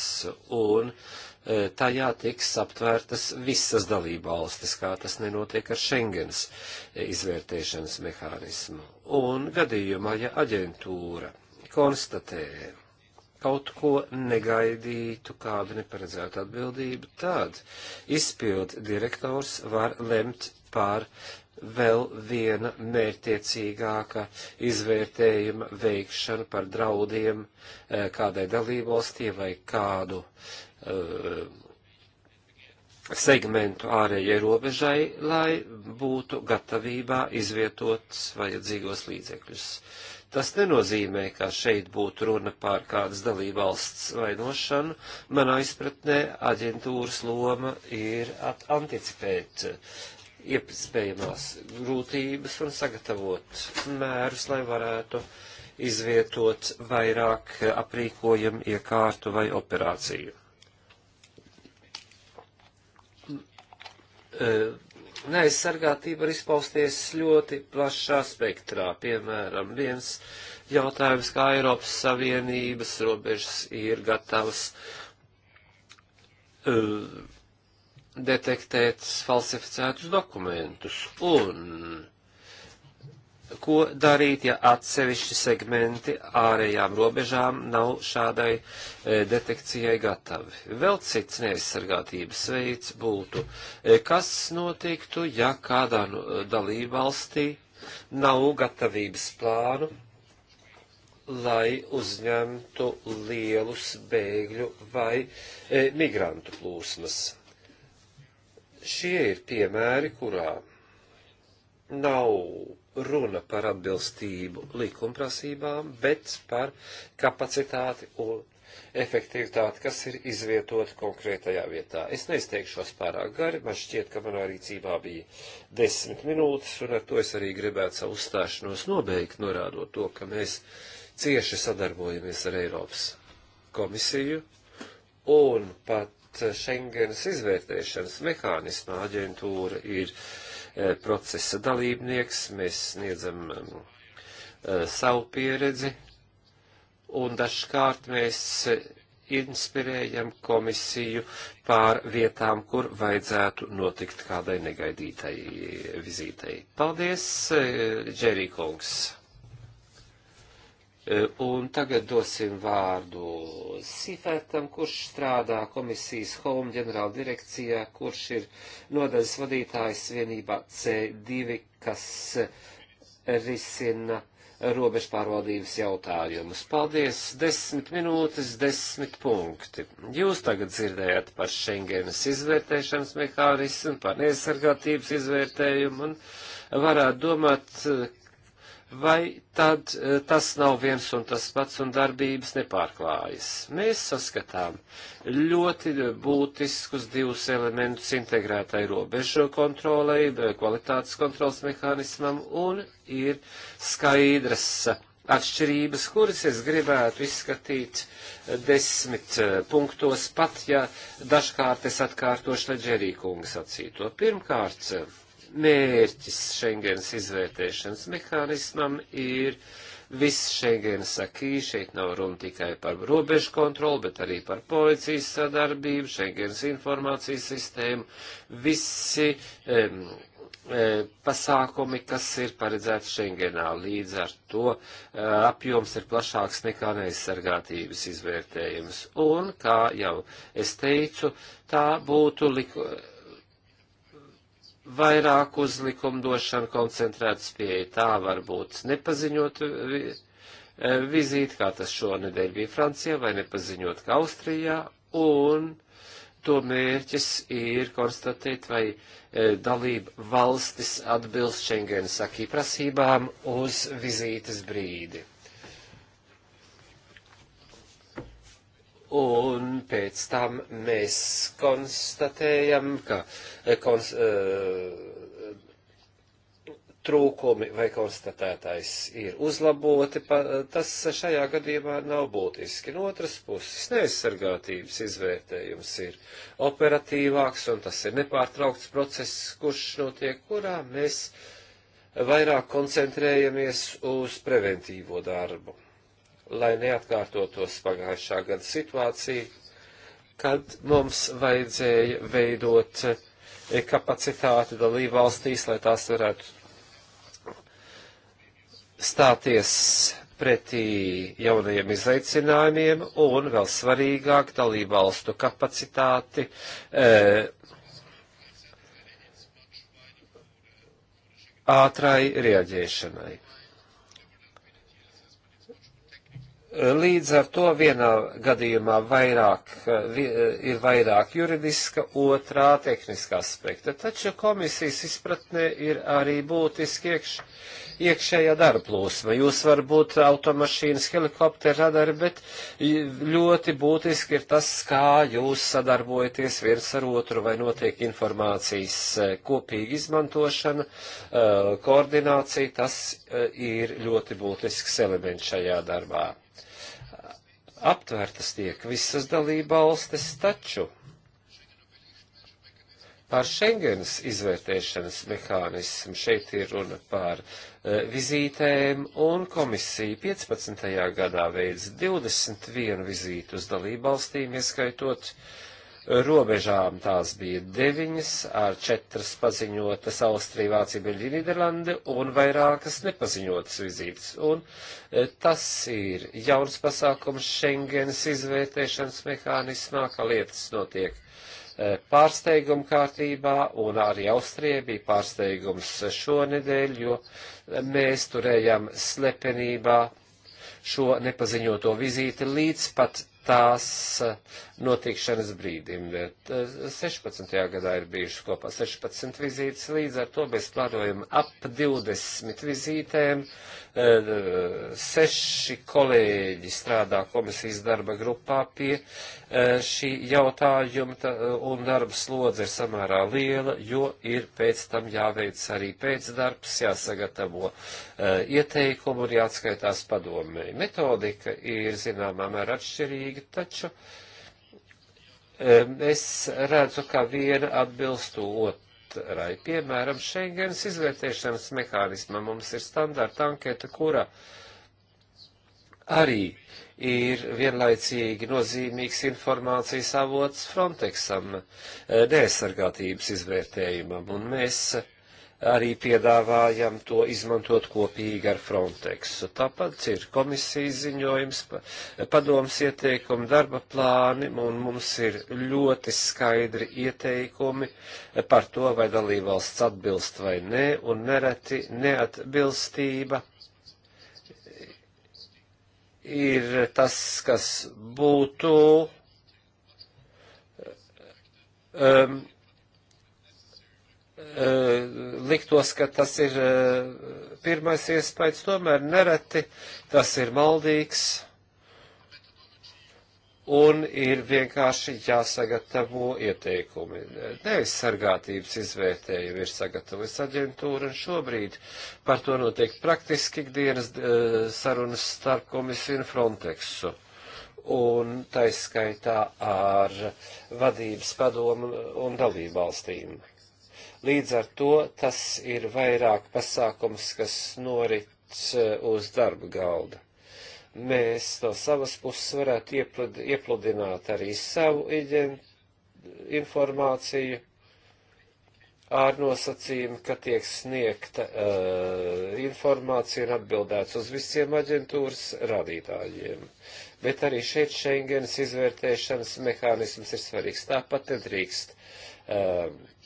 un e, tajā tiks aptvērtas visas dalībvalstis, kā tas nenotiek ar Schengens e, izvērtēšanas mehānismu. Un gadījumā, ja aģentūra konstatē kaut ko negaidītu, kādu neparedzētu atbildību, tad izpildu direktors var lemt par vēl viena mērķtiecīgāka izvērtējuma veikšana par draudiem eh, kādai dalībvalstī vai kādu uh, segmentu ārējai robežai, lai būtu gatavībā izvietot vajadzīgos līdzekļus. Tas nenozīmē, ka šeit būtu runa par kādas dalībvalsts vainošanu. Manā izpratnē aģentūras loma ir anticipēt iespējamās grūtības un sagatavot mērus, lai varētu izvietot vairāk aprīkojumu, iekārtu vai operāciju. E, neaizsargātība var izpausties ļoti plašā spektrā. Piemēram, viens jautājums, kā Eiropas Savienības robežas ir gatavas uh, detektēt falsificētus dokumentus un ko darīt, ja atsevišķi segmenti ārējām robežām nav šādai e, detekcijai gatavi. Vēl cits neaizsargātības veids būtu, e, kas notiktu, ja kādā no nu, dalībvalstī nav gatavības plānu, lai uzņemtu lielus bēgļu vai e, migrantu plūsmas Šie ir piemēri, kurā nav runa par atbilstību likumprasībām, bet par kapacitāti un efektivitāti, kas ir izvietota konkrētajā vietā. Es neizteikšos pārāk gari, man šķiet, ka manā rīcībā bija desmit minūtes, un ar to es arī gribētu savu uzstāšanos nobeigt, norādot to, ka mēs cieši sadarbojamies ar Eiropas komisiju, un pat Eh, Schengenas izvērtēšanas mehānismā aģentūra ir eh, procesa dalībnieks, mēs sniedzam mm, eh, savu pieredzi, un dažkārt mēs inspirējam komisiju pār vietām, kur vajadzētu notikt kādai negaidītai vizītei. Paldies, Džerī Kungs! Un tagad dosim vārdu Sifertam, kurš strādā komisijas Home ģenerāla direkcijā, kurš ir nodaļas vadītājs vienībā C2, kas risina robežpārvaldības jautājumus. Paldies! Desmit minūtes, desmit punkti. Jūs tagad dzirdējat par Schengenas izvērtēšanas mehānismu, par neaizsargātības izvērtējumu un varētu domāt, vai tad eh, tas nav viens un tas pats un darbības nepārklājas. Mēs saskatām ļoti būtiskus divus elementus integrētai robežu kontrolei, eh, kvalitātes kontrols mehānismam un ir skaidras atšķirības, kuras es gribētu izskatīt eh, desmit punktos, pat ja dažkārt es atkārtošu Leģerī kungas sacīto. Pirmkārt, mērķis Schengens izvērtēšanas mehānismam ir viss Schengens akī, šeit nav runa tikai par robežu kontroli, bet arī par policijas sadarbību, Schengens informācijas sistēmu, visi um, pasākumi, kas ir paredzēti Schengenā. Līdz ar to e, apjoms ir plašāks nekā neaizsargātības izvērtējums. Un, kā jau es teicu, tā būtu liku, vairāk uz likumdošanu koncentrētas pieeja. Tā var būt nepaziņot e, vizīti, kā tas šonedēļ bija Francijā, vai nepaziņot, ka Austrijā, un to mērķis ir konstatēt, vai e, dalība valstis atbilst Schengenas akī prasībām uz vizītes brīdi. Un pēc tam mēs konstatējam, ka eh, kons, uh, trūkumi vai konstatētais ir uzlaboti, pa, tas šajā gadījumā nav būtiski. No otras puses, neaizsargātības izvērtējums ir operatīvāks, un tas ir nepārtraukts process, kurš notiek, kurā mēs vairāk koncentrējamies uz preventīvo darbu lai neatkārtotos pagājušā gada situācija, kad mums vajadzēja veidot eh, kapacitāti dalību valstīs, lai tās varētu stāties pretī jaunajiem izaicinājumiem un vēl svarīgāk dalību valstu kapacitāti e, ātrai rieģēšanai. Līdz ar to vienā gadījumā vairāk, eh, eh, ir vairāk juridiska, otrā tehniska aspekta. Taču komisijas izpratnē ir arī būtiski iekš, iekšējā darba plūsma. Jūs varat būt automašīnas, helikopteri, radari, bet ļoti būtiski ir tas, kā jūs sadarbojaties viens ar otru, vai notiek informācijas eh, kopīga izmantošana, koordinācija. Tas ir ļoti būtisks elements šajā darbā aptvērtas tiek visas dalībvalstis, taču Par Schengens izvērtēšanas mehānismu šeit ir runa par e, vizītēm, un komisija 15. gadā veids 21 vizītu uz dalībvalstīm, ieskaitot uh, robežām tās bija deviņas, ar četras paziņotas Austrija, Vācija, Beļģija, Nīderlande un vairākas nepaziņotas vizītes. Un e, tas ir jauns pasākums Schengenas izvērtēšanas mehānismā, ka lietas notiek e, pārsteiguma kārtībā, un arī Austrijai bija pārsteigums šonedēļ, jo mēs turējam slepenībā šo nepaziņoto vizīti līdz pat tās notikšanas brīdim. 16. Eh, gadā ir bijušas kopā 16 vizītes, līdz ar to mēs plānojam ap 20 vizītēm. Eh, seši kolēģi strādā komisijas darba grupā pie eh, šī jautājuma, un darba slodze ir samērā liela, jo ir pēc tam jāveic arī pēcdarbs, jāsagatavo ieteikumu un jāatskaitās padomē. Metodika ir zināmā mērā atšķirīga, taču uh, es redzu, ka viena atbilst otrai. Piemēram, Schengens izvērtēšanas mehānismā mums ir standarta anketa, kura arī ir vienlaicīgi nozīmīgs informācijas avots Frontexam, neaizsargātības izvērtējumam, un mēs arī piedāvājam to izmantot kopīgi ar Frontexu. Tāpat ir komisijas ziņojums, padoms ieteikumi, darba plāni, un mums ir ļoti skaidri ieteikumi par to, vai dalībvalsts atbilst vai nē, un nereti neatbilstība ir tas, kas būtu. Um, liktos, ka tas ir pirmais iespējas, tomēr nereti tas ir maldīgs un ir vienkārši jāsagatavo ieteikumi. Nevis sargātības izvērtējumi ir sagatavojis aģentūra, un šobrīd par to notiek praktiski ikdienas sarunas starp komisiju un Frontexu. Un taiskaitā ar vadības padomu un dalību valstīm. Līdz ar to tas ir vairāk pasākums, kas norit eh, uz darba galda. Mēs no savas puses varētu ieplud, iepludināt arī savu informāciju ar nosacījumu, ka tiek sniegta uh, informācija un atbildēts uz visiem aģentūras radītājiem. Bet arī šeit Schengens izvērtēšanas mehānisms ir svarīgs. Tāpat nedrīkst uh,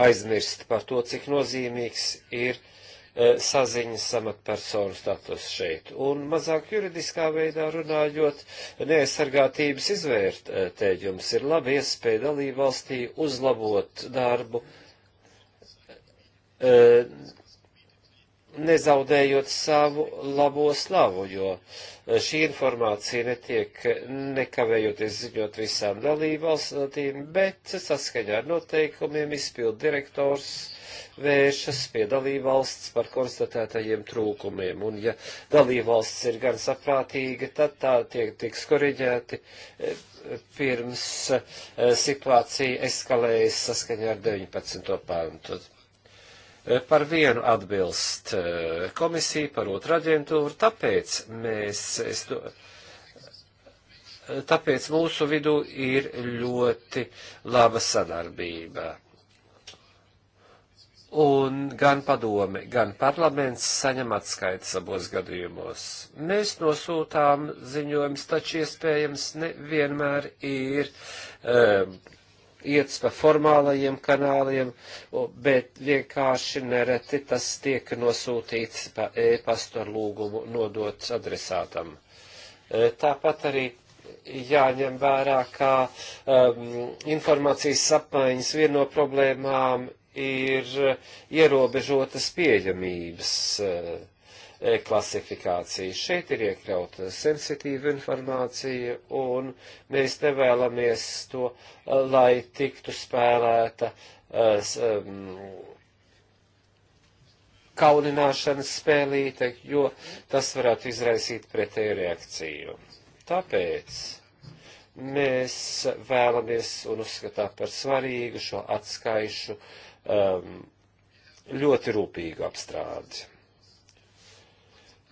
aizmirst par to, cik nozīmīgs ir eh, saziņas amatpersonu status šeit. Un mazāk juridiskā veidā runājot, neaizsargātības izvērtējums ir laba iespēja dalībvalstī uzlabot darbu eh, nezaudējot savu labo slavu, jo šī informācija netiek nekavējoties ziņot visām dalībvalstīm, bet saskaņā ar noteikumiem izpildu direktors vēršas pie dalībvalsts par konstatētajiem trūkumiem, un ja dalībvalsts ir gan saprātīga, tad tā tiek tiks koriģēti e, pirms e, situācija eskalējas saskaņā ar 19. pāntu Eh, par vienu atbilst eh, komisija, par otru aģentūru, tāpēc mēs, es to, eh, tāpēc mūsu vidū ir ļoti laba sadarbība. Un gan padome, gan parlaments saņem atskaitas abos gadījumos. Mēs nosūtām ziņojums, taču iespējams nevienmēr ir um, iet pa formālajiem kanāliem, bet vienkārši nereti tas tiek nosūtīts pa e-pastu ar lūgumu nodot adresātam. E, tāpat arī jāņem vērā, ka um, informācijas apmaiņas viena no problēmām ir ierobežotas pieejamības. Uh, klasifikācija. Šeit ir iekļauta sensitīva informācija, un mēs nevēlamies to, e, lai tiktu spēlēta e, e, kaunināšanas spēlīte, jo tas varētu izraisīt pretēju reakciju. Tāpēc mēs vēlamies un uzskatām par svarīgu šo atskaišu um, ļoti rūpīgu apstrādi.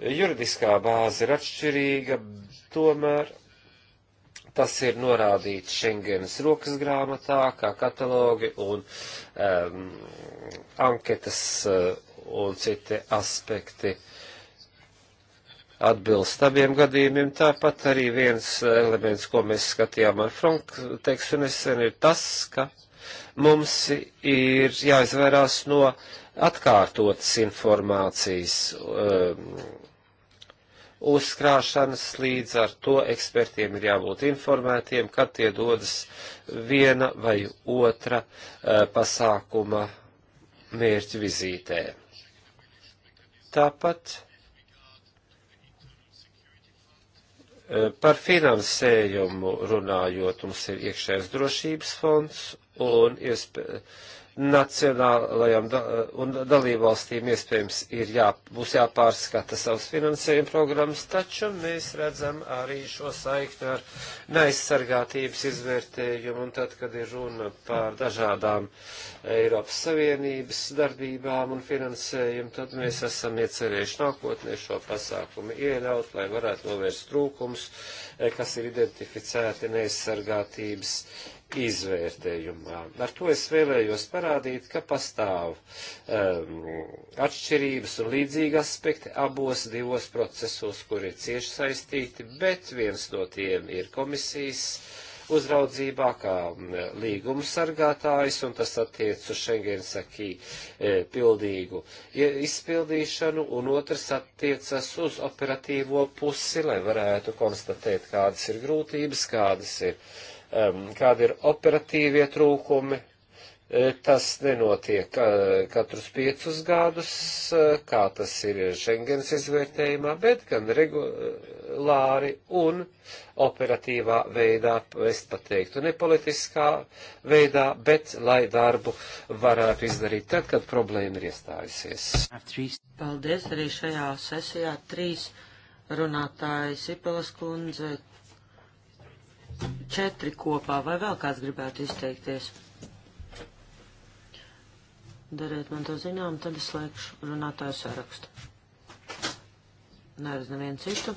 Juridiskā bāze ir atšķirīga, tomēr tas ir norādīts Schengenas rokas grāmatā, kā katalogi un um, anketas uh, un citi aspekti atbilst abiem gadījumiem. Tāpat arī viens eh, elements, ko mēs skatījām ar Frontex un nesen, ir tas, ka mums ir jāizvairās no atkārtotas informācijas. Um, uzkrāšanas, līdz ar to ekspertiem ir jābūt informētiem, kad tie dodas viena vai otra uh, pasākuma mērķu vizītē. Tāpat uh, par finansējumu runājot, mums ir iekšējais drošības fonds un iespēja nacionālajām da un dalībvalstīm iespējams ir jā, būs jāpārskata savas finansējuma programmas, taču mēs redzam arī šo saikni ar neaizsargātības izvērtējumu, un tad, kad ir runa par dažādām Eiropas Savienības darbībām un finansējumu, tad mēs esam iecerējuši nākotnē šo pasākumu ieļaut, lai varētu novērst trūkums, eh, kas ir identificēti neaizsargātības izvērtējumā. Ar to es vēlējos parādīt, ka pastāv um, atšķirības un līdzīgi aspekti abos divos procesos, kur ir cieši saistīti, bet viens no tiem ir komisijas uzraudzībā kā um, līguma sargātājs, un tas attiec uz Schengens akī e, pildīgu izpildīšanu, un otrs attiecas uz operatīvo pusi, lai varētu konstatēt, kādas ir grūtības, kādas ir uh, kādi ir operatīvie trūkumi. E, tas nenotiek katrus piecus gadus, e, kā tas ir Schengens izvērtējumā, bet gan regulāri un operatīvā veidā, es pat teiktu, ne politiskā veidā, bet lai darbu varētu izdarīt tad, kad problēma ir iestājusies. Paldies arī šajā sesijā trīs runātāji Sipelas kundze, četri kopā, vai vēl kāds gribētu izteikties? Dariet man to zinām, tad es slēgšu runātāju sarakstu. Neredz neviens citu.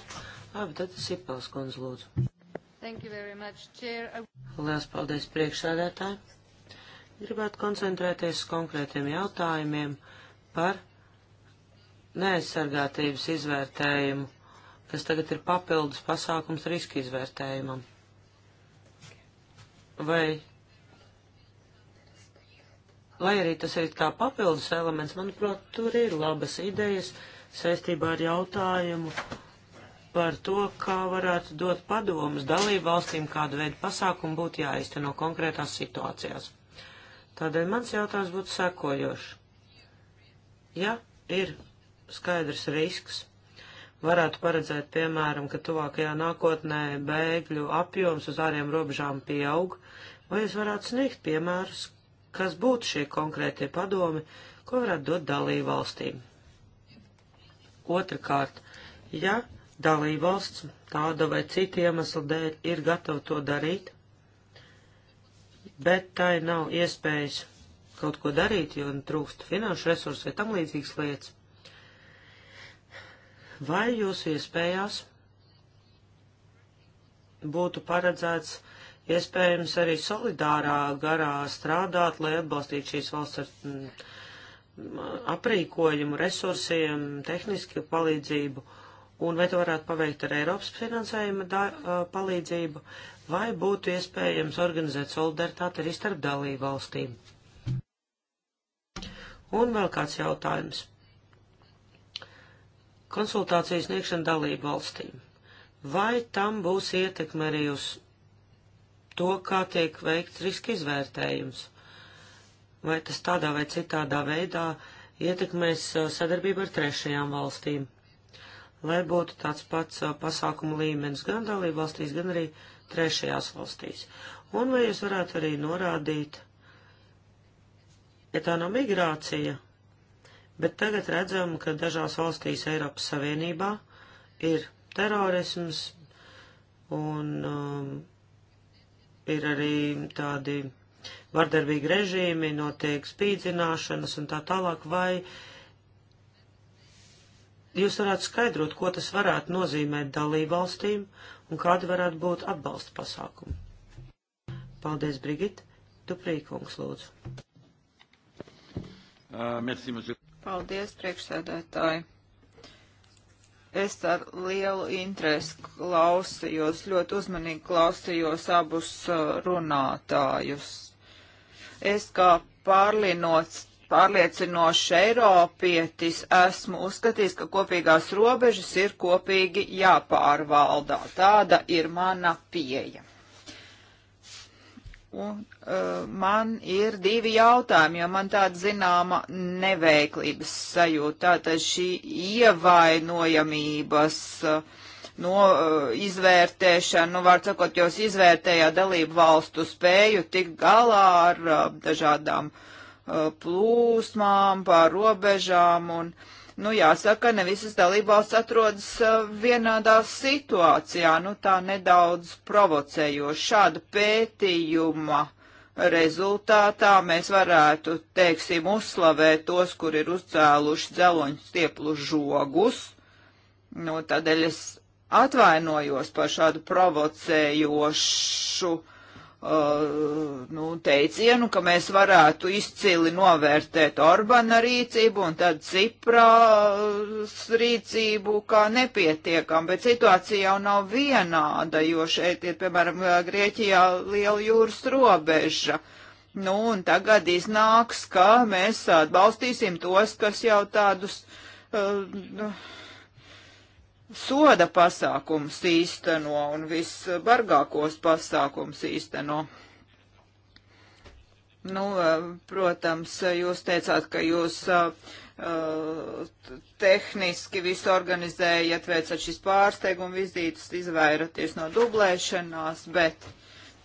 Labi, tad Sipels kundze lūdzu. Thank you very much, Chair. Lielas paldies priekšsēdētāji. Gribētu koncentrēties uz konkrētiem jautājumiem par neaizsargātības izvērtējumu, kas tagad ir papildus pasākums riska izvērtējumam vai, lai arī tas ir kā papildus elements, manuprāt, tur ir labas idejas saistībā ar jautājumu par to, kā varētu dot padomus dalību valstīm, kādu veidu pasākumu būtu jāizteno konkrētās situācijās. Tādēļ mans jautājums būtu sekojošs. Ja ir skaidrs risks, varētu paredzēt, piemēram, ka tuvākajā nākotnē bēgļu apjoms uz āriem robežām pieaug, Vai jūs varētu sniegt piemērus, kas būtu šie konkrētie padomi, ko varētu dot dalību valstīm? Otrakārt, ja dalību valsts tāda vai cita iemesla dēļ ir gatava to darīt, bet tai nav iespējas kaut ko darīt, jo trūkst finanšu resursu vai tam līdzīgas lietas. Vai jūsu iespējās būtu paredzēts iespējams arī solidārā garā strādāt, lai atbalstītu šīs valsts ar mm, aprīkojumu, resursiem, tehnisku palīdzību, un vai to varētu paveikt ar Eiropas finansējuma da, palīdzību, vai būtu iespējams organizēt solidaritāti arī starp dalību valstīm. Un vēl kāds jautājums. Konsultācijas sniegšana dalību valstīm. Vai tam būs ietekme arī uz to, kā tiek veikts riska izvērtējums. Vai tas tādā vai citādā veidā ietekmēs sadarbību ar trešajām valstīm, lai būtu tāds pats pasākumu līmenis gan dalību valstīs, gan arī trešajās valstīs. Un vai jūs varētu arī norādīt, ja tā nav migrācija, bet tagad redzam, ka dažās valstīs Eiropas Savienībā ir terorisms un um, ir arī tādi vardarbīgi režīmi, notiek spīdzināšanas un tā tālāk, vai jūs varētu skaidrot, ko tas varētu nozīmēt dalībvalstīm un kādi varētu būt atbalsta pasākumi? Paldies, Brigit. Tu prīkungs, lūdzu. Uh, merci, Paldies, priekšsēdētāji. Es ar lielu interesi klausījos, ļoti uzmanīgi klausījos abus uh, runātājus. Es kā pārlienots, pārliecinošs Eiropietis esmu uzskatījis, ka kopīgās robežas ir kopīgi jāpārvaldā. Tāda ir mana pieeja. Un uh, man ir divi jautājumi, jo man tāda zināma neveiklības sajūta, tātad šī ievainojamības uh, no uh, izvērtēšana, nu, var sakot, jūs izvērtējāt dalību valstu spēju tik galā ar uh, dažādām uh, plūsmām, pār robežām un uh, Nu, jāsaka, ne visas dalībvalsts atrodas vienādā situācijā, nu tā nedaudz provocējoši. Šāda pētījuma rezultātā mēs varētu, teiksim, uzslavēt tos, kur ir uzcēluši dzeloņu stieplu žogus. Nu, tādēļ es atvainojos par šādu provocējošu uh, Uh, nu, teicienu, ka mēs varētu izcili novērtēt Orbana rīcību un tad Cipras rīcību kā nepietiekam, bet situācija jau nav vienāda, jo šeit ir, piemēram, Grieķijā liela jūras robeža. Nu, un tagad iznāks, ka mēs atbalstīsim tos, kas jau tādus. Uh, nu, soda pasākums īsteno un visbargākos pasākums īsteno. Nu, e, protams, jūs teicāt, ka jūs uh, tehniski visu organizējat, veicat šis pārsteigumu vizītes, izvairāties no dublēšanās, bet uh,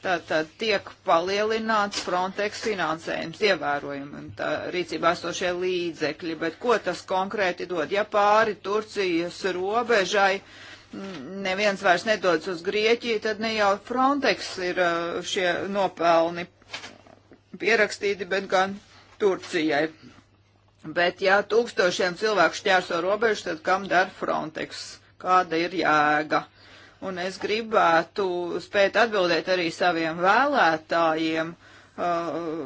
Tātad tiek palielināts Frontex finansējums, ievērojami un tā rīcībā esošie līdzekļi, bet ko tas konkrēti dod? Ja pāri Turcijas robežai mm, neviens vairs nedodas uz Grieķiju, tad ne jau Frontex ir šie nopelni pierakstīti, bet gan Turcijai. Bet ja tūkstošiem cilvēku šķērso robežu, tad kam dar Frontex? Kāda ir jēga? Uh, un es gribētu spēt atbildēt arī saviem vēlētājiem uh,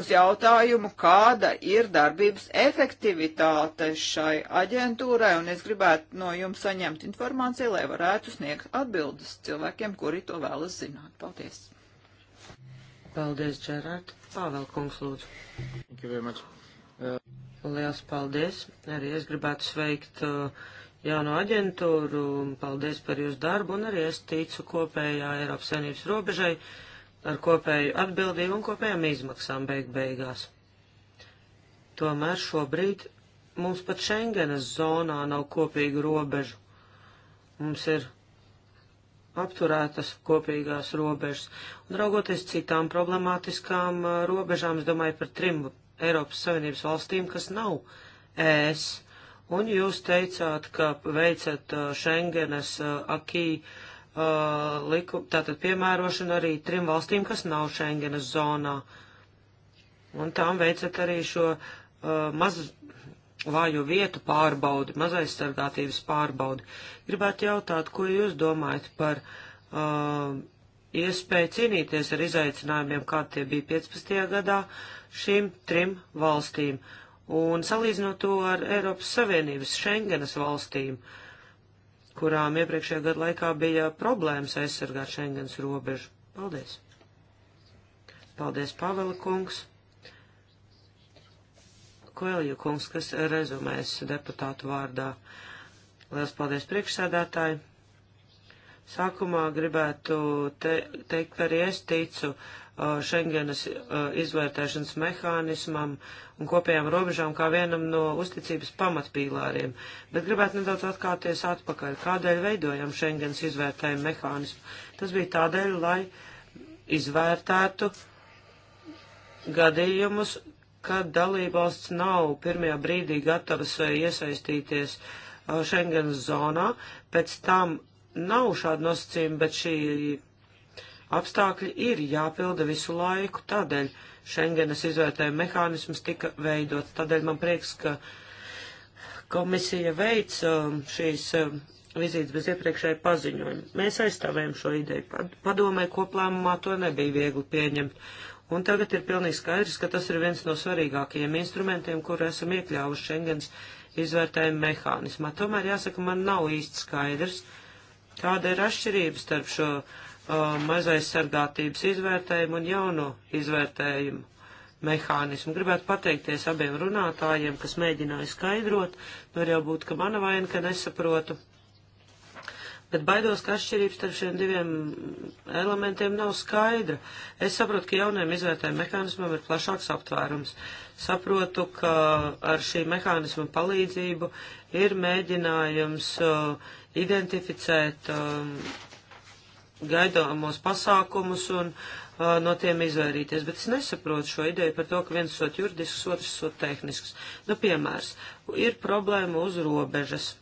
uz jautājumu, kāda ir darbības efektivitāte šai aģentūrai, un es gribētu no jums saņemt informāciju, lai varētu sniegt atbildes cilvēkiem, kuri to vēlas zināt. Paldies! Paldies, Džerārd! Pāvēl kungs, lūdzu! Thank you very much! Uh... Liels paldies! Arī es gribētu sveikt uh, jauno aģentūru. Paldies par jūsu darbu un arī es ticu kopējā Eiropas Savienības robežai ar kopēju atbildību un kopējām izmaksām beig beigās. Tomēr šobrīd mums pat Schengenas zonā nav kopīgu robežu. Mums ir apturētas kopīgās robežas. Un raugoties citām problemātiskām eh, robežām, es domāju par trim Eiropas Savienības valstīm, kas nav ES Un jūs teicāt, ka veicat Schengenes akī liku, tātad piemērošanu arī trim valstīm, kas nav Schengenes zonā. Un tām veicat arī šo maz vāju vietu pārbaudi, mazaizsargātības pārbaudi. Gribētu jautāt, ko jūs domājat par uh, iespēju cīnīties ar izaicinājumiem, kā tie bija 15. gadā šīm trim valstīm, un salīdzinot to ar Eiropas Savienības Schengenas valstīm, kurām iepriekšējā gada laikā bija problēmas aizsargāt Schengenas robežu. Paldies! Paldies, Pavela kungs! Koelju kungs, kas rezumēs deputātu vārdā. Lielas paldies priekšsēdētāji. Sākumā gribētu te, teikt, ka arī es ticu Uh, Schengenas uh, izvērtēšanas mehānismam un kopējām robežām kā vienam no uzticības pamatpīlāriem, bet gribētu nedaudz atkāpties atpakaļ. Kādēļ veidojam Schengenas izvērtējumu mehānismu? Tas bija tādēļ, lai izvērtētu gadījumus, kad dalībvalsts nav pirmajā brīdī gatavas uh, iesaistīties Schengenas zonā, pēc tam nav šāda nosacījuma, bet šī Apstākļi ir jāpilda visu laiku, tādēļ Schengenas izvērtējuma mehānisms tika veidots. Tādēļ man prieks, ka komisija veic um, šīs um, vizītes bez iepriekšēja paziņojuma. Mēs aizstāvējam šo ideju. Padomē koplēmumā to nebija viegli pieņemt. Un tagad ir pilnīgi skaidrs, ka tas ir viens no svarīgākajiem instrumentiem, kur esam iekļāvuši Schengens izvērtējuma mehānismā. Tomēr jāsaka, man nav īsti skaidrs, kāda ir atšķirība starp šo uh, Uh, mazaizsargātības izvērtējumu un jauno izvērtējumu mehānismu. Gribētu pateikties abiem runātājiem, kas mēģināja skaidrot, nu, var jau būt, ka mana vaina, ka nesaprotu. Bet baidos, ka atšķirības starp šiem diviem elementiem nav skaidra. Es saprotu, ka jauniem izvērtējuma mehānismam ir plašāks aptvērums. Saprotu, ka ar šī mehānisma palīdzību ir mēģinājums uh, identificēt uh, gaidāmos pasākumus un uh, no tiem izvairīties. Bet es nesaprotu šo ideju par to, ka viens sot juridisks, otrs sot tehnisks. Nu, piemērs, ir problēma uz robežas.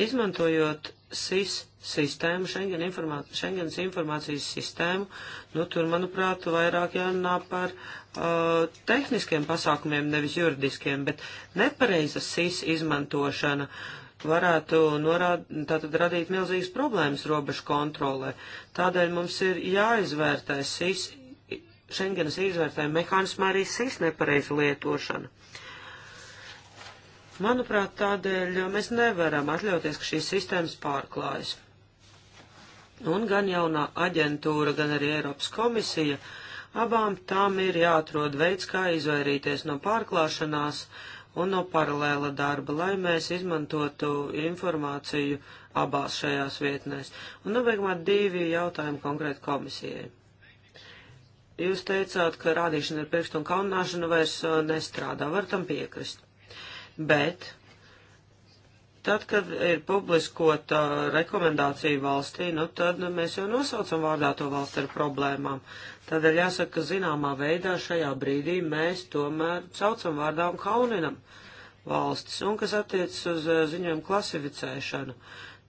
Izmantojot SIS sistēmu, Schengen informā Schengens informācijas sistēmu, nu, tur, manuprāt, vairāk jārunā par uh, tehniskiem pasākumiem, nevis juridiskiem, bet nepareiza SIS izmantošana. Uh, varētu norād, tātad radīt milzīgas problēmas robežu kontrolē. Tādēļ mums ir jāizvērtē SIS, Schengenas izvērtē mehānismā arī SIS nepareizu lietošana. Manuprāt, tādēļ mēs nevaram atļauties, ka šīs sistēmas pārklājas. Un gan jaunā aģentūra, gan arī Eiropas komisija, abām tām ir jāatrod veids, kā izvairīties no pārklāšanās, uh, un no paralēla darba, lai mēs izmantotu informāciju abās šajās vietnēs. Un nobeigumā nu, divi jautājumi konkrēti komisijai. Jūs teicāt, ka rādīšana ar pirkstu un kaunāšana vairs uh, nestrādā, var tam piekrist. Bet tad, kad ir publiskota uh, rekomendācija valstī, nu tad nu, mēs jau nosaucam vārdā to valsti ar problēmām. Tādēļ jāsaka, ka zināmā veidā šajā brīdī mēs tomēr saucam vārdā un kauninam valstis. Un kas attiecas uz eh, ziņojumu klasificēšanu,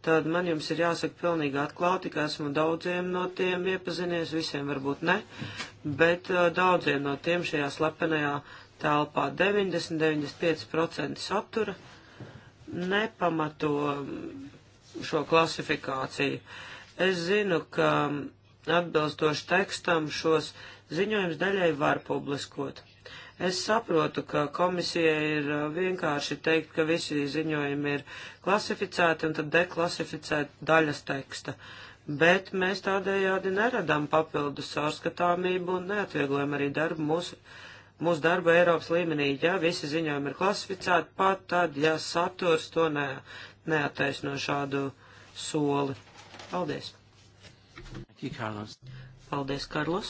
tad man jums ir jāsaka pilnīgi atklāti, ka esmu daudziem no tiem iepazinies, visiem varbūt ne, bet eh, daudziem no tiem šajā slepenajā telpā 90-95% satura nepamato mm, šo klasifikāciju. Es zinu, ka mm, Atbilstoši tekstam šos ziņojums daļai var publiskot. Es saprotu, ka komisija ir uh, vienkārši teikt, ka visi ziņojumi ir klasificēti un tad deklasificēt daļas teksta, bet mēs tādējādi neradām papildus sārskatāmību un neatvieglojam arī darbu mūsu, mūsu darbu Eiropas līmenī. Ja visi ziņojumi ir klasificēti, pat tad, ja saturs to ne, neataisno šādu soli. Paldies! Paldies, Karlos.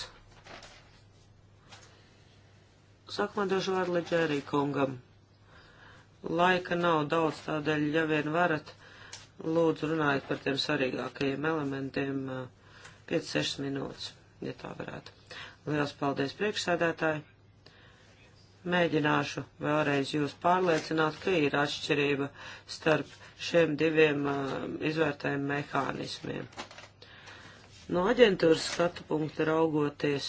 Sākumā došu vārdu Leģērī kungam. Laika nav daudz, tādēļ, ja vien varat, lūdzu runājiet par tiem svarīgākajiem elementiem 5-6 minūtes, ja tā varētu. Lielas paldies priekšsēdētāji. Mēģināšu vēlreiz jūs pārliecināt, ka ir atšķirība starp šiem diviem uh, izvērtējumu mehānismiem. No aģentūras skatu punkta raugoties,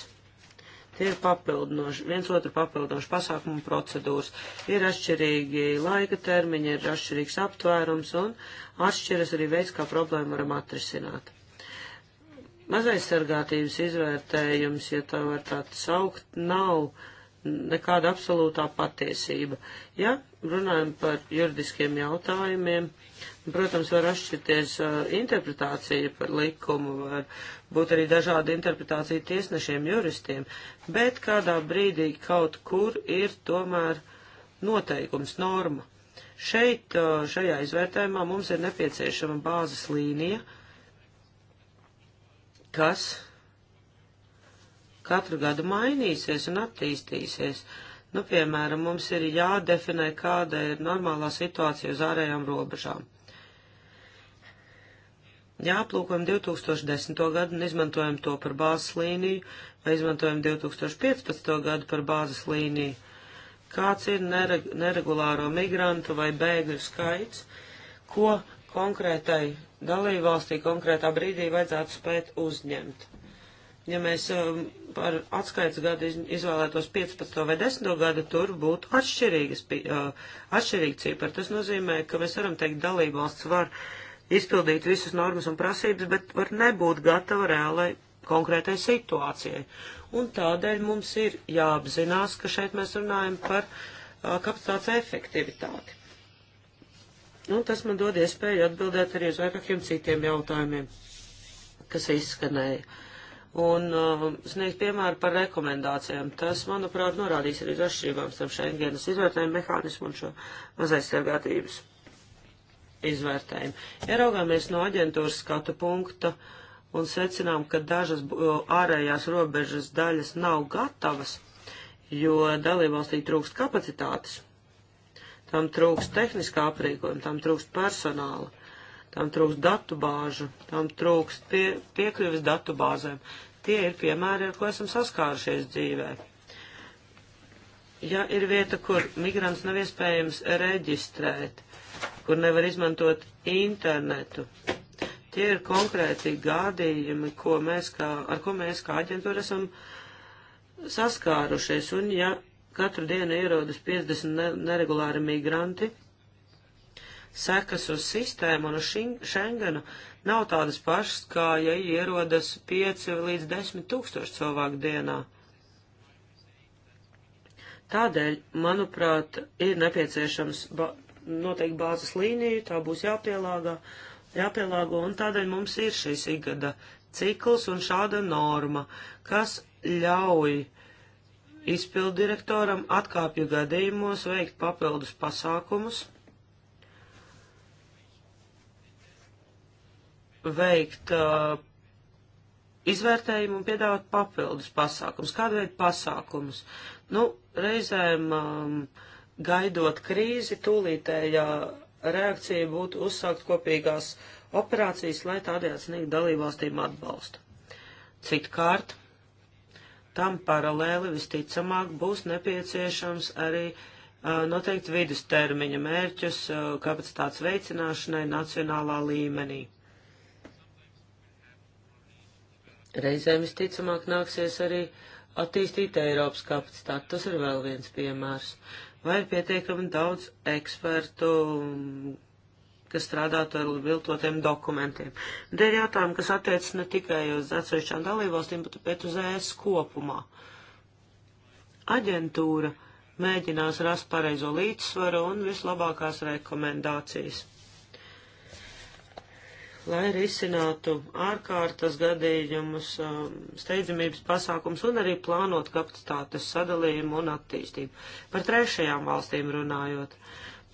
tie ir papildinoši, viens otru papildinoši pasākumu procedūras, ir atšķirīgi laika termiņi, ir atšķirīgs aptvērums un atšķiras arī veids, kā problēmu varam atrisināt. Mazaizsargātības izvērtējums, ja tā var tā saukt, nav nekāda absolūtā patiesība. Ja runājam par juridiskiem jautājumiem, Protams, var atšķirties uh, interpretācija par likumu, var būt arī dažāda interpretācija tiesnešiem, juristiem, bet kādā brīdī kaut kur ir tomēr noteikums, norma. Šeit, uh, šajā izvērtējumā mums ir nepieciešama bāzes līnija, kas katru gadu mainīsies un attīstīsies. Nu, piemēram, mums ir jādefinē, kāda ir normālā situācija uz ārējām robežām Ja aplūkojam 2010. gadu un izmantojam to par bāzes līniju, vai izmantojam 2015. gadu par bāzes līniju, kāds ir nereg neregulāro migrantu vai bēgļu skaits, ko konkrētai dalībvalstī konkrētā brīdī vajadzētu spēt uzņemt. Ja mēs um, par atskaits gadu izvēlētos 15. vai 10. gadu, tur būtu atšķirīgas, uh, atšķirīga cipara. Tas nozīmē, ka mēs varam teikt, dalībvalsts var uh, izpildīt visus normas un prasības, bet var nebūt gatava reālai konkrētai situācijai. Un tādēļ mums ir jāapzinās, ka šeit mēs runājam par uh, kapacitātes efektivitāti. Un tas man dod iespēju atbildēt arī uz vairākiem citiem jautājumiem, kas izskanēja. Un uh, sniegt piemēru par rekomendācijām. Tas, manuprāt, norādīs arī uz atšķirībām starp Schengenas izvērtējumu mehānismu un šo mazaizsargātības izvērtējumu. Ja raugāmies no aģentūras skatu punkta un secinām, ka dažas ārējās robežas daļas nav gatavas, jo dalībvalstī trūkst kapacitātes, tam trūkst tehniskā aprīkojuma, tam trūkst personāla, tam trūkst datu bāžu, tam trūkst pie, piekļuvis datu bāzēm. Tie ir piemēri, ar ko esam saskārušies dzīvē. Ja ir vieta, kur migrants nav iespējams reģistrēt, kur nevar izmantot internetu. Tie ir konkrēti gādījumi, ko mēs kā, ar ko mēs kā aģentūra esam saskārušies. Un ja katru dienu ierodas 50 neregulāri migranti, sekas uz sistēmu un uz Schengenu nav tādas pašas, kā ja ierodas 5 līdz 10 tūkstoši cilvēku dienā. Tādēļ, manuprāt, ir nepieciešams noteikti bāzes līniju, tā būs jāpielāgā, jāpielāgo, un tādēļ mums ir šīs igada cikls un šāda norma, kas ļauj izpildirektoram atkāpju gadījumos veikt papildus pasākumus, veikt uh, izvērtējumu un piedāvāt papildus pasākumus. Kādu veidu pasākumus? Nu, reizēm um, uh, gaidot krīzi, tūlītējā reakcija būtu uzsākt kopīgās operācijas, lai tādējādi sniegt dalībvalstīm atbalstu. Citkārt, tam paralēli visticamāk būs nepieciešams arī uh, noteikti vidustermiņa mērķus uh, kapacitātes veicināšanai nacionālā līmenī. Reizēm visticamāk nāksies arī attīstīt Eiropas kapacitāti. Tas ir vēl viens piemērs. Uh, vai ir pietiekami daudz ekspertu, kas strādātu ar viltotiem dokumentiem. Un te ir jautājumi, kas attiecas ne tikai uz atsevišķām dalībvalstīm, bet, bet uz ES kopumā. Aģentūra mēģinās rast pareizo līdzsvaru un vislabākās rekomendācijas lai risinātu ārkārtas gadījumus, um, steidzamības pasākums un arī plānot kapacitātes sadalījumu un attīstību. Par trešajām valstīm runājot,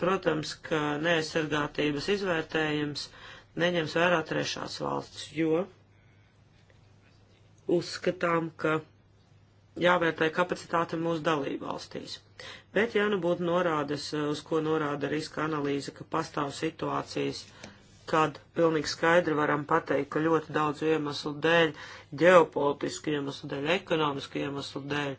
protams, ka neaizsargātības izvērtējums neņems vērā trešās valsts, jo uzskatām, ka jāvērtē kapacitāte mūsu dalību valstīs. Bet, ja nu būtu norādes, uh, uz ko norāda riska analīze, ka pastāv situācijas, uh, kad pilnīgi skaidri varam pateikt, ka ļoti daudz iemeslu dēļ, ģeopolitisku iemeslu dēļ, ekonomisku iemeslu dēļ,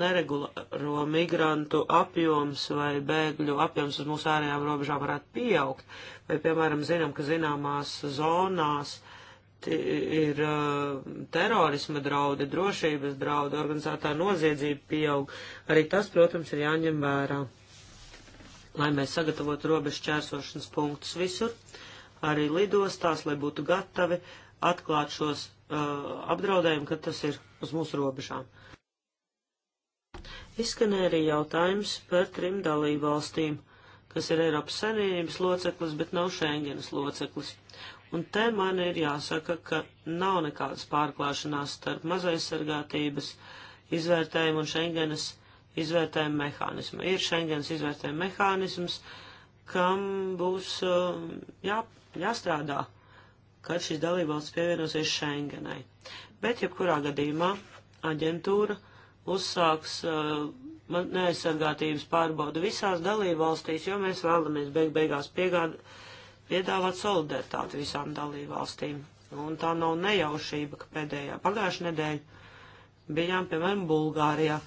neregulāro migrantu apjoms vai bēgļu apjoms uz mūsu ārējām robežām varētu pieaugt, vai, piemēram, zinām, ka zināmās zonās ir uh, terorisma draudi, drošības draudi, organizētā noziedzība pieaug. Arī tas, protams, ir jāņem vērā lai mēs sagatavotu robežu čērsošanas punktus visur, arī lidostās, lai būtu gatavi atklāt šos uh, apdraudējumu, kad tas ir uz mūsu robežām. Izskanēja arī jautājums par trim dalību valstīm, kas ir Eiropas Savienības loceklis, bet nav Schengenas loceklis. Un te man ir jāsaka, ka nav nekādas pārklāšanās starp mazaizsargātības izvērtējumu un Schengenas uh, izvērtējuma mehānismu. Ir Schengens izvērtējuma mehānisms, kam būs uh, jā, jāstrādā, kad šis dalībvalsts pievienosies Schengenai. Bet, jebkurā gadījumā, aģentūra uzsāks uh, neaizsargātības pārbaudu visās dalībvalstīs, jo mēs vēlamies beig beigās piegād, piedāvāt solidaritāti visām dalībvalstīm. Un tā nav nejaušība, ka pēdējā pagājušajā nedēļā bijām, piemēram, Bulgārijā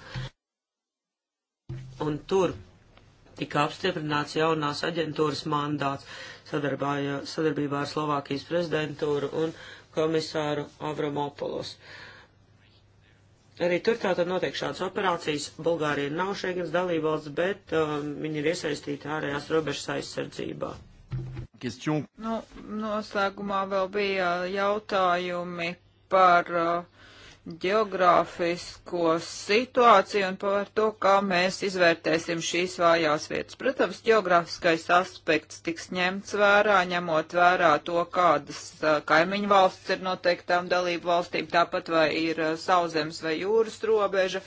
un tur tika apstiprināts jaunās aģentūras mandāts sadarbībā ar Slovākijas prezidentūru un komisāru Avramopolos. Arī tur tātad notiek šādas operācijas. Bulgārija nav Schengens dalībvalsts, bet um, viņi ir iesaistīti ārējās robežas aizsardzībā. Nu, noslēgumā vēl bija jautājumi par uh, geogrāfisko situāciju un par to, kā mēs izvērtēsim šīs vājās vietas. Protams, geogrāfiskais aspekts tiks ņemts vērā, ņemot vērā to, kādas kaimiņu valsts ir noteiktām dalību valstīm, tāpat vai ir sauzemes vai jūras robeža.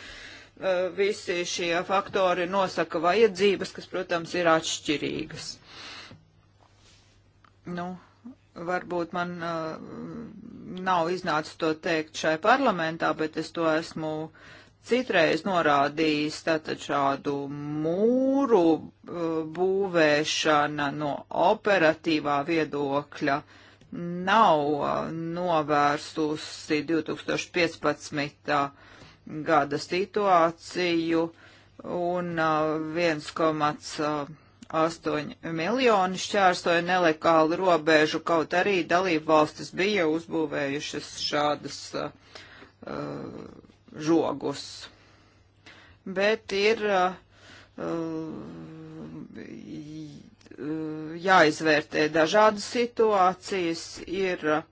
Visi šie faktori nosaka vajadzības, kas, protams, ir atšķirīgas. Nu, varbūt man uh, nav iznācis to teikt šai parlamentā, bet es to esmu citreiz norādījis, tātad šādu mūru uh, būvēšana no operatīvā viedokļa nav uh, novērsusi 2015. gada situāciju un 1,5 8 miljoni šķērsoja nelegālu robežu, kaut arī dalību valstis bija uzbūvējušas šādas uh, žogus. Bet ir uh, uh jāizvērtē dažādas situācijas, ir uh,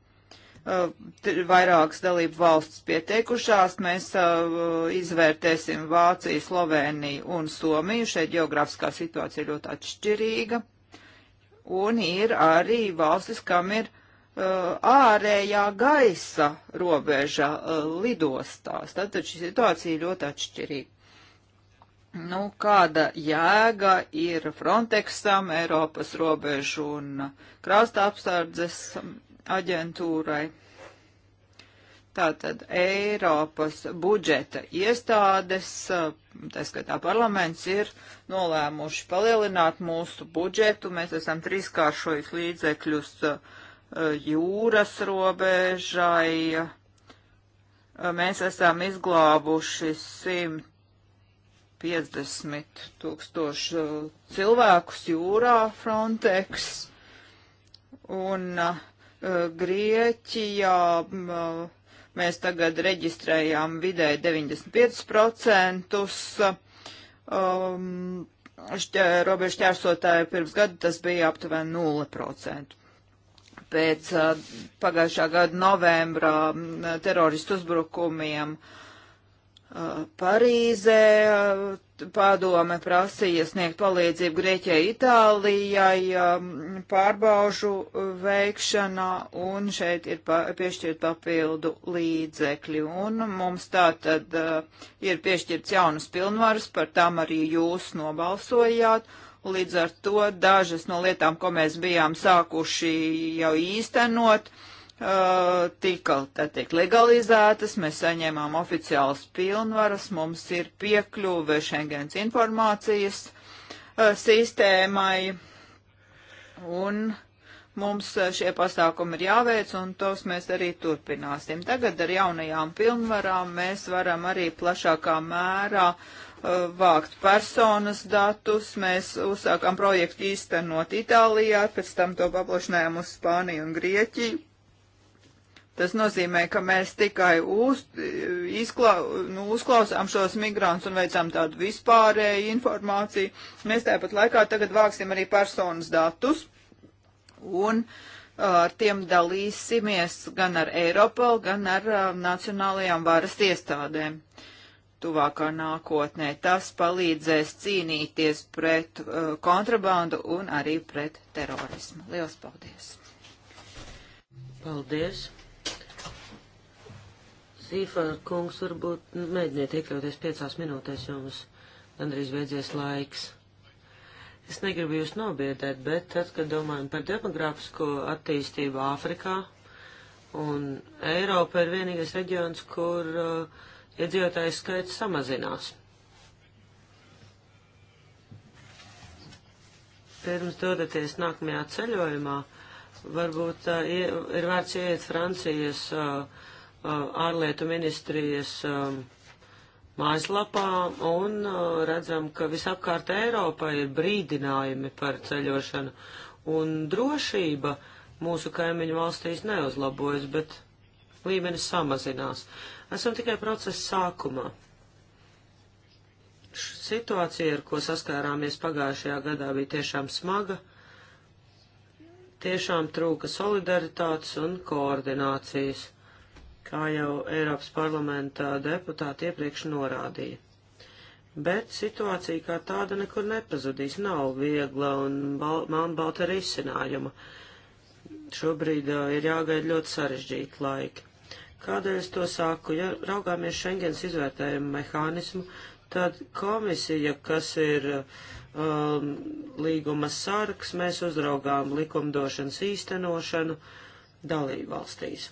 vairākas dalību valsts pieteikušās. Mēs izvērtēsim Vāciju, Sloveniju un Somiju. Šeit geogrāfiskā situācija ļoti atšķirīga. Un ir arī valstis, kam ir ārējā gaisa robeža lidostās. Tātad šī situācija ļoti atšķirīga. Nu, kāda jēga ir Frontexam, Eiropas robežu un krasta apsardzes aģentūrai. Tātad Eiropas budžeta iestādes, tā skatā parlaments, ir nolēmuši palielināt mūsu budžetu. Mēs esam trīskāršojis līdzekļus jūras robežai. Mēs esam izglābuši 150 tūkstošu cilvēkus jūrā Frontex. Un uh, Grieķijā mēs tagad reģistrējām vidēji 95% um, šķē, robežu ķērsotāju pirms gada tas bija aptuveni 0%. Pēc uh, pagājušā gada novembra teroristu uzbrukumiem uh, Parīzē padome prasīja sniegt palīdzību Grieķijai, Itālijai pārbaužu veikšanā, un šeit ir pa, piešķirt papildu līdzekļi. Un mums tā tad uh, ir piešķirts jaunas pilnvaras, par tām arī jūs nobalsojāt. Līdz ar to dažas no lietām, ko mēs bijām sākuši jau īstenot, uh, Uh, tika, tā tiek legalizētas, mēs saņēmām oficiālas pilnvaras, mums ir piekļuve Schengens informācijas uh, sistēmai, un mums uh, šie pasākumi ir jāveic, un tos mēs arī turpināsim. Tagad ar jaunajām pilnvarām mēs varam arī plašākā mērā vākt personas datus. Mēs uzsākām projektu īstenot Itālijā, pēc tam to paplašinājām uz Spāniju un Grieķiju Tas nozīmē, ka mēs tikai uz, izkla, nu, uzklausām šos migrantus un veicām tādu vispārēju informāciju. Mēs tāpat laikā tagad vāksim arī personas datus un ar tiem dalīsimies gan ar Eiropolu, gan ar nacionālajām varas iestādēm tuvākā nākotnē. Tas palīdzēs cīnīties pret uh, kontrabandu un arī pret terorismu. Lielas paldies! Paldies! Rīfār kungs, varbūt mēģiniet iekļauties piecās minūtēs, jo mums gandrīz beidzies laiks. Es negribu jūs nobiedēt, bet tad, kad domājam par demogrāfisko attīstību Āfrikā, un Eiropa ir vienīgais reģions, kur uh, iedzīvotājs skaits samazinās. Pirms dodaties nākamajā ceļojumā, varbūt uh, ir vērts ieiet Francijas uh, ārlietu ministrijas mājaslapā un redzam, ka visapkārt Eiropā ir brīdinājumi par ceļošanu. Un drošība mūsu kaimiņu valstīs neuzlabojas, bet līmenis samazinās. Esam tikai procesa sākumā. Situācija, ar ko saskārāmies pagājušajā gadā, bija tiešām smaga tiešām trūka solidaritātes un koordinācijas kā jau Eiropas parlamenta deputāti iepriekš norādīja. Bet situācija kā tāda nekur nepazudīs, nav viegla un bal melnbalta risinājuma. Šobrīd uh, ir jāgaida ļoti sarežģīti laiki. Kādēļ es to saku? Ja raugāmies Schengens izvērtējumu mehānismu, tad komisija, kas ir um, līguma sargs, mēs uzraugām likumdošanas īstenošanu dalībvalstīs. valstīs.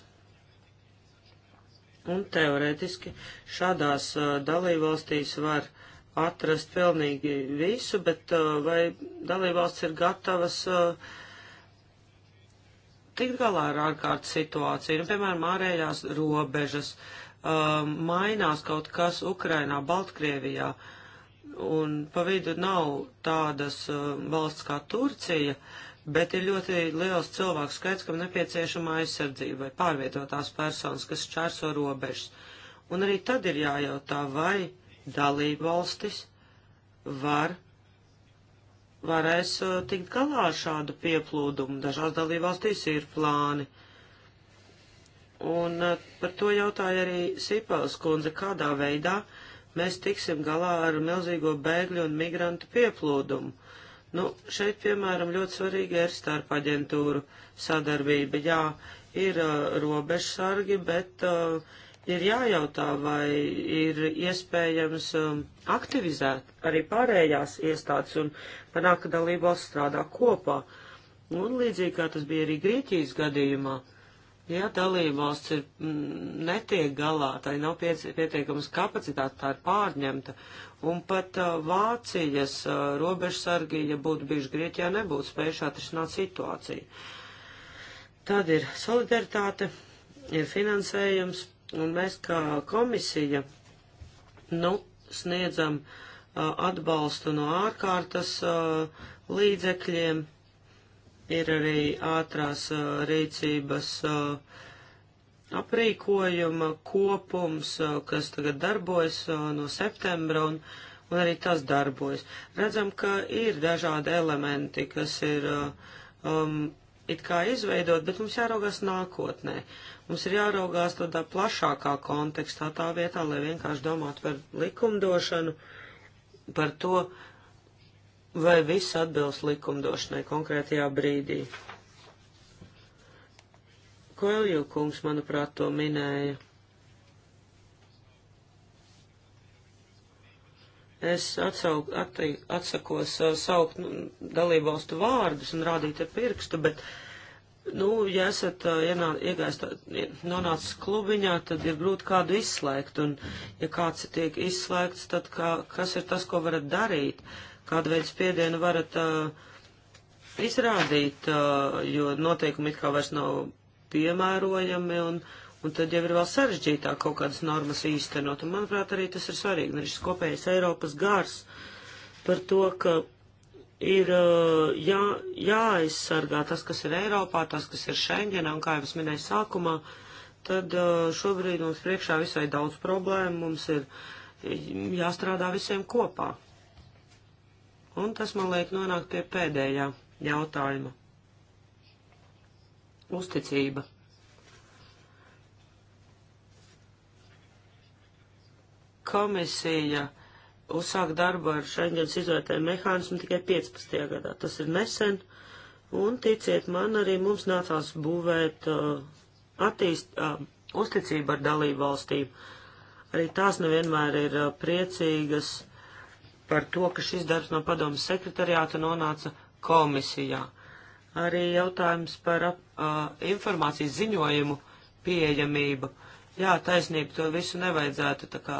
Un teorētiski šādās uh, dalībvalstīs var atrast pilnīgi visu, bet uh, vai dalībvalsts ir gatavas uh, tikt galā ar ārkārtas situāciju, nu, piemēram, ārējās robežas, uh, mainās kaut kas Ukrainā, Baltkrievijā, un pa vidu nav tādas uh, valsts kā Turcija, uh, bet ir ļoti liels cilvēku skaits, kam nepieciešama aizsardzība vai pārvietotās personas, kas čērso robežas. Un arī tad ir jājautā, vai dalību valstis var, varēs uh, tikt galā ar šādu pieplūdumu. Dažās dalību valstīs ir plāni. Un uh, par to jautāja arī Sipels kundze, kādā veidā mēs tiksim galā ar milzīgo bēgļu un migrantu pieplūdumu. Nu, šeit, piemēram, ļoti svarīga ir starp aģentūru sadarbība. Jā, ir uh, robežsargi, bet uh, ir jājautā, vai ir iespējams um, aktivizēt arī pārējās iestādes un panākt, ka dalībvalsts strādā kopā. Un līdzīgi kā tas bija arī Grieķijas gadījumā. Uh, Ja dalībvalsts ir, m, mm, netiek galā, tai nav pietiekamas kapacitātes, tā ir pārņemta. Un pat uh, Vācijas uh, robežsargi, ja būtu bijuši Grieķijā, nebūtu spējuši atrisināt situāciju. Tad ir solidaritāte, ir finansējums, un mēs kā komisija, nu, sniedzam uh, atbalstu no ārkārtas uh, līdzekļiem ir arī ātrās rīcības aprīkojuma kopums, kas tagad darbojas no septembra, un, un arī tas darbojas. Redzam, ka ir dažādi elementi, kas ir um, it kā izveidot, bet mums jāraugās nākotnē. Mums ir jāraugās tādā plašākā kontekstā, tā vietā, lai vienkārši domātu par likumdošanu, par to, uh, vai viss atbilst likumdošanai konkrētajā brīdī. Koelju kungs, manuprāt, to minēja. Es atsauk, atti, atsakos uh, saukt nu, dalībvalstu vārdus un rādīt ar pirkstu, bet, nu, ja esat uh, ienā, iegāsta, nonācis klubiņā, tad ir grūti kādu izslēgt, un ja kāds tiek izslēgts, tad kā, kas ir tas, ko varat darīt? Uh, kādu veidu spiedienu varat uh, izrādīt, uh, jo noteikumi it kā vairs nav piemērojami, un, un tad jau ir vēl sarežģītāk kaut kādas normas īstenot. Un, manuprāt, arī tas ir svarīgi. Ir šis kopējais Eiropas gars par to, ka ir uh, jā, jāaizsargā tas, kas ir Eiropā, tas, kas ir Schengenā, un kā jau es minēju sākumā, tad uh, šobrīd mums priekšā visai daudz problēmu, mums ir jāstrādā visiem kopā. Un tas man liek nonākt pie pēdējā jautājuma. Uzticība. Komisija uzsāk darbu ar Schengens izvērtējumu mehānismu tikai 15. gadā. Tas ir nesen, un ticiet man, arī mums nācās būvēt uh, attīst, uh, uzticību ar dalību valstīm. Arī tās nevienmēr ir uh, priecīgas par to, ka šis darbs no padomas sekretariāta nonāca komisijā. Arī jautājums par uh, informācijas ziņojumu pieejamību. Jā, taisnība, to visu nevajadzētu tā kā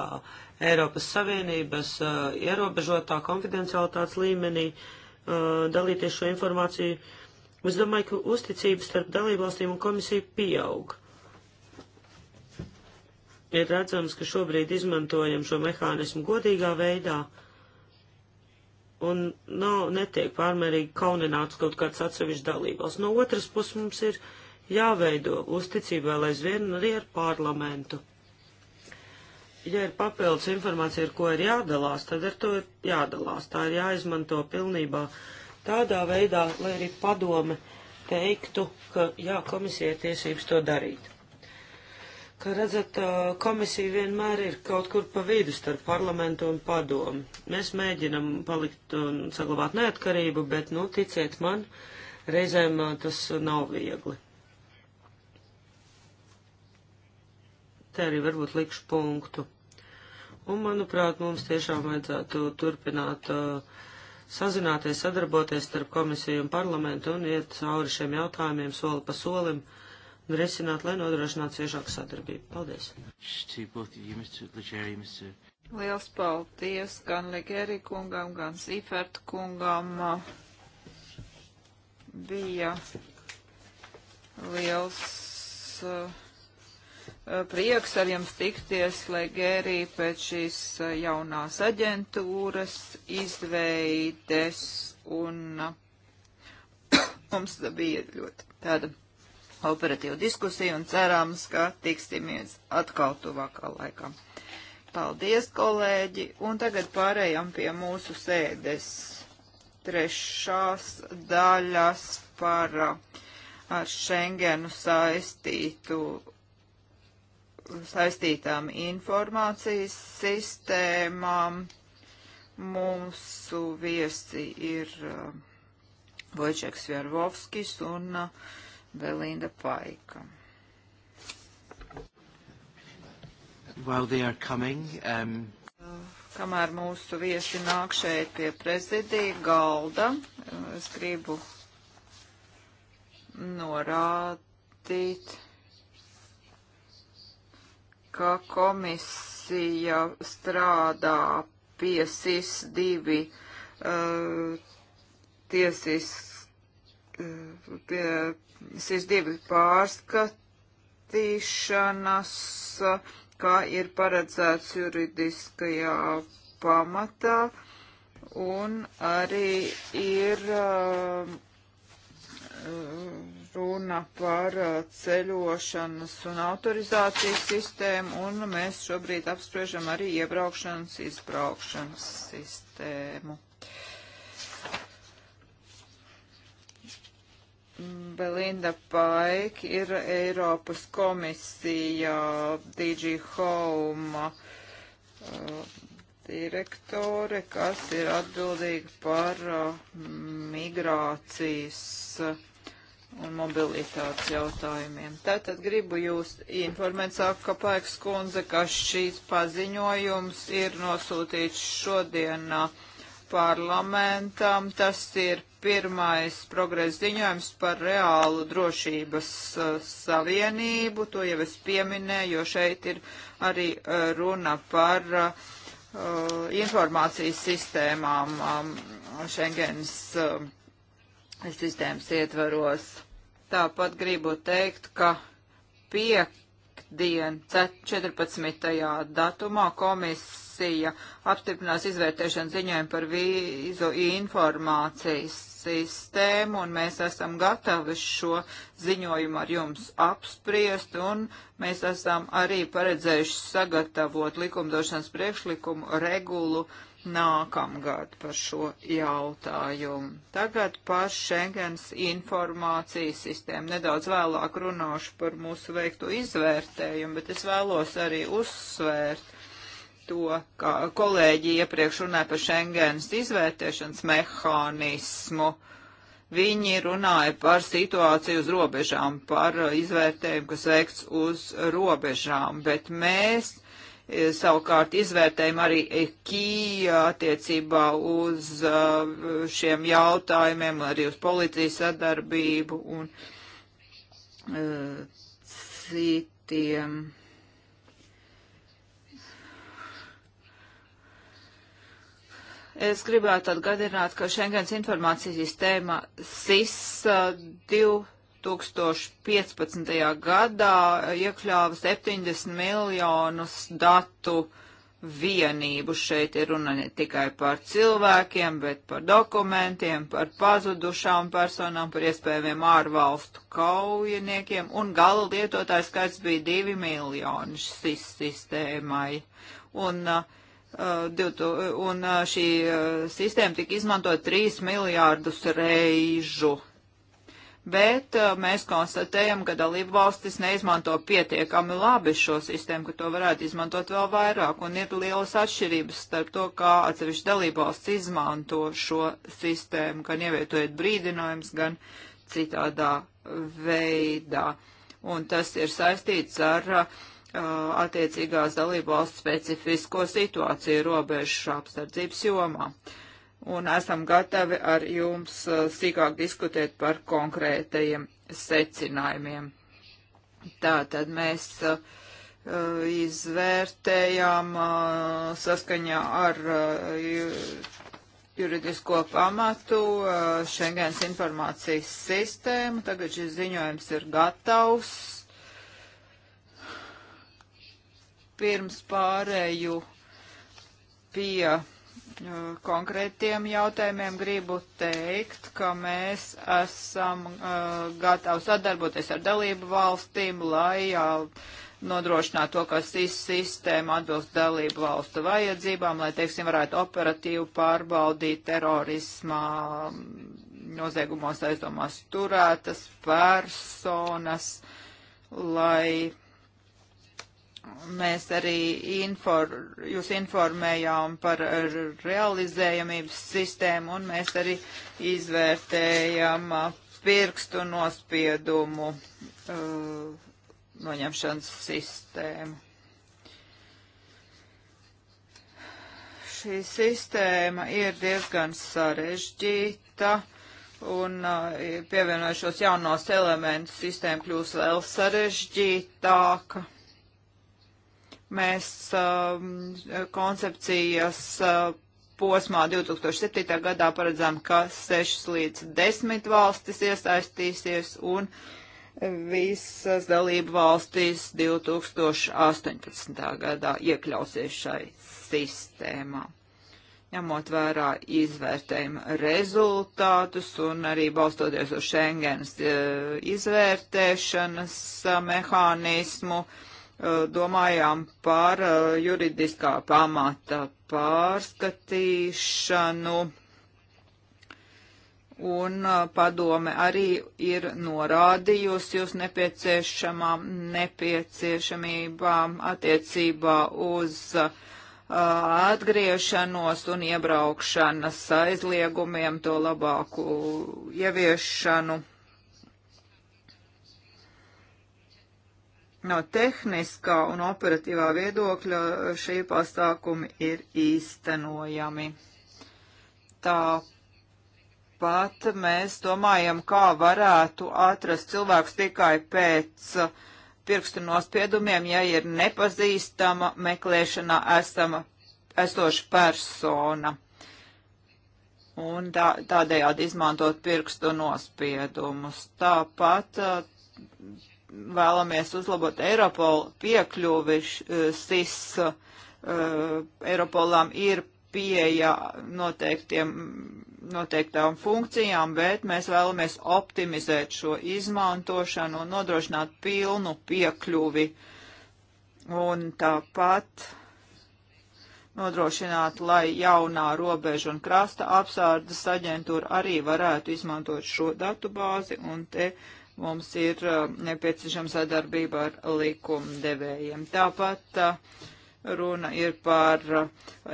Eiropas Savienības uh, ierobežotā konfidencialitātes līmenī uh, dalīties šo informāciju. Es domāju, ka uzticības starp dalībvalstīm un komisiju pieaug. Ir redzams, ka šobrīd izmantojam šo mehānismu godīgā veidā. Uh, un nav, netiek pārmērīgi kaunināts kaut kāds atsevišķs dalībās. No otras puses mums ir jāveido uzticība vēl aizvien arī ar parlamentu. Ja ir papildus informācija, ar ko ir jādalās, tad ar to ir jādalās. Tā ir jāizmanto pilnībā tādā veidā, lai arī padome teiktu, ka jā, komisija ir tiesības to darīt ka redzat, komisija vienmēr ir kaut kur pa vidu starp parlamentu un padomu. Mēs mēģinam palikt un saglabāt neatkarību, bet, nu, ticiet man, reizēm tas nav viegli. Te arī varbūt likšu punktu. Un, manuprāt, mums tiešām vajadzētu turpināt uh, sazināties, sadarboties starp komisiju un parlamentu un iet cauri šiem jautājumiem soli pa solim. Uh, risināt, lai nodrošinātu ciešāku sadarbību. Paldies! Liels paldies gan Ligeri kungam, gan Sīfert kungam. Bija liels uh, prieks ar jums tikties, Ligeri, pēc šīs eh, jaunās aģentūras izveides un uh, mums bija ļoti tāda operatīvu diskusiju un cerams, ka tiksimies atkal tuvākā laikā. Paldies, kolēģi, un tagad pārējām pie mūsu sēdes trešās daļas par ar Schengenu saistītu, saistītām informācijas sistēmām. Mūsu viesi ir Vojčeks Vjervovskis un uh, Belinda Paika. While they are coming, um... Kamēr mūsu viesi nāk šeit pie prezidija galda, es gribu norādīt, ka komisija strādā pie SIS divi uh, tiesis, uh, pie SIS2 pārskatīšanas, kā ir paredzēts juridiskajā pamatā, un arī ir um, runa par uh, ceļošanas un autorizācijas sistēmu, un mēs šobrīd apspriežam arī iebraukšanas, izbraukšanas sistēmu. Belinda Paik ir Eiropas komisija DG Home uh, direktore, kas ir atbildīga par uh, migrācijas uh, un mobilitātes jautājumiem. Tātad gribu jūs informēt, saka Paiks kundze, ka šīs paziņojums ir nosūtīts šodien uh, parlamentam. Tas ir Pirmais progresa ziņojums par reālu drošības uh, savienību, to jau es pieminēju, jo šeit ir arī uh, runa par uh, uh informācijas sistēmām um, Schengens uh, sistēmas ietvaros. Tāpat gribu teikt, ka piekdien 14. datumā komisija apstiprinās izvērtēšanu ziņojumu par vīzu informācijas sistēmu, un mēs esam gatavi šo ziņojumu ar jums apspriest, un mēs esam arī paredzējuši sagatavot likumdošanas priekšlikumu regulu nākamgad par šo jautājumu. Tagad par Schengens informācijas sistēmu. Nedaudz vēlāk runāšu par mūsu veikto izvērtējumu, bet es vēlos arī uzsvērt, to, kā kolēģi iepriekš runāja par Schengenas izvērtēšanas mehānismu. Viņi runāja par situāciju uz robežām, par izvērtējumu, kas veikts uz robežām, bet mēs eh, savukārt izvērtējumu arī Kija attiecībā uz eh, šiem jautājumiem, arī uz policijas sadarbību un eh, citiem es gribētu atgādināt, ka Schengens informācijas sistēma SIS 2015. gadā iekļāva 70 miljonus datu vienību. Šeit ir runa ne tikai par cilvēkiem, bet par dokumentiem, par pazudušām personām, par iespējamiem ārvalstu kaujiniekiem, un gala lietotājs skaits bija 2 miljoni SIS sistēmai. Un uh, Uh, uh, un uh, šī sistēma tika izmantot 3 miljārdus reižu. Bet mēs konstatējam, ka dalību valstis neizmanto pietiekami labi šo sistēmu, ka to varētu izmantot vēl vairāk, un ir lielas atšķirības starp to, kā atsevišķi dalību valsts izmanto šo sistēmu, gan ievietojot brīdinājums, gan citādā veidā. Un tas ir saistīts ar uh, attiecīgās dalībvalsts specifisko situāciju robežu apsardzības jomā. Un esam gatavi ar jums sīkāk diskutēt par konkrētajiem secinājumiem. Tātad mēs uh, izvērtējām uh, saskaņā ar uh, juridisko pamatu Schengens informācijas sistēmu. Tagad šis ziņojums ir gatavs pirms pārēju pie konkrētiem jautājumiem gribu teikt, ka mēs esam uh, gatavi sadarboties ar dalību valstīm, lai uh, nodrošinātu to, ka SIS sistēma atbilst dalību valstu vajadzībām, lai, teiksim, varētu operatīvi pārbaudīt terorismā noziegumos aizdomās turētas personas, lai Mēs arī infor, jūs informējām par realizējamības sistēmu un mēs arī izvērtējam pirkstu nospiedumu uh, noņemšanas sistēmu. Šī sistēma ir diezgan sarežģīta un uh, pievienojušos jaunos elementus sistēma kļūs vēl sarežģītāka. Mēs um, koncepcijas uh, posmā 2007. gadā paredzām, ka 6 līdz 10 valstis iesaistīsies un visas dalību valstīs 2018. gadā iekļausies šai sistēmā ņemot vērā izvērtējuma rezultātus un arī balstoties uz Schengens eh, izvērtēšanas eh, mehānismu. Uh, Eh, domājām par eh, juridiskā pamata pārskatīšanu. Un eh, padome arī ir norādījusi uz nepieciešamām nepieciešamībām attiecībā uz uh, atgriešanos un iebraukšanas aizliegumiem, to labāku ieviešanu no tehniskā un operatīvā viedokļa šie pasākumi ir īstenojami. Tāpat mēs domājam, kā varētu atrast cilvēks tikai pēc pirkstu nospiedumiem, ja ir nepazīstama meklēšanā esama, esoša persona. Un tā, tādējādi izmantot pirkstu nospiedumus. Tāpat vēlamies uzlabot Eiropolu piekļuvi e, SIS. Uh, Eiropolam ir pieeja noteiktiem, noteiktām funkcijām, bet mēs vēlamies optimizēt šo izmantošanu un nodrošināt pilnu piekļuvi un tāpat nodrošināt, lai jaunā robeža un krasta apsārdas aģentūra arī varētu izmantot šo datu bāzi un te uh, mums ir uh, nepieciešama sadarbība ar likumdevējiem. Tāpat uh, runa ir par uh,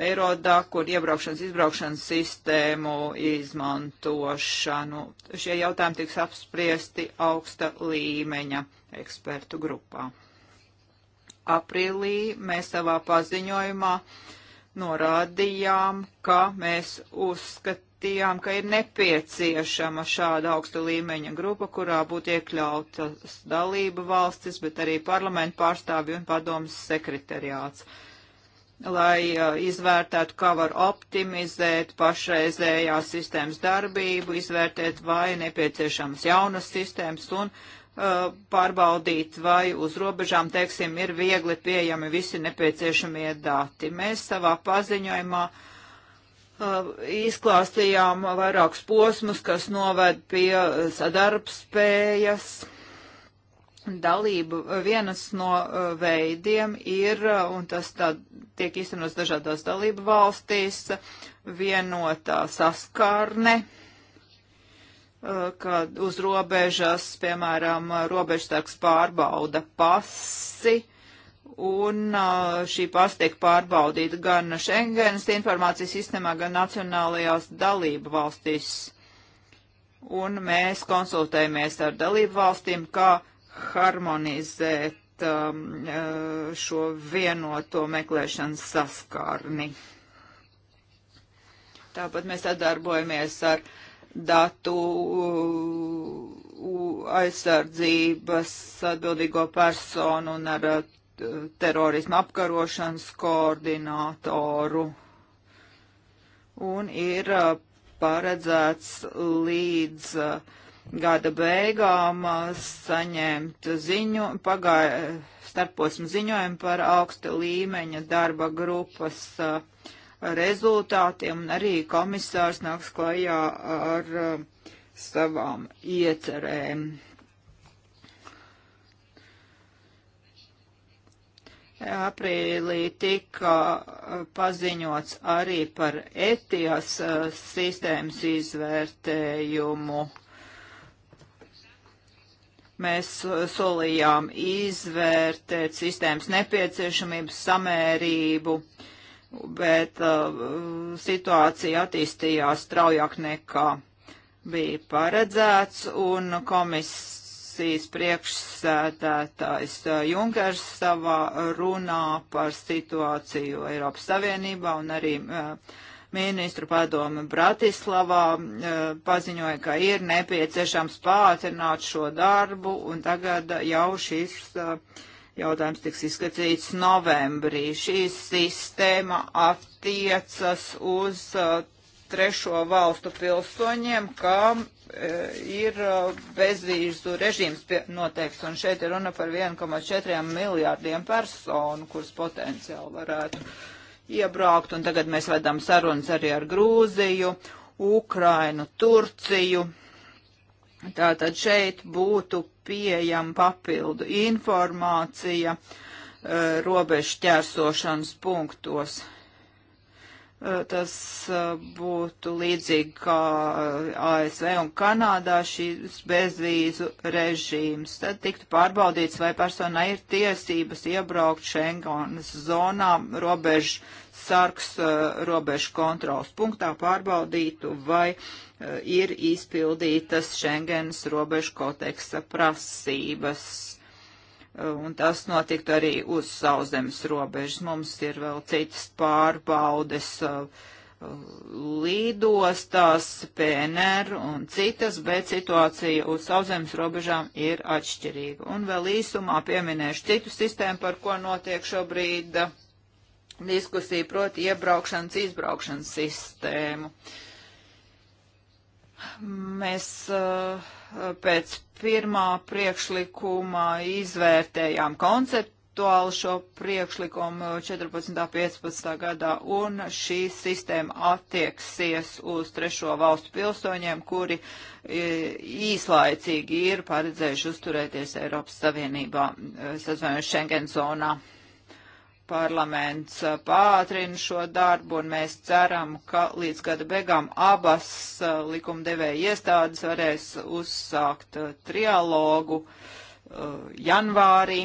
Eirodaku un iebraukšanas izbraukšanas sistēmu izmantošanu. Šie jautājumi tiks apspriesti augsta līmeņa ekspertu grupā. Aprīlī mēs savā paziņojumā norādījām, ka mēs uzskat, uzskatījām, ka ir nepieciešama šāda augsta līmeņa grupa, kurā būtu iekļautas dalība valstis, bet arī parlamentu pārstāvju un padomas sekretariāts, lai uh, izvērtētu, kā var optimizēt pašreizējās sistēmas darbību, izvērtēt, vai nepieciešamas jaunas sistēmas un uh, pārbaudīt, vai uz robežām, teiksim, ir viegli pieejami visi nepieciešamie dati. Mēs savā paziņojumā uh, Uh, izklāstījām vairākus posmus, kas noved pie sadarbspējas. Dalība vienas no uh, veidiem ir, uh, un tas tā tiek īstenots dažādās dalību valstīs, vienotā saskarne, kad uz robežas, piemēram, robežstāks pārbauda pasi, uh, un šī pasta tiek pārbaudīta gan Schengenas informācijas sistēmā, gan nacionālajās dalību valstīs. Un mēs konsultējamies ar dalību valstīm, kā harmonizēt um, šo vienoto meklēšanas saskārni. Tāpat mēs sadarbojamies ar datu aizsardzības atbildīgo personu un ar terorismu apkarošanas koordinātoru. Un ir uh, paredzēts līdz uh, gada beigām uh, saņemt ziņu, pagāja starposmu ziņojumu par augsta līmeņa darba grupas rezultātiem, un arī komisārs nāks klajā ar savām iecerēm. Aprīlī tika uh, paziņots arī par ETIAS uh, sistēmas izvērtējumu. Mēs uh, solījām izvērtēt sistēmas nepieciešamības samērību, bet uh, situācija attīstījās straujāk nekā bija paredzēts, un komisija komisijas priekšsēdētājs eh, Junkers savā runā par situāciju Eiropas Savienībā un arī eh, ministru padomu Bratislavā eh, paziņoja, ka ir nepieciešams pātrināt šo darbu un tagad jau šis jautājums tiks izskatīts novembrī. Šī sistēma attiecas uz trešo valstu pilsoņiem, kam Eh, ir eh, bezvīzu režīms noteikts, un šeit ir runa par 1,4 miljārdiem personu, kuras potenciāli varētu iebraukt, un tagad mēs vedam sarunas arī ar Grūziju, Ukrainu, Turciju. Tātad šeit būtu pieejama papildu informācija eh, robežu ķērsošanas punktos. Eh, tas eh, būtu līdzīgi kā eh, ASV un Kanādā šīs bezvīzu režīms. Tad tiktu pārbaudīts, vai personai ir tiesības iebraukt Schengonas zonā robežu sargs robežu kontrols punktā pārbaudītu, vai ir izpildītas Schengenas robežu kodeksa prasības un tas notiktu arī uz sauszemes robežas. Mums ir vēl citas pārbaudes uh, uh, līdostās, PNR un citas, bet situācija uz sauszemes robežām ir atšķirīga. Un vēl īsumā pieminēšu citu sistēmu, par ko notiek šobrīd uh, diskusija, proti iebraukšanas, izbraukšanas sistēmu. Mēs uh, pēc pirmā priekšlikuma izvērtējām konceptu aktuāli šo priekšlikumu 14. 15. gadā, un šī sistēma attieksies uz trešo valstu pilsoņiem, kuri e, īslaicīgi ir paredzējuši uzturēties Eiropas Savienībā, e, sazvanot Schengen zonā parlaments uh, pātrina šo darbu, un mēs ceram, ka līdz gada beigām abas uh, likumdevēja iestādes varēs uzsākt uh, trialogu janvārī,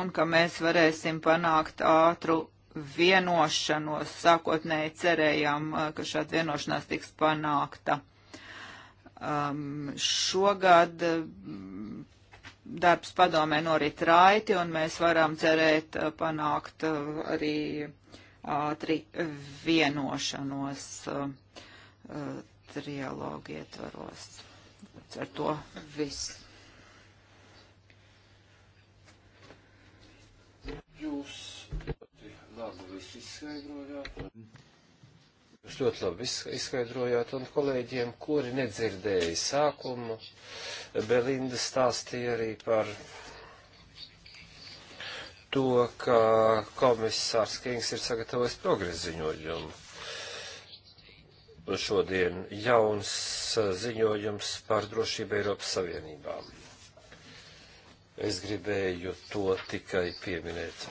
un ka mēs varēsim panākt ātru vienošanos. Sākotnēji cerējām, ka šāda vienošanās tiks panākta. Um, šogad darbs padomē norit raiti, un mēs varam cerēt eh, panākt eh, arī ātri vienošanos eh, trialogu ietvaros. Ar to viss. Jūs ļoti labi visu izskaidrojāt. Jūs ļoti labi izskaidrojāt, un kolēģiem, kuri nedzirdēja sākumu, Belinda stāstīja arī par to, ka komisārs Kings ir sagatavojis progresu ziņojumu. Šodien jauns uh, ziņojums par drošību Eiropas Savienībām. Es gribēju to tikai pieminēt.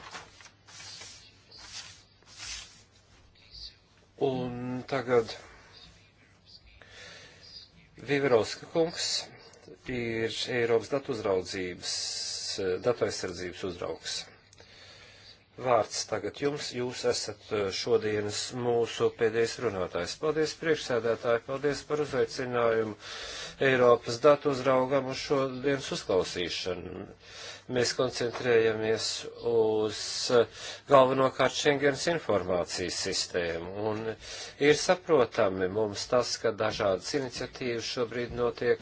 Un tagad Viverovska kungs ir Eiropas datu uzraudzības, eh, datu aizsardzības uzraugs. Vārds tagad jums, jūs esat eh, šodienas mūsu pēdējais runātājs. Paldies priekšsēdētāji, paldies par uzaicinājumu Eiropas datu uzraugam uz šodienas uzklausīšanu. Uh, mēs koncentrējamies uz eh, galvenokārt Schengens informācijas sistēmu. Un ir saprotami mums tas, ka dažādas iniciatīvas šobrīd notiek,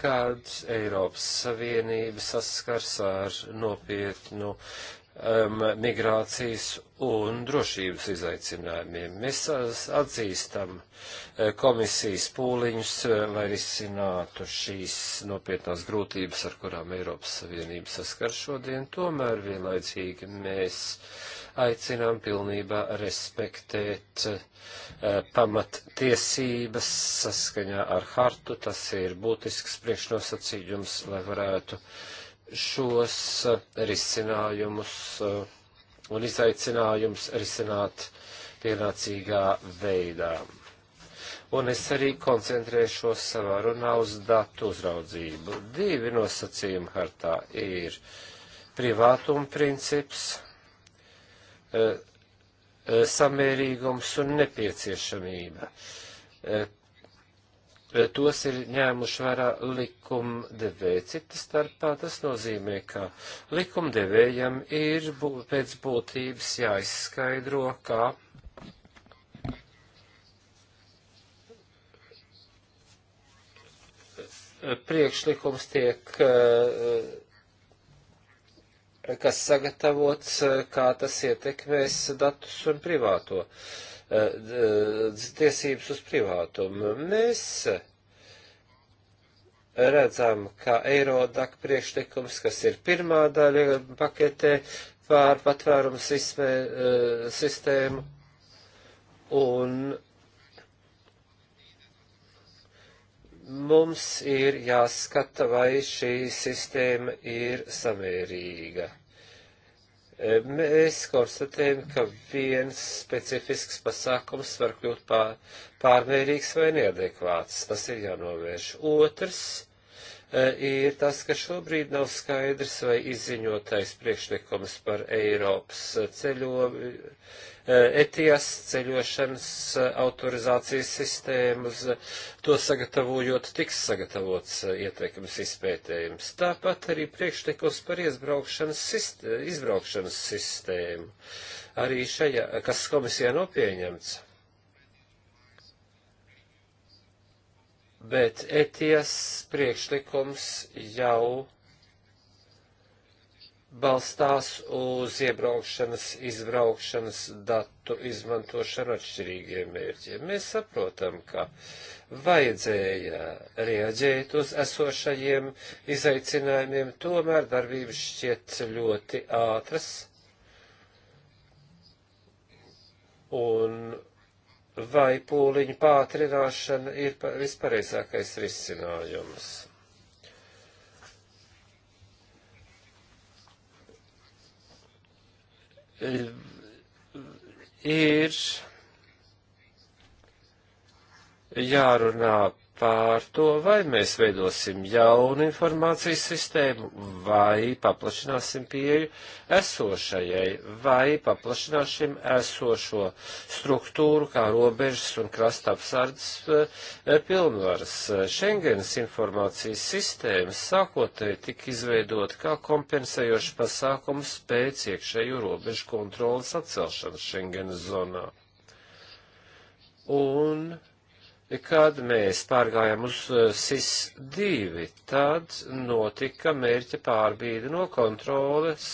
kad Eiropas Savienība saskars ar nopietnu um, migrācijas un drošības izaicinājumiem. Mēs atzīstam uh, komisijas pūliņus, uh, lai risinātu šīs nopietnās grūtības, ar kurām Eiropas Savienība saskar šodien. Tomēr vienlaicīgi mēs aicinām pilnībā respektēt uh, pamattiesības saskaņā ar hartu. Tas ir būtisks priekšnosacījums, lai varētu uh, šos eh, risinājumus eh, un izaicinājumus risināt pienācīgā veidā. Un es arī koncentrēšos savā runā uz datu uzraudzību. Divi nosacījumi hartā ir privātuma princips, eh, samērīgums un nepieciešamība Eh, tos ir ņēmuši vērā likumdevēji. Cita starpā tas nozīmē, ka likumdevējam ir bū, pēc būtības jāizskaidro, kā priekšlikums tiek, eh, kas sagatavots, eh, kā tas ietekmēs datus un privāto. Uh, Eh, tiesības uz privātumu. Mēs redzam, ka Eirodak priekšlikums, kas ir pirmā daļa paketē pār patvērumu sistē, eh, sistēmu, un mums ir jāskata, vai šī sistēma ir samērīga. Eh, mēs konstatējam, ka viens specifisks pasākums var kļūt pār, pārmērīgs vai neadekvāts. Tas ir jānovērš. Otrs eh, ir tas, ka šobrīd nav skaidrs, vai izziņotais priekšlikums par Eiropas ceļojumu ETIAS eh, e ceļošanas eh, autorizācijas sistēmas, eh, to sagatavojot tiks sagatavots ieteikums izpētējums. Tāpat arī priekšlikums par izbraukšanas sistēmu, izbraukšanas sistēmu, arī šajā, kas komisijā nav pieņemts. Bet ETIAS priekšlikums jau balstās uz iebraukšanas, izbraukšanas datu izmantošanu atšķirīgiem mērķiem. Mēs saprotam, ka vajadzēja rieģēt uz esošajiem izaicinājumiem, tomēr darbības šķiet ļoti ātras. Un vai pūliņu pātrināšana ir vispareizākais risinājums? ir jārunā pār to, vai mēs veidosim jaunu informācijas sistēmu, vai paplašināsim pieeju esošajai, vai paplašināsim esošo struktūru, kā robežas un krasta apsardzes eh, pilnvaras. Šengens informācijas sistēma sākotnēji tika izveidota kā kompensējoša pasākums pēc iekšējo robežu kontrolas atcelšanas Šengenas zonā. Un Kad mēs pārgājām uz eh, SIS-2, tad notika mērķa pārbīde no kontroles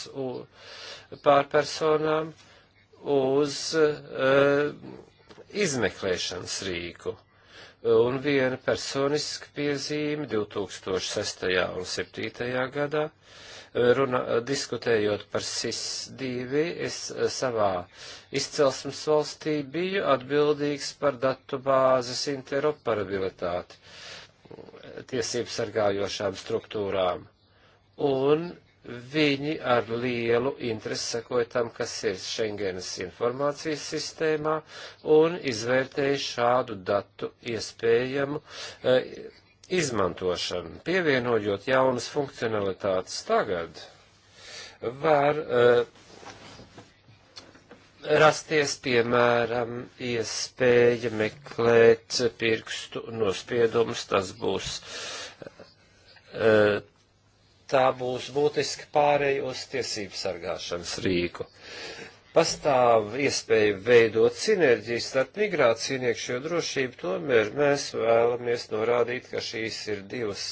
pār personām uz uh, izmeklēšanas rīku. Un viena personiska piezīme 2006. un 2007. gadā uh, runa, diskutējot par SIS-2, es eh, savā izcelsmes valstī biju atbildīgs par datu bāzes interoperabilitāti tiesību sargājošām struktūrām. Un viņi ar lielu interesi sekoja tam, kas ir Schengenas informācijas sistēmā, un izvērtēja šādu datu iespējamu. Uh, izmantošanu, pievienojot jaunas funkcionalitātes tagad, var uh, rasties, piemēram, iespēja meklēt pirkstu nospiedumus, tas būs, uh, tā būs būtiski pārēj uz tiesību sargāšanas rīku. Uh, pastāv iespēja veidot sinerģiju starp migrāciju un iekšējo drošību, tomēr mēs vēlamies norādīt, ka šīs ir divas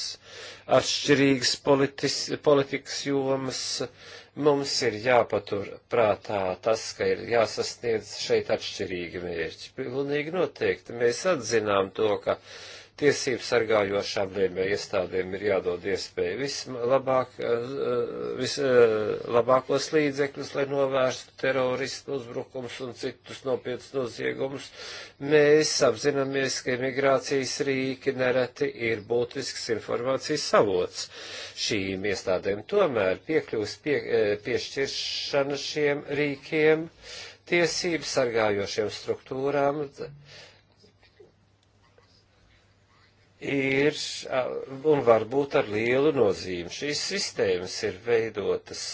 atšķirīgas politis, politikas jomas. Mums ir jāpatur prātā tas, ka ir jāsasniedz šeit atšķirīgi mērķi. Pilnīgi noteikti mēs atzinām to, ka tiesību sargājošām lēmēju iestādēm ir jādod iespēju vislabāk, eh, vislabākos eh, līdzekļus, lai novērstu teroristu uzbrukums un citus nopietnus noziegumus. Mēs apzināmies, ka imigrācijas rīki nereti ir būtisks informācijas savots šīm iestādēm. Tomēr piekļūst pie, eh, piešķiršana šiem rīkiem tiesību sargājošiem struktūrām ir un var būt ar lielu nozīmi. Šīs sistēmas ir veidotas,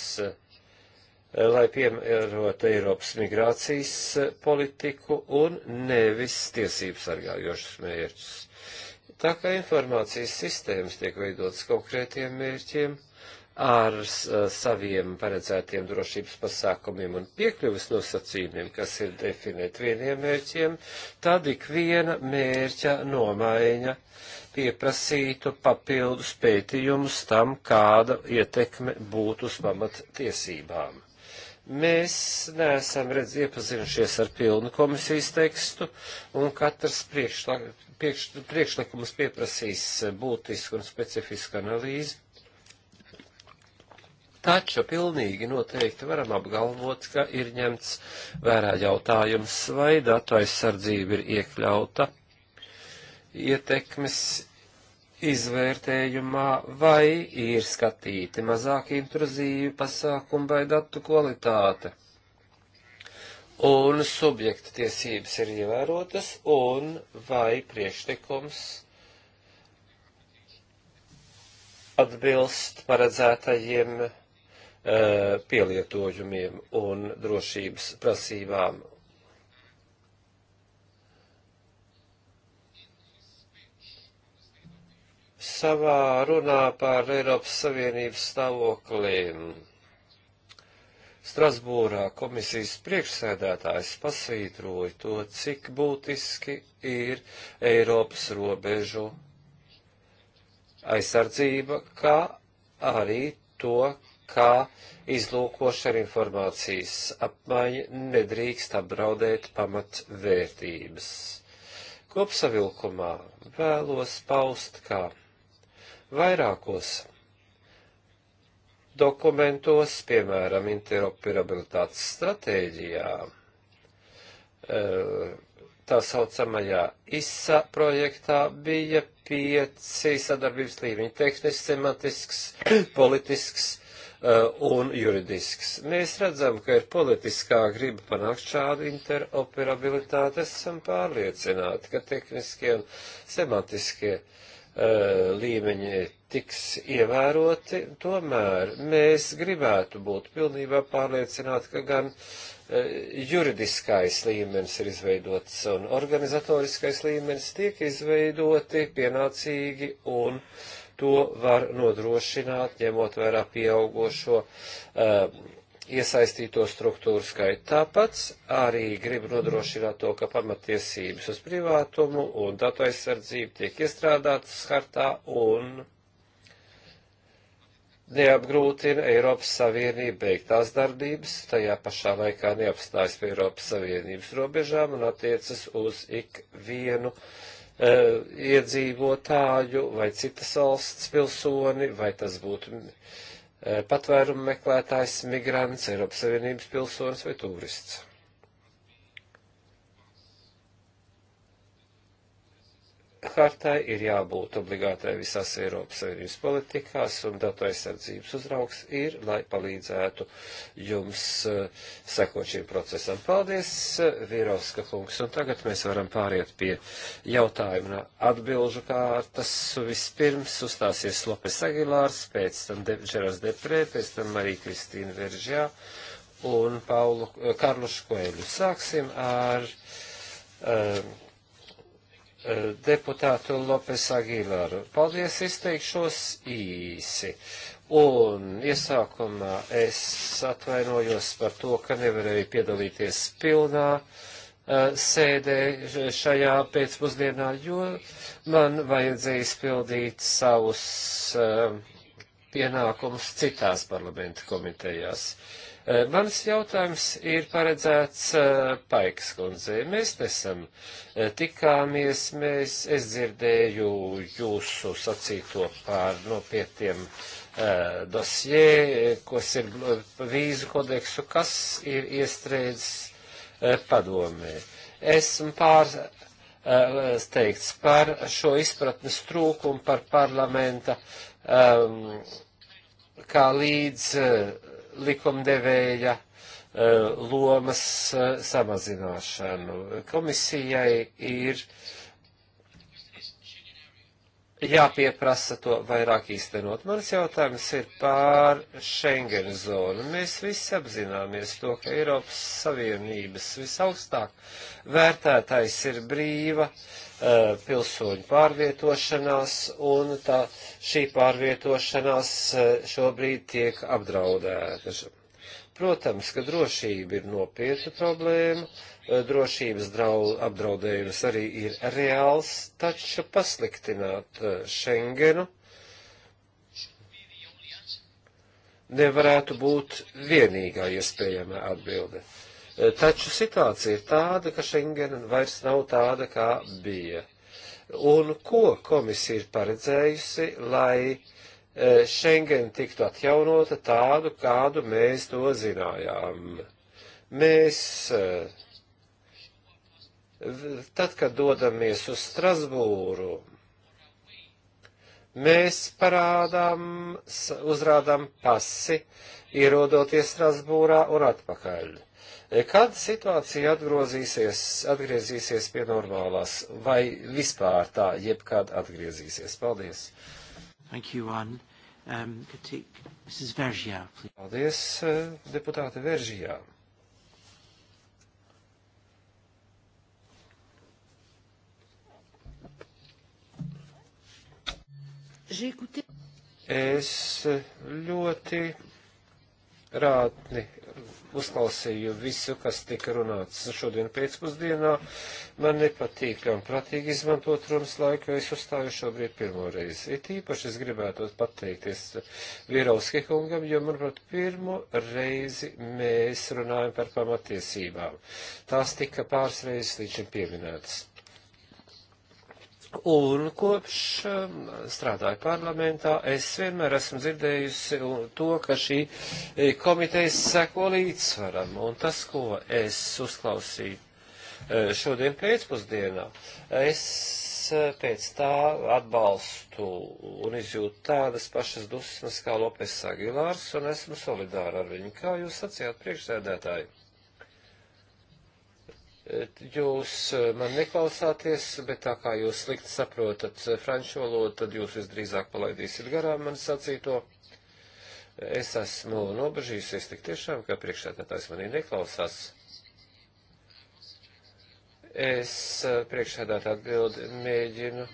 lai piemērot Eiropas migrācijas politiku un nevis tiesības sargājošus mērķus. Tā kā informācijas sistēmas tiek veidotas konkrētiem mērķiem, ar saviem paredzētiem drošības pasākumiem un piekļuvis nosacījumiem, kas ir definēti vieniem mērķiem, tad ikviena mērķa nomaiņa pieprasītu papildus pētījumus tam, kāda ietekme būtu uz pamattiesībām. Mēs neesam redz iepazinušies ar pilnu komisijas tekstu, un katrs priekšla, priekš, priekšlikums pieprasīs būtisku un specifisku analīzi. Taču pilnīgi noteikti varam apgalvot, ka ir ņemts vērā jautājums, vai datu aizsardzība ir iekļauta ietekmes izvērtējumā vai ir skatīti mazāk intruzīvi pasākumi vai datu kvalitāte. Un subjekta tiesības ir ievērotas, un vai priekšlikums atbilst paredzētajiem e, pielietojumiem un drošības prasībām savā runā par Eiropas Savienības stāvokli. Strasbūrā komisijas priekšsēdētājs pasvītroja to, cik būtiski ir Eiropas robežu aizsardzība, kā arī to, kā izlūkošana informācijas apmaiņa nedrīkst apdraudēt pamatvērtības. Kopsavilkumā vēlos paust, kā Vairākos dokumentos, piemēram, interoperabilitātes stratēģijā, eh, tā saucamajā ISA projektā bija pieci sadarbības līmeņi - tehnisks, semantisks, politisks eh, un juridisks. Mēs redzam, ka ir politiskā griba panākt šādu interoperabilitāti. Esam pārliecināti, ka tehniskie un semantiskie uh, Eh, līmeņi tiks ievēroti, tomēr mēs gribētu būt pilnībā pārliecināti, ka gan eh, juridiskais līmenis ir izveidots un organizatoriskais līmenis tiek izveidoti pienācīgi un to var nodrošināt, ņemot vērā pieaugošo uh, iesaistīto struktūru skaitu. Tāpat arī grib nodrošināt to, ka pamatiesības uz privātumu un datu aizsardzību tiek iestrādātas hartā un neapgrūtina Eiropas Savienību beigtās darbības, tajā pašā laikā neapstājas pie Eiropas Savienības robežām un attiecas uz ikvienu eh, iedzīvotāju vai citas valsts pilsoni, vai tas būtu patvērumu meklētājs, migrants, Eiropas Savienības pilsonis vai turists. hartai ir jābūt obligātai visās Eiropas Savienības politikās, un datu aizsardzības uzraugs ir, lai palīdzētu jums eh, sekot šim procesam. Paldies, eh, Vīrovska kungs, un tagad mēs varam pāriet pie jautājuma atbilžu kārtas. Vispirms uzstāsies Lopes Agilārs, pēc tam De Žeras Deprē, pēc tam Marija Kristīna Veržjā un Paulu eh, Karlušu Koeļu. Sāksim ar. Um, deputātu Lopes Agīlaru. Paldies, izteikšos īsi. Un iesākumā es atvainojos par to, ka nevarēju piedalīties pilnā sēdē šajā pēcpusdienā, jo man vajadzēja izpildīt savus pienākumus citās parlamenta komitejās. Uh, Eh, Mans jautājums ir paredzēts eh, Paikas kundzei. Mēs nesam eh, tikāmies, mēs, es dzirdēju jūsu sacīto par nopietiem dosjē, kas ir vīzu kodeksu, kas ir iestrēdzis padomē. Esmu pār teikts par šo izpratnes trūkumu, par parlamenta um, kā līdz uh, likumdevēja eh, lomas eh, samazināšanu. Komisijai ir jāpieprasa to vairāk īstenot. Mans jautājums ir pār Schengen zonu. Mēs visi apzināmies to, ka Eiropas Savienības visaugstāk vērtētais ir brīva uh, Eh, pilsoņu pārvietošanās, un tā, šī pārvietošanās eh, šobrīd tiek apdraudēta. Protams, ka drošība ir nopietna problēma, eh, drošības draud, apdraudējums arī ir reāls, taču pasliktināt Schengenu nevarētu būt vienīgā iespējamā atbilde. Taču situācija ir tāda, ka Schengen vairs nav tāda, kā bija. Un ko komisija ir paredzējusi, lai e, Schengen tiktu atjaunota tādu, kādu mēs to zinājām? Mēs, e, tad, kad dodamies uz Strasbūru, mēs parādām, uzrādām pasi, ierodoties Strasbūrā un atpakaļ Kad situācija atgrozīsies, atgriezīsies pie normālās, vai vispār tā jebkad atgriezīsies? Paldies! Thank you, Anne. Um, could take Mrs. Vergia, please. Paldies, eh, deputāte Vergia. Es eh, ļoti rātni uzklausīju visu, kas tika runāts šodien pēcpusdienā. Man nepatīk un prātīgi izmantot runas laiku, jo es uzstāju šobrīd pirmo reizi. It īpaši es gribētu pateikties Vierauski kungam, jo, manuprāt, pirmo reizi mēs runājam par pamatiesībām. Tās tika pāris reizes līdz šim pieminētas. Un kopš um, strādāju parlamentā, es vienmēr esmu dzirdējusi to, ka šī e, komiteja seko līdzsvaram. Un tas, ko es uzklausīju e, šodien pēcpusdienā, es e, pēc tā atbalstu un izjūtu tādas pašas dusmas kā Lopes Agilārs un esmu solidāra ar viņu. Kā jūs sacījāt, priekšsēdētāji? jūs eh, man neklausāties, bet tā kā jūs slikti saprotat eh, franču valodu, tad jūs visdrīzāk palaidīsiet garām man sacīto. Es esmu nobežījusies tik tiešām, ka priekšsēdētājs manī neklausās. Es eh, priekšsēdētāju atbildi mēģinu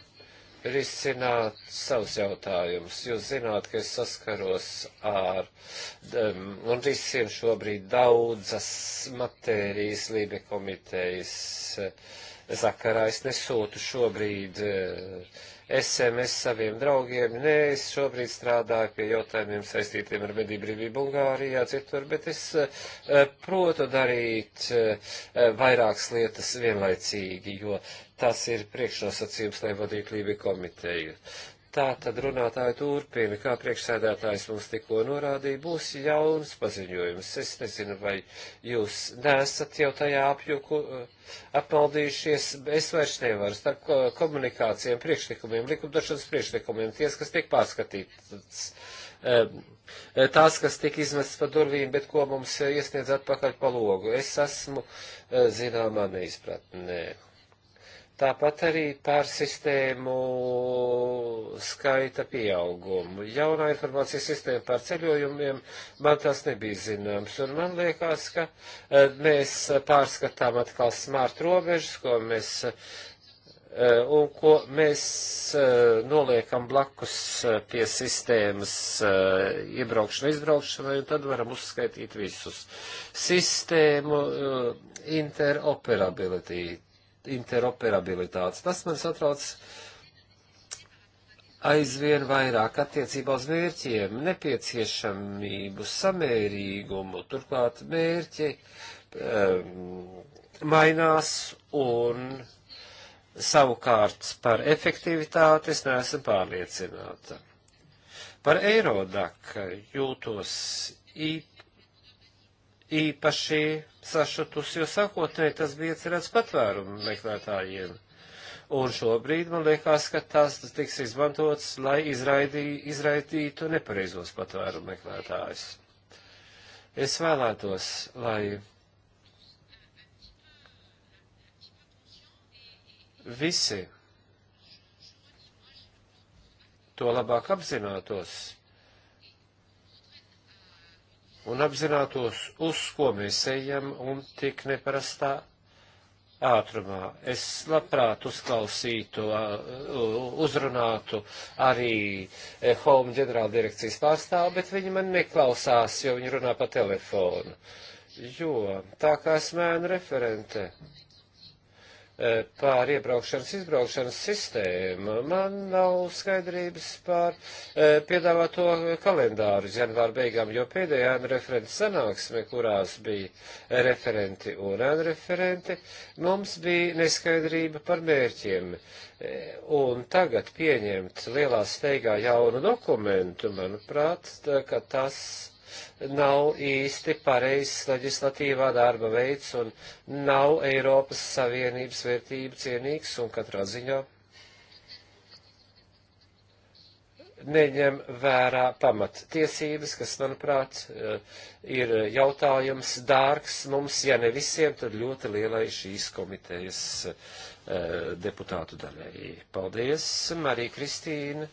risināt savus jautājumus. Jūs zināt, ka es saskaros ar um, un risinu šobrīd daudzas matērijas lībe komitejas eh, sakarā. Es nesūtu šobrīd uh, SMS saviem draugiem. Nē, es šobrīd strādāju pie jautājumiem saistītiem ar mediju brīvību Bulgārijā, citur, bet es eh, protu darīt eh, vairākas lietas vienlaicīgi, jo tas ir priekšnosacījums, lai vadītu Lībiju komiteju. Tā tad runātāja turpina, kā priekšsēdētājs mums tikko norādīja, būs jauns paziņojums. Es nezinu, vai jūs nesat jau tajā apjuku eh, apmaldījušies. Es vairs nevaru starp komunikācijām, priekšlikumiem, likumdošanas priekšlikumiem, ties, kas tiek pārskatīts. Eh, eh, tās, kas tika izmestas pa durvīm, bet ko mums iesniedz atpakaļ pa logu. Es esmu zināmā neizpratnē. Ne Tāpat arī par sistēmu skaita pieaugumu. Jaunā informācijas sistēma par ceļojumiem, man tas nebija zināms. Un man liekas, ka e, mēs pārskatām atkal smart robežas, ko mēs e, un ko mēs e, noliekam blakus pie sistēmas iebraukšana, izbraukšanai, un tad varam uzskaitīt visus. Sistēmu interoperability interoperabilitātes. Tas man satrauc aizvien vairāk attiecībā uz mērķiem, nepieciešamību, samērīgumu, turklāt mērķi um, mainās un savukārt par efektivitāti es neesmu pārliecināta. Par Eirodak jūtos īpaši īpaši sašutus, jo sākotnēji tas bija cerēts patvērumu meklētājiem. Un šobrīd man liekas, ka tas, tas tiks izmantots, lai izraidī, izraidītu nepareizos patvērumu meklētājus. Es vēlētos, lai visi to labāk apzinātos un apzinātos, uz ko mēs ejam un tik neparastā ātrumā. Es labprāt uzklausītu, uzrunātu arī Home ģenerāla direkcijas pārstāvu, bet viņi man neklausās, jo viņi runā pa telefonu. Jo tā kā esmu ēnu referente, Eh, pār iebraukšanas izbraukšanas sistēmu. Man nav skaidrības pār eh, piedāvāto kalendāru janvāra beigām, jo pēdējā referenta sanāksme, kurās bija eh, referenti un referenti, mums bija neskaidrība par mērķiem. Un tagad pieņemt lielā steigā jaunu dokumentu, manuprāt, ka tas nav īsti pareizs leģislatīvā darba veids un nav Eiropas Savienības vērtību cienīgs un katrā ziņā neņem vērā pamattiesības, kas, manuprāt, eh, ir jautājums dārgs mums, ja ne visiem, tad ļoti lielai šīs komitejas eh, deputātu daļai. Paldies, Marija Kristīna.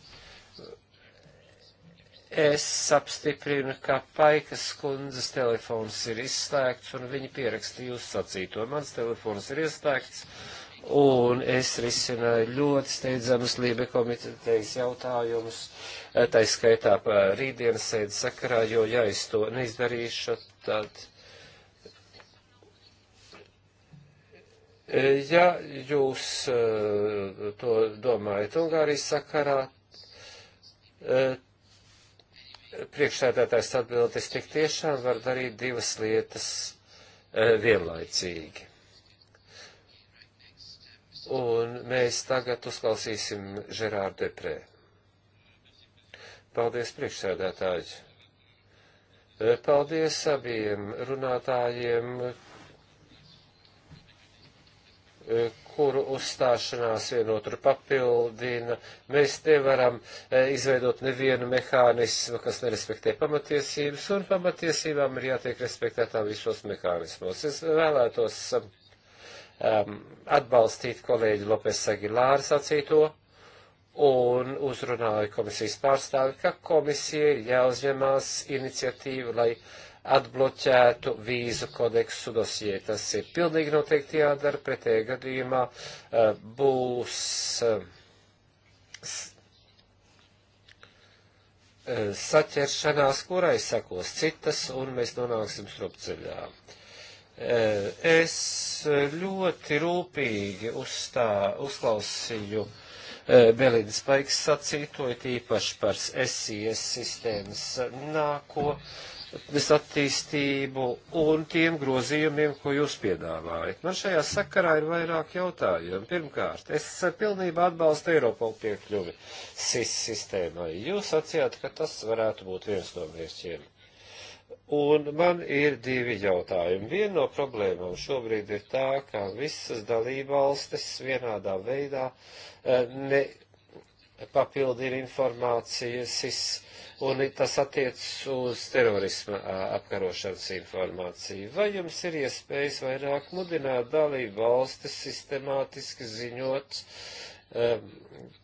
Es apstiprinu, ka Paikas kundzes telefons ir izslēgts un viņa pierakstīja jūs sacīto. Mans telefons ir izslēgts un es risināju ļoti steidzamas Lībe komitejas jautājumus, tā skaitā rītdienas sēdes sakarā, jo ja es to neizdarīšu, tad. Ja jūs eh, to domājat Ungārijas sakarā, eh, Priekšsēdētājs atbild, es tik tiešām varu darīt divas lietas e, vienlaicīgi. Un mēs tagad uzklausīsim Žerāru Deprē. Paldies, priekšsēdētāji! E, paldies abiem runātājiem, E, kuru uzstāšanās vienotru papildina. Mēs nevaram e, izveidot nevienu mehānismu, kas nerespektē pamatiesības, un pamatiesībām ir jātiek respektētām visos mehānismos. Es vēlētos um, um atbalstīt kolēģi Lopes Agilāru sacīto un uzrunāju komisijas pārstāvi, ka komisija ir jāuzņemās iniciatīvu, lai atbloķētu vīzu kodeksu dosie. Tas ir pilnīgi noteikti jādara, pretējā gadījumā eh, būs eh, eh, saķeršanās, kurai sekos citas, un mēs nonāksim strupceļā. Es ļoti rūpīgi uzstā, uzklausīju Belīdas Paiks sacīto, it īpaši par SIS sistēmas nāko. Mm visattīstību un tiem grozījumiem, ko jūs piedāvājat. Man šajā sakarā ir vairāk jautājumu. Pirmkārt, es pilnībā atbalstu Eiropolu piekļuvi SIS sistēmai. Jūs sacījāt, ka tas varētu būt viens no mērķiem. Un man ir divi jautājumi. Viena no problēmām šobrīd ir tā, ka visas dalībvalstis vienādā veidā eh, ne papildina informācijas SIS sistēmai un tas attiecas uz terorisma apkarošanas informāciju. Vai jums ir iespējas vairāk mudināt dalību valstis sistemātiski ziņot, um,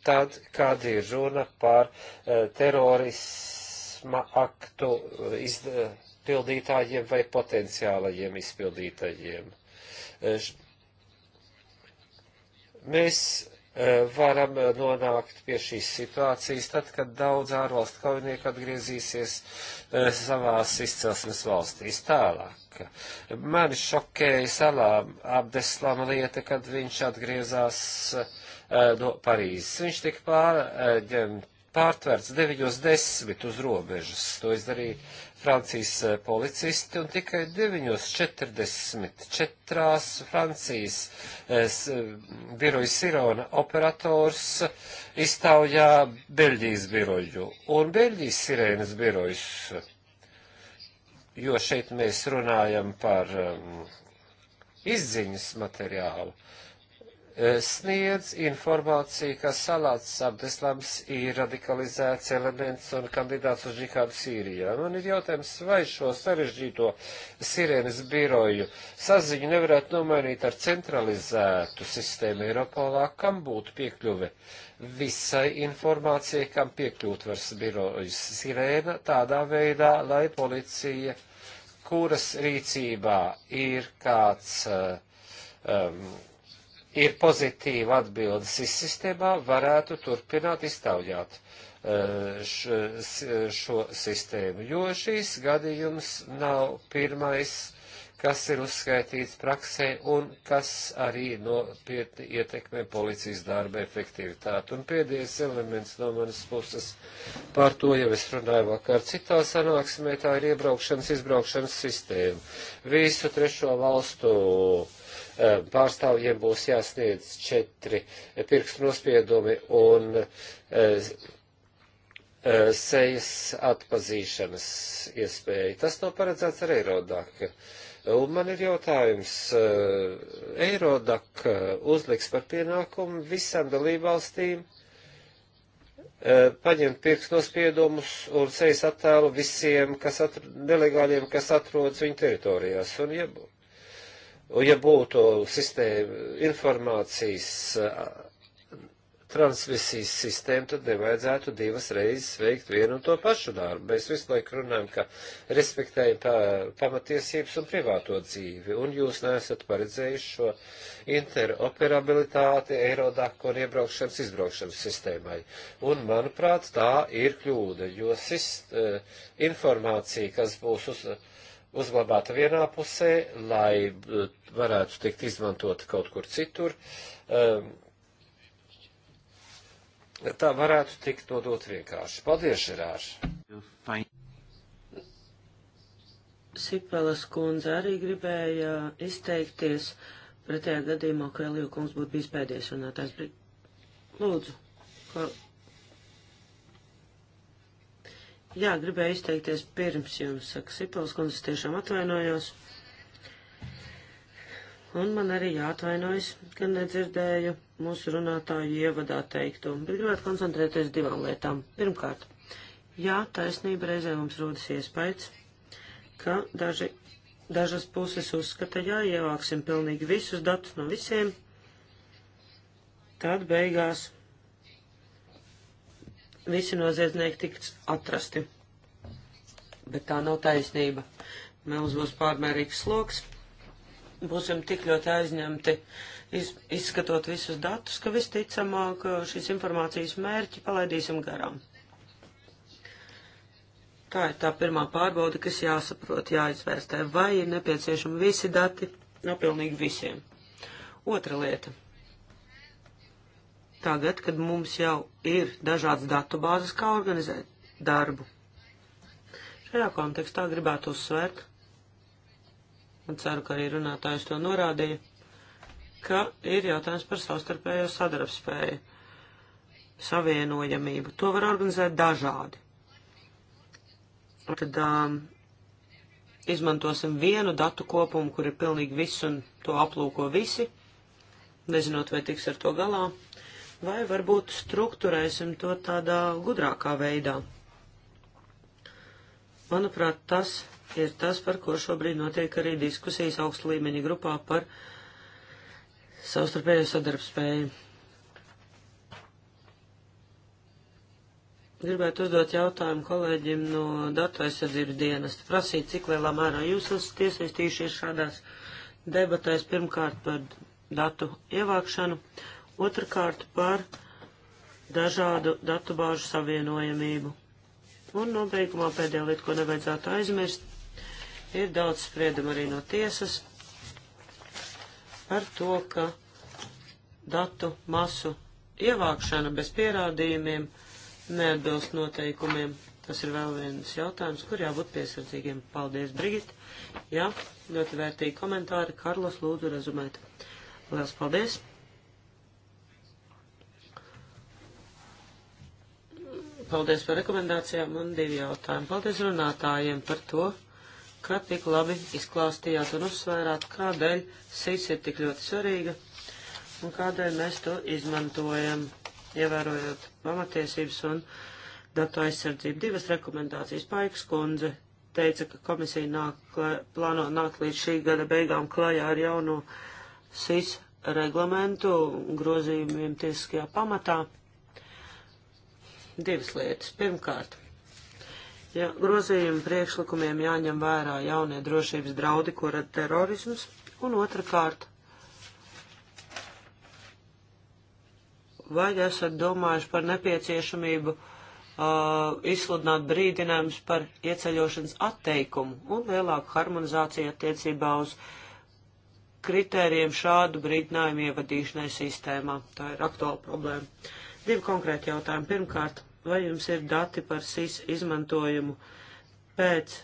tad, kad ir runa par uh, terorisma aktu uh, izpildītājiem uh, vai potenciālajiem izpildītājiem? Mēs Eh, varam eh, nonākt pie šīs situācijas, tad, kad daudz ārvalstu kaujinieku atgriezīsies eh, savās izcelsmes valstīs tālāk. Mani šokēja salām apdeslama lieta, kad viņš atgriezās no Parīzes. Viņš tika pārģemts pārtverts 9.10 uz robežas. To es darīju Francijas eh, policisti un tikai 9.44. Francijas es, eh, eh, biroja Sirona operators iztaujā Beļģijas biroju un Beļģijas sirēnas birojus, jo šeit mēs runājam par um, izziņas materiālu. E, sniedz informāciju, ka Salāts Abdeslams ir radikalizēts elements un kandidāts uz džihādu Sīrijā. Man ir jautājums, vai šo sarežģīto sirienes biroju saziņu nevarētu nomainīt ar centralizētu sistēmu Eiropolā, kam būtu piekļuve visai informācijai, kam piekļūt var birojas sirēna, tādā veidā, lai policija, kuras rīcībā ir kāds e, um, ir pozitīva atbildes sistēmā, varētu turpināt iztaujāt e, šo sistēmu, jo šīs gadījums nav pirmais, kas ir uzskaitīts praksē un kas arī nopietni ietekmē policijas darba efektivitāti. Un pēdējais elements no manas puses par to jau es runāju vakar citā sanāksmē, tā ir iebraukšanas, izbraukšanas sistēma. Visu trešo valstu uh, Eh, pārstāvjiem būs jāsniedz četri pirkstu nospiedumi un eh, eh, sejas atpazīšanas iespēja. Tas nav paredzēts ar Eirodak. Un man ir jautājums, Eirodak uzliks par pienākumu visām dalībvalstīm paņemt pirkstu nospiedumus un sejas attēlu visiem, kas atr nelegāļiem, kas atrodas viņu teritorijās. Un, ja ja būtu sistēma informācijas transmisijas sistēmu, tad nevajadzētu divas reizes veikt vienu un to pašu darbu. Mēs visu laiku runājam, ka respektējam pa, pamatiesības un privāto dzīvi, un jūs neesat paredzējuši šo interoperabilitāti Eirodaku un iebraukšanas izbraukšanas sistēmai. Un, manuprāt, tā ir kļūda, jo sist, eh, informācija, kas būs uz, uh, uzglabāta vienā pusē, lai eh, varētu tikt izmantota kaut kur citur. Ehm, tā varētu tikt nodot vienkārši. Paldies, Žerārs! Sipelas kundze arī gribēja izteikties pretējā gadījumā, ka Elija kungs būtu bijis pēdējais runātājs. Lūdzu, ko... Jā, gribēju izteikties pirms jums, saka Sipels, kundze, tiešām atvainojos. Un man arī jāatvainojas, ka nedzirdēju mūsu runātāju ievadā teikto, bet gribētu koncentrēties divām lietām. Pirmkārt, jā, taisnība reizē mums rodas iespējas, ka daži, dažas puses uzskata, jā, ievāksim pilnīgi visus datus no visiem, tad beigās visi noziedznieki tiks atrasti. Bet tā nav taisnība. Mums būs pārmērīgs sloks. Būsim tik ļoti aizņemti iz, izskatot visus datus, ka visticamāk uh, šīs informācijas mērķi palaidīsim garām. Tā ir tā pirmā pārbauda, kas jāsaprot, jāizvērstē, vai ir nepieciešami visi dati, no pilnīgi visiem. Otra lieta tagad, kad mums jau ir dažādas datubāzes, kā organizēt darbu. Šajā kontekstā gribētu uzsvērt, un ceru, ka arī runātājs to norādīja, ka ir jautājums par savstarpējo sadarbspēju, savienojamību. To var organizēt dažādi. Tad um, izmantosim vienu datu kopumu, kur ir pilnīgi viss un to aplūko visi, nezinot, vai tiks ar to galā vai varbūt struktūrēsim to tādā gudrākā veidā. Manuprāt, tas ir tas, par ko šobrīd notiek arī diskusijas augstu līmeņa grupā par savstarpējo sadarbspēju. Gribētu uzdot jautājumu kolēģim no datu aizsardzības dienas. Prasīt, cik lielā mērā jūs esat iesaistījušies šādās debatēs pirmkārt par datu ievākšanu otrkārt par dažādu datubāžu savienojamību. Un nobeigumā pēdējā lieta, ko nevajadzētu aizmirst, ir daudz spriedumu arī no tiesas par to, ka datu masu ievākšana bez pierādījumiem neatbilst noteikumiem. Tas ir vēl viens jautājums, kur jābūt piesardzīgiem. Paldies, Brigit! Jā, ļoti vērtīgi komentāri. Karlos, lūdzu, rezumēt. Lielas paldies! Paldies par rekomendācijām un divi jautājumi. Paldies runātājiem par to, ka tik labi izklāstījāt un uzsvērāt, kādēļ SIS ir tik ļoti svarīga un kādēļ mēs to izmantojam, ievērojot pamatiesības un datu aizsardzību. Divas rekomendācijas. Paiks kundze teica, ka komisija nāk, plāno nākt līdz šī gada beigām klajā ar jaunu SIS reglamentu grozījumiem tiesiskajā pamatā divas lietas. Pirmkārt, ja grozījuma priekšlikumiem jāņem vērā jaunie drošības draudi, ko rada terorisms, un otrkārt, vai esat domājuši par nepieciešamību uh, izsludināt brīdinājumus par ieceļošanas atteikumu un lielāku harmonizāciju attiecībā uz kritērijiem šādu brīdinājumu ievadīšanai sistēmā. Tā ir aktuāla problēma. Divi konkrēti jautājumi. Pirmkārt, vai jums ir dati par SIS izmantojumu pēc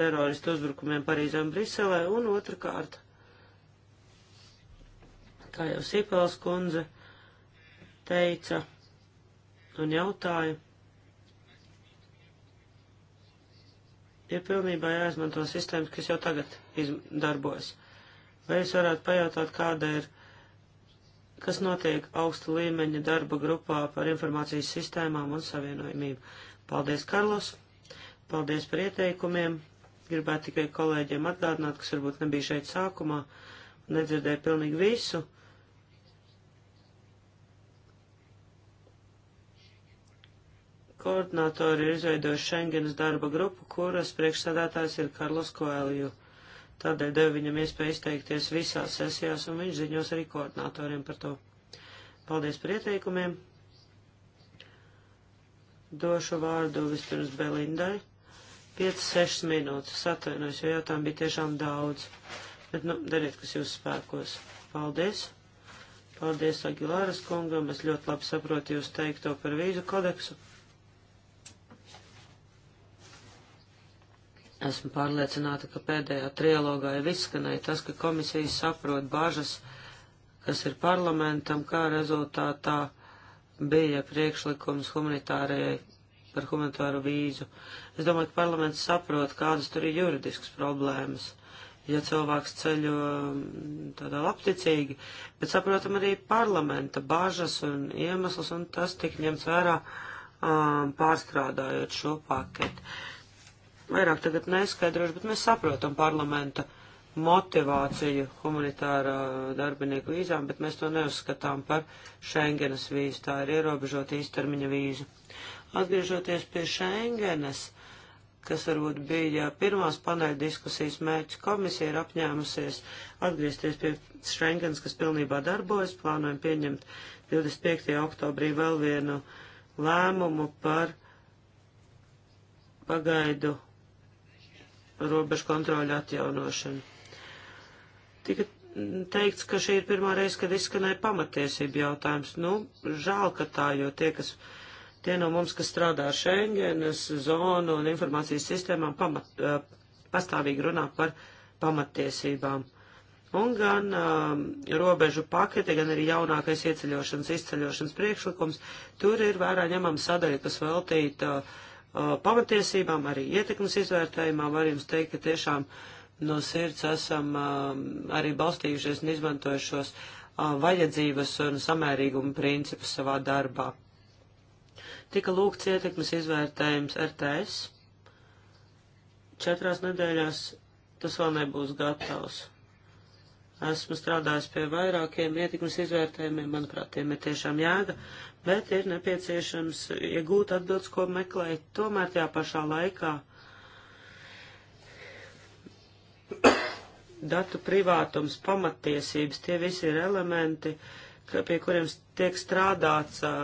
teroristu uzbrukumiem Parīzē un Briselē, un otrkārt, kā jau Sīpels kundze teica un jautāja, ir pilnībā jāizmanto sistēmas, kas jau tagad darbojas. Vai jūs varētu pajautāt, kāda ir kas notiek augsta līmeņa darba grupā par informācijas sistēmām un savienojumību. Paldies, Karlos! Paldies par ieteikumiem! Gribētu tikai kolēģiem atgādināt, kas varbūt nebija šeit sākumā, nedzirdēja pilnīgi visu. Koordinātori ir izveidojuši Schengenas darba grupu, kuras priekšsādātājs ir Karlos Koeliju. Tādēļ devu viņam iespēju izteikties visās sesijās, un viņš ziņos arī koordinatoriem par to. Paldies par ieteikumiem. Došu vārdu vispirms Belindai. 5-6 minūtes atvainojos, jo jautājumu bija tiešām daudz. Bet, nu, dariet, kas jūs spēkos. Paldies. Paldies Agilāras kungam. Es ļoti labi saprotu jūs teikto par vīzu kodeksu. Esmu pārliecināta, ka pēdējā trialogā ir izskanēja tas, ka komisija saprot bažas, kas ir parlamentam, kā rezultātā bija priekšlikums humanitārajai par humanitāru vīzu. Es domāju, ka parlaments saprot, kādas tur ir juridiskas problēmas. Ja cilvēks ceļo mm, tādā labticīgi, bet saprotam arī parlamenta bažas un iemeslus, un tas tik ņemts vērā um, pārstrādājot šo paketu vairāk tagad neskaidrošu, bet mēs saprotam parlamenta motivāciju humanitārā darbinieku vīzām, bet mēs to neuzskatām par Schengenas vīzu. Tā ir ierobežota īstermiņa vīza. Atgriežoties pie Schengenas, kas varbūt bija pirmās paneļa diskusijas mērķis, komisija ir apņēmusies atgriezties pie Schengenas, kas pilnībā darbojas. Plānojam pieņemt 25. oktobrī vēl vienu lēmumu par pagaidu robežu kontroļu atjaunošanu. Tika teikts, ka šī ir pirmā reize, kad izskanēja pamatiesību jautājums. Nu, žēl, ka tā, jo tie, kas, tie no mums, kas strādā Schengenes zonu un informācijas sistēmām, pamat, uh, pastāvīgi runā par pamatiesībām. Un gan um, uh, robežu pakete, gan arī jaunākais ieceļošanas, izceļošanas priekšlikums, tur ir vērā ņemama sadaļa, kas veltīta uh, Uh, pamatiesībām, arī ietekmes izvērtējumā var jums teikt, ka tiešām no sirds esam um, arī balstījušies un izmantojušos uh, vajadzības un samērīguma principus savā darbā. Tika lūgts ietekmes izvērtējums RTS. Četrās nedēļās tas vēl nebūs gatavs. Esmu strādājis pie vairākiem ietekmes izvērtējumiem, manuprāt, tiem ir tiešām jēga, bet ir nepieciešams iegūt ja atbildes, ko meklēt. Tomēr tajā pašā laikā datu privātums, pamatiesības, tie visi ir elementi, ka, pie kuriem tiek strādāts uh,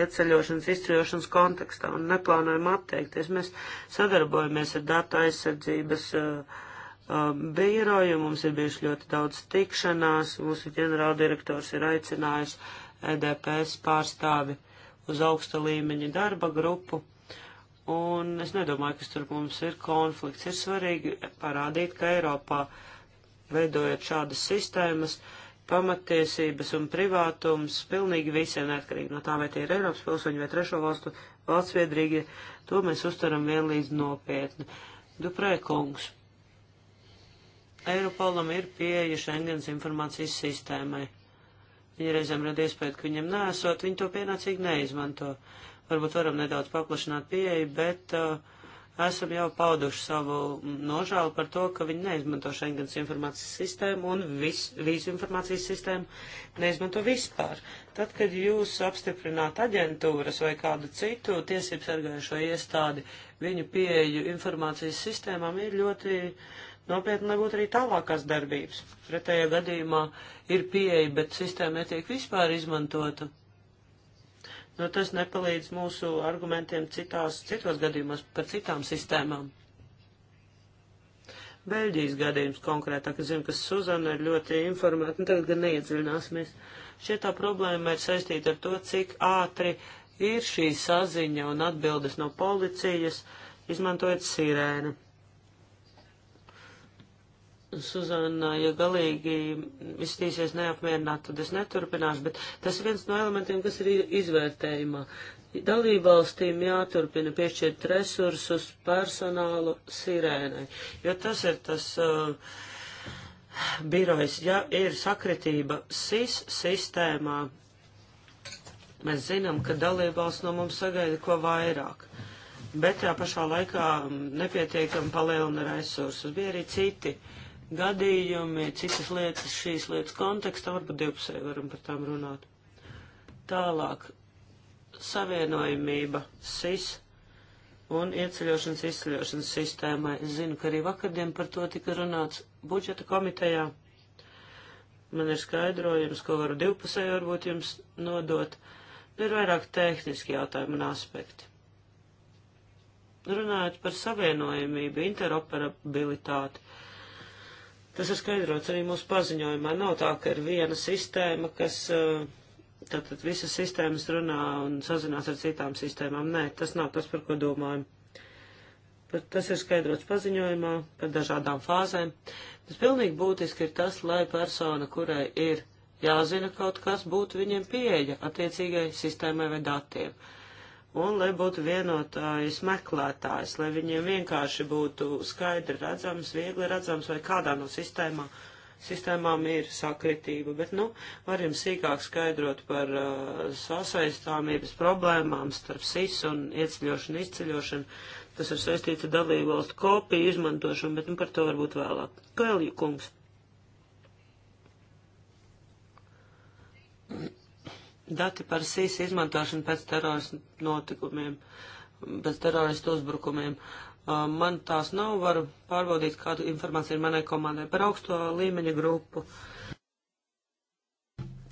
ieceļošanas, izceļošanas kontekstā un neplānojam atteikties. Mēs sadarbojamies ar datu aizsardzības. Uh, Um, biroju, mums ir bijuši ļoti daudz tikšanās, mūsu ģenerāldirektors ir aicinājis EDPS pārstāvi uz augsta līmeņa darba grupu, un es nedomāju, ka tur mums ir konflikts. Ir svarīgi parādīt, ka Eiropā veidojot šādas sistēmas, pamatiesības un privātums pilnīgi visiem neatkarīgi no tā, vai tie ir Eiropas pilsoņi vai trešo valstu valstsviedrīgi, to mēs uztaram vienlīdz nopietni. Duprē kungs Eiropolam ir pieeja Schengens informācijas sistēmai. Viņi reizēm rada iespēju, ka viņam nesot, viņi to pienācīgi neizmanto. Varbūt varam nedaudz paplašināt pieeju, bet uh, esam jau pauduši savu nožēlu par to, ka viņi neizmanto Schengens informācijas sistēmu un vis, vīzu informācijas sistēmu neizmanto vispār. Tad, kad jūs apstiprināt aģentūras vai kādu citu tiesību sargājušo iestādi, viņu pieeju informācijas sistēmām ir ļoti uh, nopietni nebūtu arī tālākās darbības. Pretējā gadījumā ir pieeja, bet sistēma netiek vispār izmantota. Nu, tas nepalīdz mūsu argumentiem citās, citos gadījumos par citām sistēmām. Beļģijas gadījums konkrētāk, es zinu, ka Suzana ir ļoti informēta, un tagad gan neiedziļināsimies. Šie tā problēma ir saistīta ar to, cik ātri ir šī saziņa un atbildes no policijas, izmantojot sirēnu Suzana, ja galīgi izstīsies neapmierināt, tad es neturpināšu, bet tas ir viens no elementiem, kas ir izvērtējumā. Dalībvalstīm jāturpina piešķirt resursus personālu sirēnai, jo tas ir tas uh, birojs, ja ir sakritība SIS sistēmā. Mēs zinām, ka dalībvalsts no mums sagaida ko vairāk bet tajā pašā laikā nepietiekami palielina resursus. Bija arī citi gadījumi, citas lietas, šīs lietas kontekstā, varbūt divpusēji varam par tām runāt. Tālāk, savienojumība SIS un ieceļošanas izceļošanas sistēmai. Es zinu, ka arī vakardien par to tika runāts budžeta komitejā. Man ir skaidrojums, ko varu divpusēji varbūt jums nodot. Ir vairāk tehniski jautājumi un aspekti. Runājot par savienojumību, interoperabilitāti, Tas ir skaidrots arī mūsu paziņojumā. Nav tā, ka ir viena sistēma, kas. Eh, tātad visas sistēmas runā un sazinās ar citām sistēmām. Nē, tas nav tas, par ko domājam. Bet tas ir skaidrots paziņojumā par dažādām fāzēm. Bet pilnīgi būtiski ir tas, lai persona, kurai ir jāzina kaut kas, būtu viņiem pieeja attiecīgai sistēmai vai datiem. Uh, un lai būtu vienotājs meklētājs, lai viņiem vienkārši būtu skaidri redzams, viegli redzams, vai kādā no sistēmā, sistēmām ir sakritība. Bet, nu, var jums sīkāk skaidrot par uh, sasaistāmības problēmām starp SIS un ieceļošanu, izceļošanu. Tas ir saistīts ar dalību valstu kopiju izmantošanu, bet, nu, par to varbūt vēlāk. Kēlju kungs. Dati par SIS izmantošanu pēc teroristu notikumiem, pēc teroristu uzbrukumiem. Uh, man tās nav, varu pārbaudīt, kādu informāciju ir manai komandai par augsto līmeņa grupu.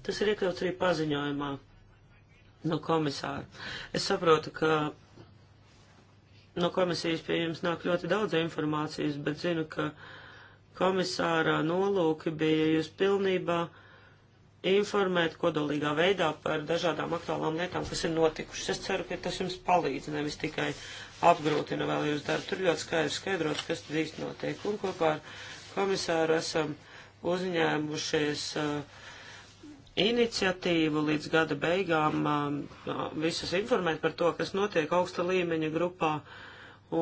Tas ir iekļauts arī paziņojumā no komisāra. Es saprotu, ka no komisijas pie jums nāk ļoti daudz informācijas, bet zinu, ka komisārā nolūki bija jūs pilnībā informēt kodolīgā veidā par dažādām aktuālām lietām, kas ir notikušas. Es ceru, ka tas jums palīdz, nevis tikai apgrūtina vēl jūs darbu. Tur ļoti skaidrs skaidrots, kas tad īsti notiek. Un kopā ar komisāru esam uzņēmušies uh, iniciatīvu līdz gada beigām uh, uh visus informēt par to, kas notiek augsta līmeņa grupā.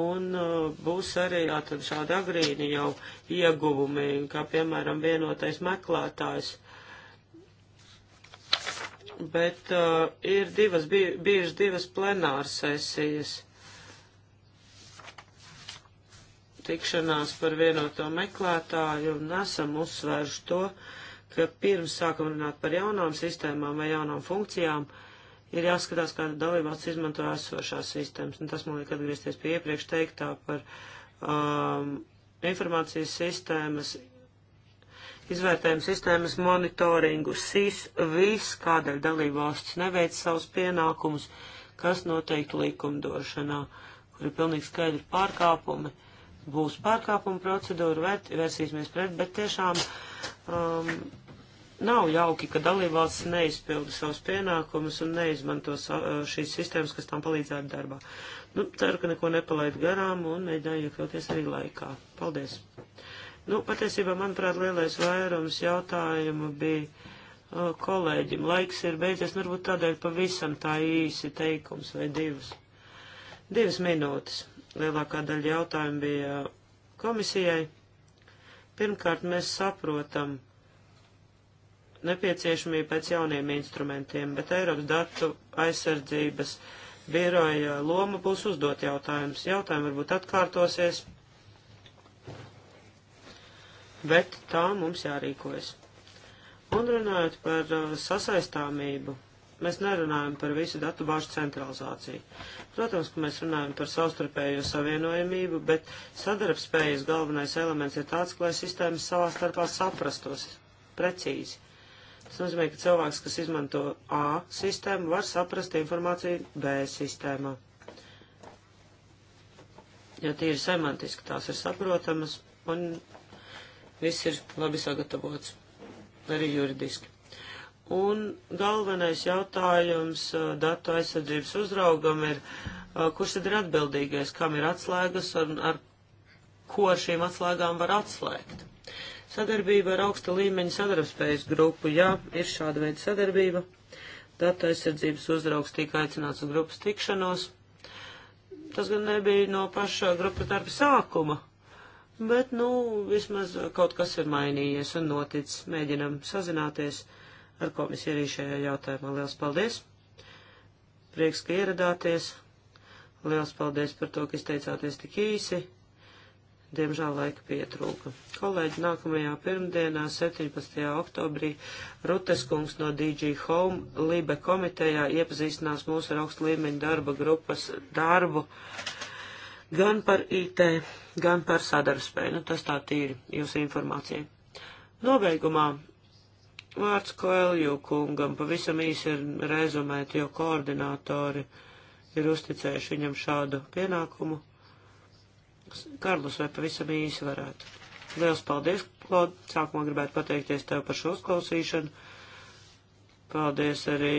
Un uh, būs arī jātad šādi agrīni jau ieguvumi, kā piemēram vienotais meklētājs bet uh, ir divas, bij, bijušas divas plenāras sesijas. Tikšanās par vienoto meklētāju un esam uzsvērši to, ka pirms sākam runāt par jaunām sistēmām vai jaunām funkcijām, ir jāskatās, kāda dalībvalsts izmanto esošās sistēmas. Un tas man liek atgriezties pie iepriekš teiktā par um, informācijas sistēmas izvērtējumu sistēmas monitoringu, SIS, viss, kādēļ dalībvalstis neveic savus pienākumus, kas noteikti likumdošanā, kur ir pilnīgi skaidri pārkāpumi. Būs pārkāpuma procedūra, vērt, vērsīsimies pret, bet tiešām um, nav jauki, ka dalībvalsts neizpilda savus pienākumus un neizmanto sa, uh, šīs sistēmas, kas tam palīdzētu darbā. Nu, ceru, ka neko nepalaid garām un mēģināju iekļauties arī laikā. Paldies! Nu, patiesībā, manuprāt, lielais vairums jautājumu bija uh, kolēģim. Laiks ir beidzies, nu, varbūt tādēļ pavisam tā īsi teikums vai divas. Divas minūtes. Lielākā daļa jautājumu bija komisijai. Pirmkārt, mēs saprotam nepieciešamību pēc jauniem instrumentiem, bet Eiropas datu aizsardzības biroja loma būs uzdot jautājums. Jautājumi varbūt atkārtosies, bet tā mums jārīkojas. Un runājot par uh, sasaistāmību, mēs nerunājam par visu datu bāžu centralizāciju. Protams, ka mēs runājam par savstarpējo savienojamību, bet sadarbspējas galvenais elements ir tāds, ka lai sistēmas savā starpā saprastos precīzi. Tas nozīmē, ka cilvēks, kas izmanto A sistēmu, var saprast informāciju B sistēmā. Jo tīri semantiski tās ir saprotamas un Viss ir labi sagatavots, arī juridiski. Un galvenais jautājums uh, datu aizsardzības uzraugam ir, uh, kurš tad ir atbildīgais, kam ir atslēgas un ar ko ar šīm atslēgām var atslēgt. Sadarbība ar augsta līmeņa sadarbspējas grupu, jā, ir šāda veida sadarbība. Data aizsardzības uzraugs tika aicināts uz grupas tikšanos. Tas gan nebija no paša grupas darba sākuma, Bet, nu, vismaz kaut kas ir mainījies un noticis. Mēģinam sazināties ar komisiju arī šajā jautājumā. Liels paldies! Prieks, ka ieradāties. Liels paldies par to, ka izteicāties tik īsi. Diemžēl laika pietrūka. Kolēģi, nākamajā pirmdienā, 17. oktobrī, Rutes kungs no DG Home Libe komitejā iepazīstinās mūsu ar augstu līmeņu darba grupas darbu gan par IT gan par sadarbspēju. Nu, tas tā tīri jūsu informācija. Nobeigumā vārds Koelju kungam pavisam īsi ir rezumēt, jo koordinātori ir uzticējuši viņam šādu pienākumu. Karlus vai pavisam īsi varētu. Liels paldies, Klod. Sākumā gribētu pateikties tev par šo uzklausīšanu. Paldies arī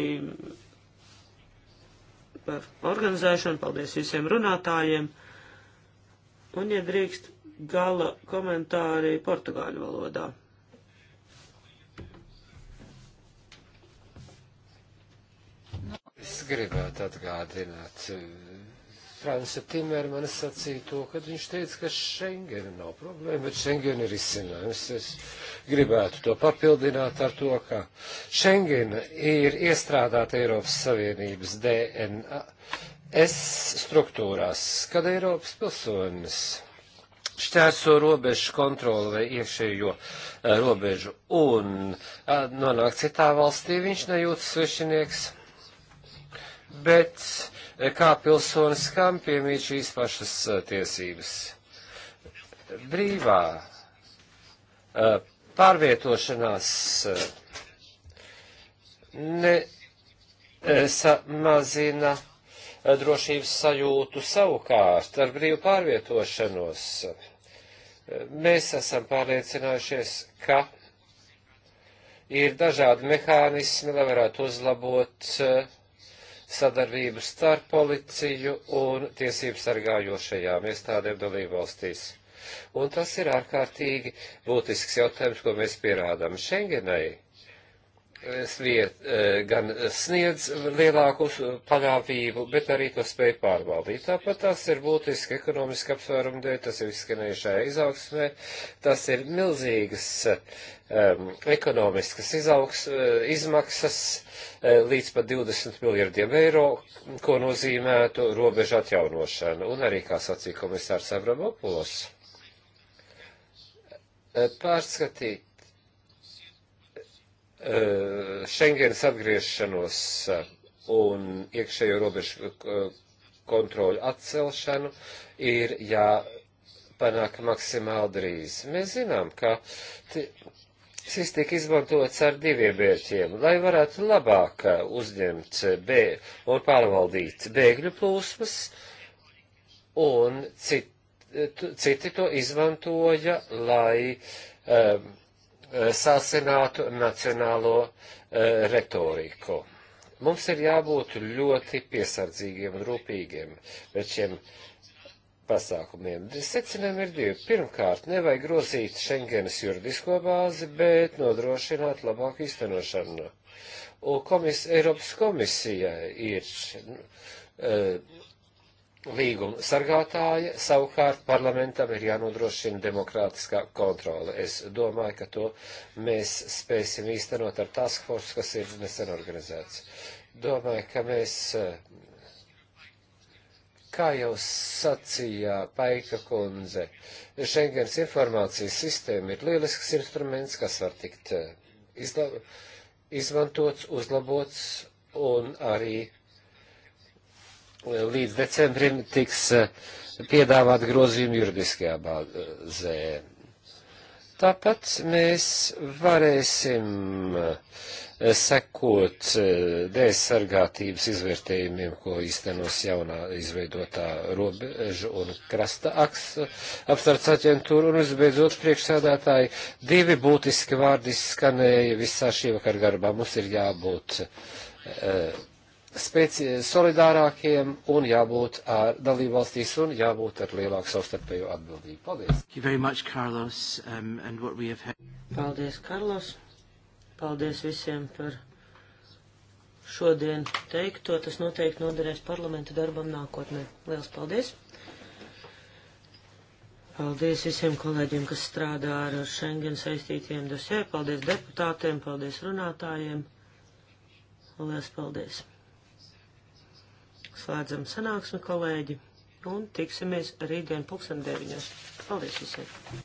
par organizēšanu, paldies visiem runātājiem. Un, ja drīkst, gala komentāri portugāļu valodā. Nu, es gribētu atgādināt eh, Franca Timermana sacīja to, kad viņš teica, ka Schengen nav problēma, bet Schengen ir izcinājums. Es gribētu to papildināt ar to, ka Schengen ir iestrādāta Eiropas Savienības DNA es struktūrās, kad Eiropas pilsonis šķērso robežu kontroli vai iekšējo eh, robežu un eh, nonāk citā valstī, viņš nejūtas svešinieks, bet eh, kā pilsonis, kam piemīt šīs pašas tiesības. Brīvā pārvietošanās ne samazina. Uh, drošības sajūtu savukārt ar brīvu pārvietošanos. Mēs esam pārliecinājušies, ka ir dažādi mehānismi, lai varētu uzlabot eh, sadarbību starp policiju un tiesību sargājošajām iestādēm dalībvalstīs. Un tas ir ārkārtīgi būtisks jautājums, ko mēs pierādām Schengenai sniet, e, gan sniedz lielāku paļāvību, bet arī to spēj pārvaldīt. Tāpat tas ir būtiski ekonomiski apsvērumu dēļ, tas ir izskanējušajā izaugsmē, tas ir milzīgas um, ekonomiskas izaugs, e, izmaksas līdz pat 20 miljardiem eiro, ko nozīmētu robežu atjaunošana. Un arī, kā sacīja komisārs Abramopulos, pārskatīt Eh, Schengens atgriešanos eh, un iekšējo robežu eh, kontroļu atcelšanu ir jāpanāk maksimāli drīz. Mēs zinām, ka šis tika izmantots ar diviem mērķiem, lai varētu labāk uzņemt bēg un pārvaldīt bēgļu plūsmas, un cit, citi to izmantoja, lai um, Eh, sāsinātu nacionālo eh, retoriku. Mums ir jābūt ļoti piesardzīgiem un rūpīgiem pret šiem pasākumiem. Secinājumi ir divi. Pirmkārt, nevajag grozīt Schengenas juridisko bāzi, bet nodrošināt labāku īstenošanu. Un komis, Eiropas komisija ir uh, līguma sargātāja, savukārt parlamentam ir jānodrošina demokrātiskā kontrole. Es domāju, ka to mēs spēsim īstenot ar task force, kas ir nesen organizēts. Domāju, ka mēs, kā jau sacīja Paika kundze, Schengens informācijas sistēma ir lielisks instruments, kas var tikt eh, izla izmantots, uzlabots un arī līdz decembrim tiks eh, piedāvāt grozījumi juridiskajā bāzē. Tāpat mēs varēsim eh, sekot eh, dēļ sargātības izvērtējumiem, ko īstenos jaunā izveidotā robežu un krasta apsardz aģentūra. Un visbeidzot, priekšsēdētāji, divi būtiski vārdi skanēja visā šī vakar garbā. Mums ir jābūt. Uh, spēci, solidārākiem un jābūt ar dalībvalstīs un jābūt ar lielāku savstarpējo atbildību. Paldies! Much, Carlos, um, had... Paldies, Karlos! Paldies visiem par šodien teikto. Tas noteikti noderēs parlamenta darbam nākotnē. Liels paldies! Paldies visiem kolēģiem, kas strādā ar Schengen saistītiem dosē. Paldies deputātiem, paldies runātājiem. Liels paldies! Slēdzam sanāksmi, kolēģi, un tiksimies rītdien pulksten deviņos. Paldies visiem!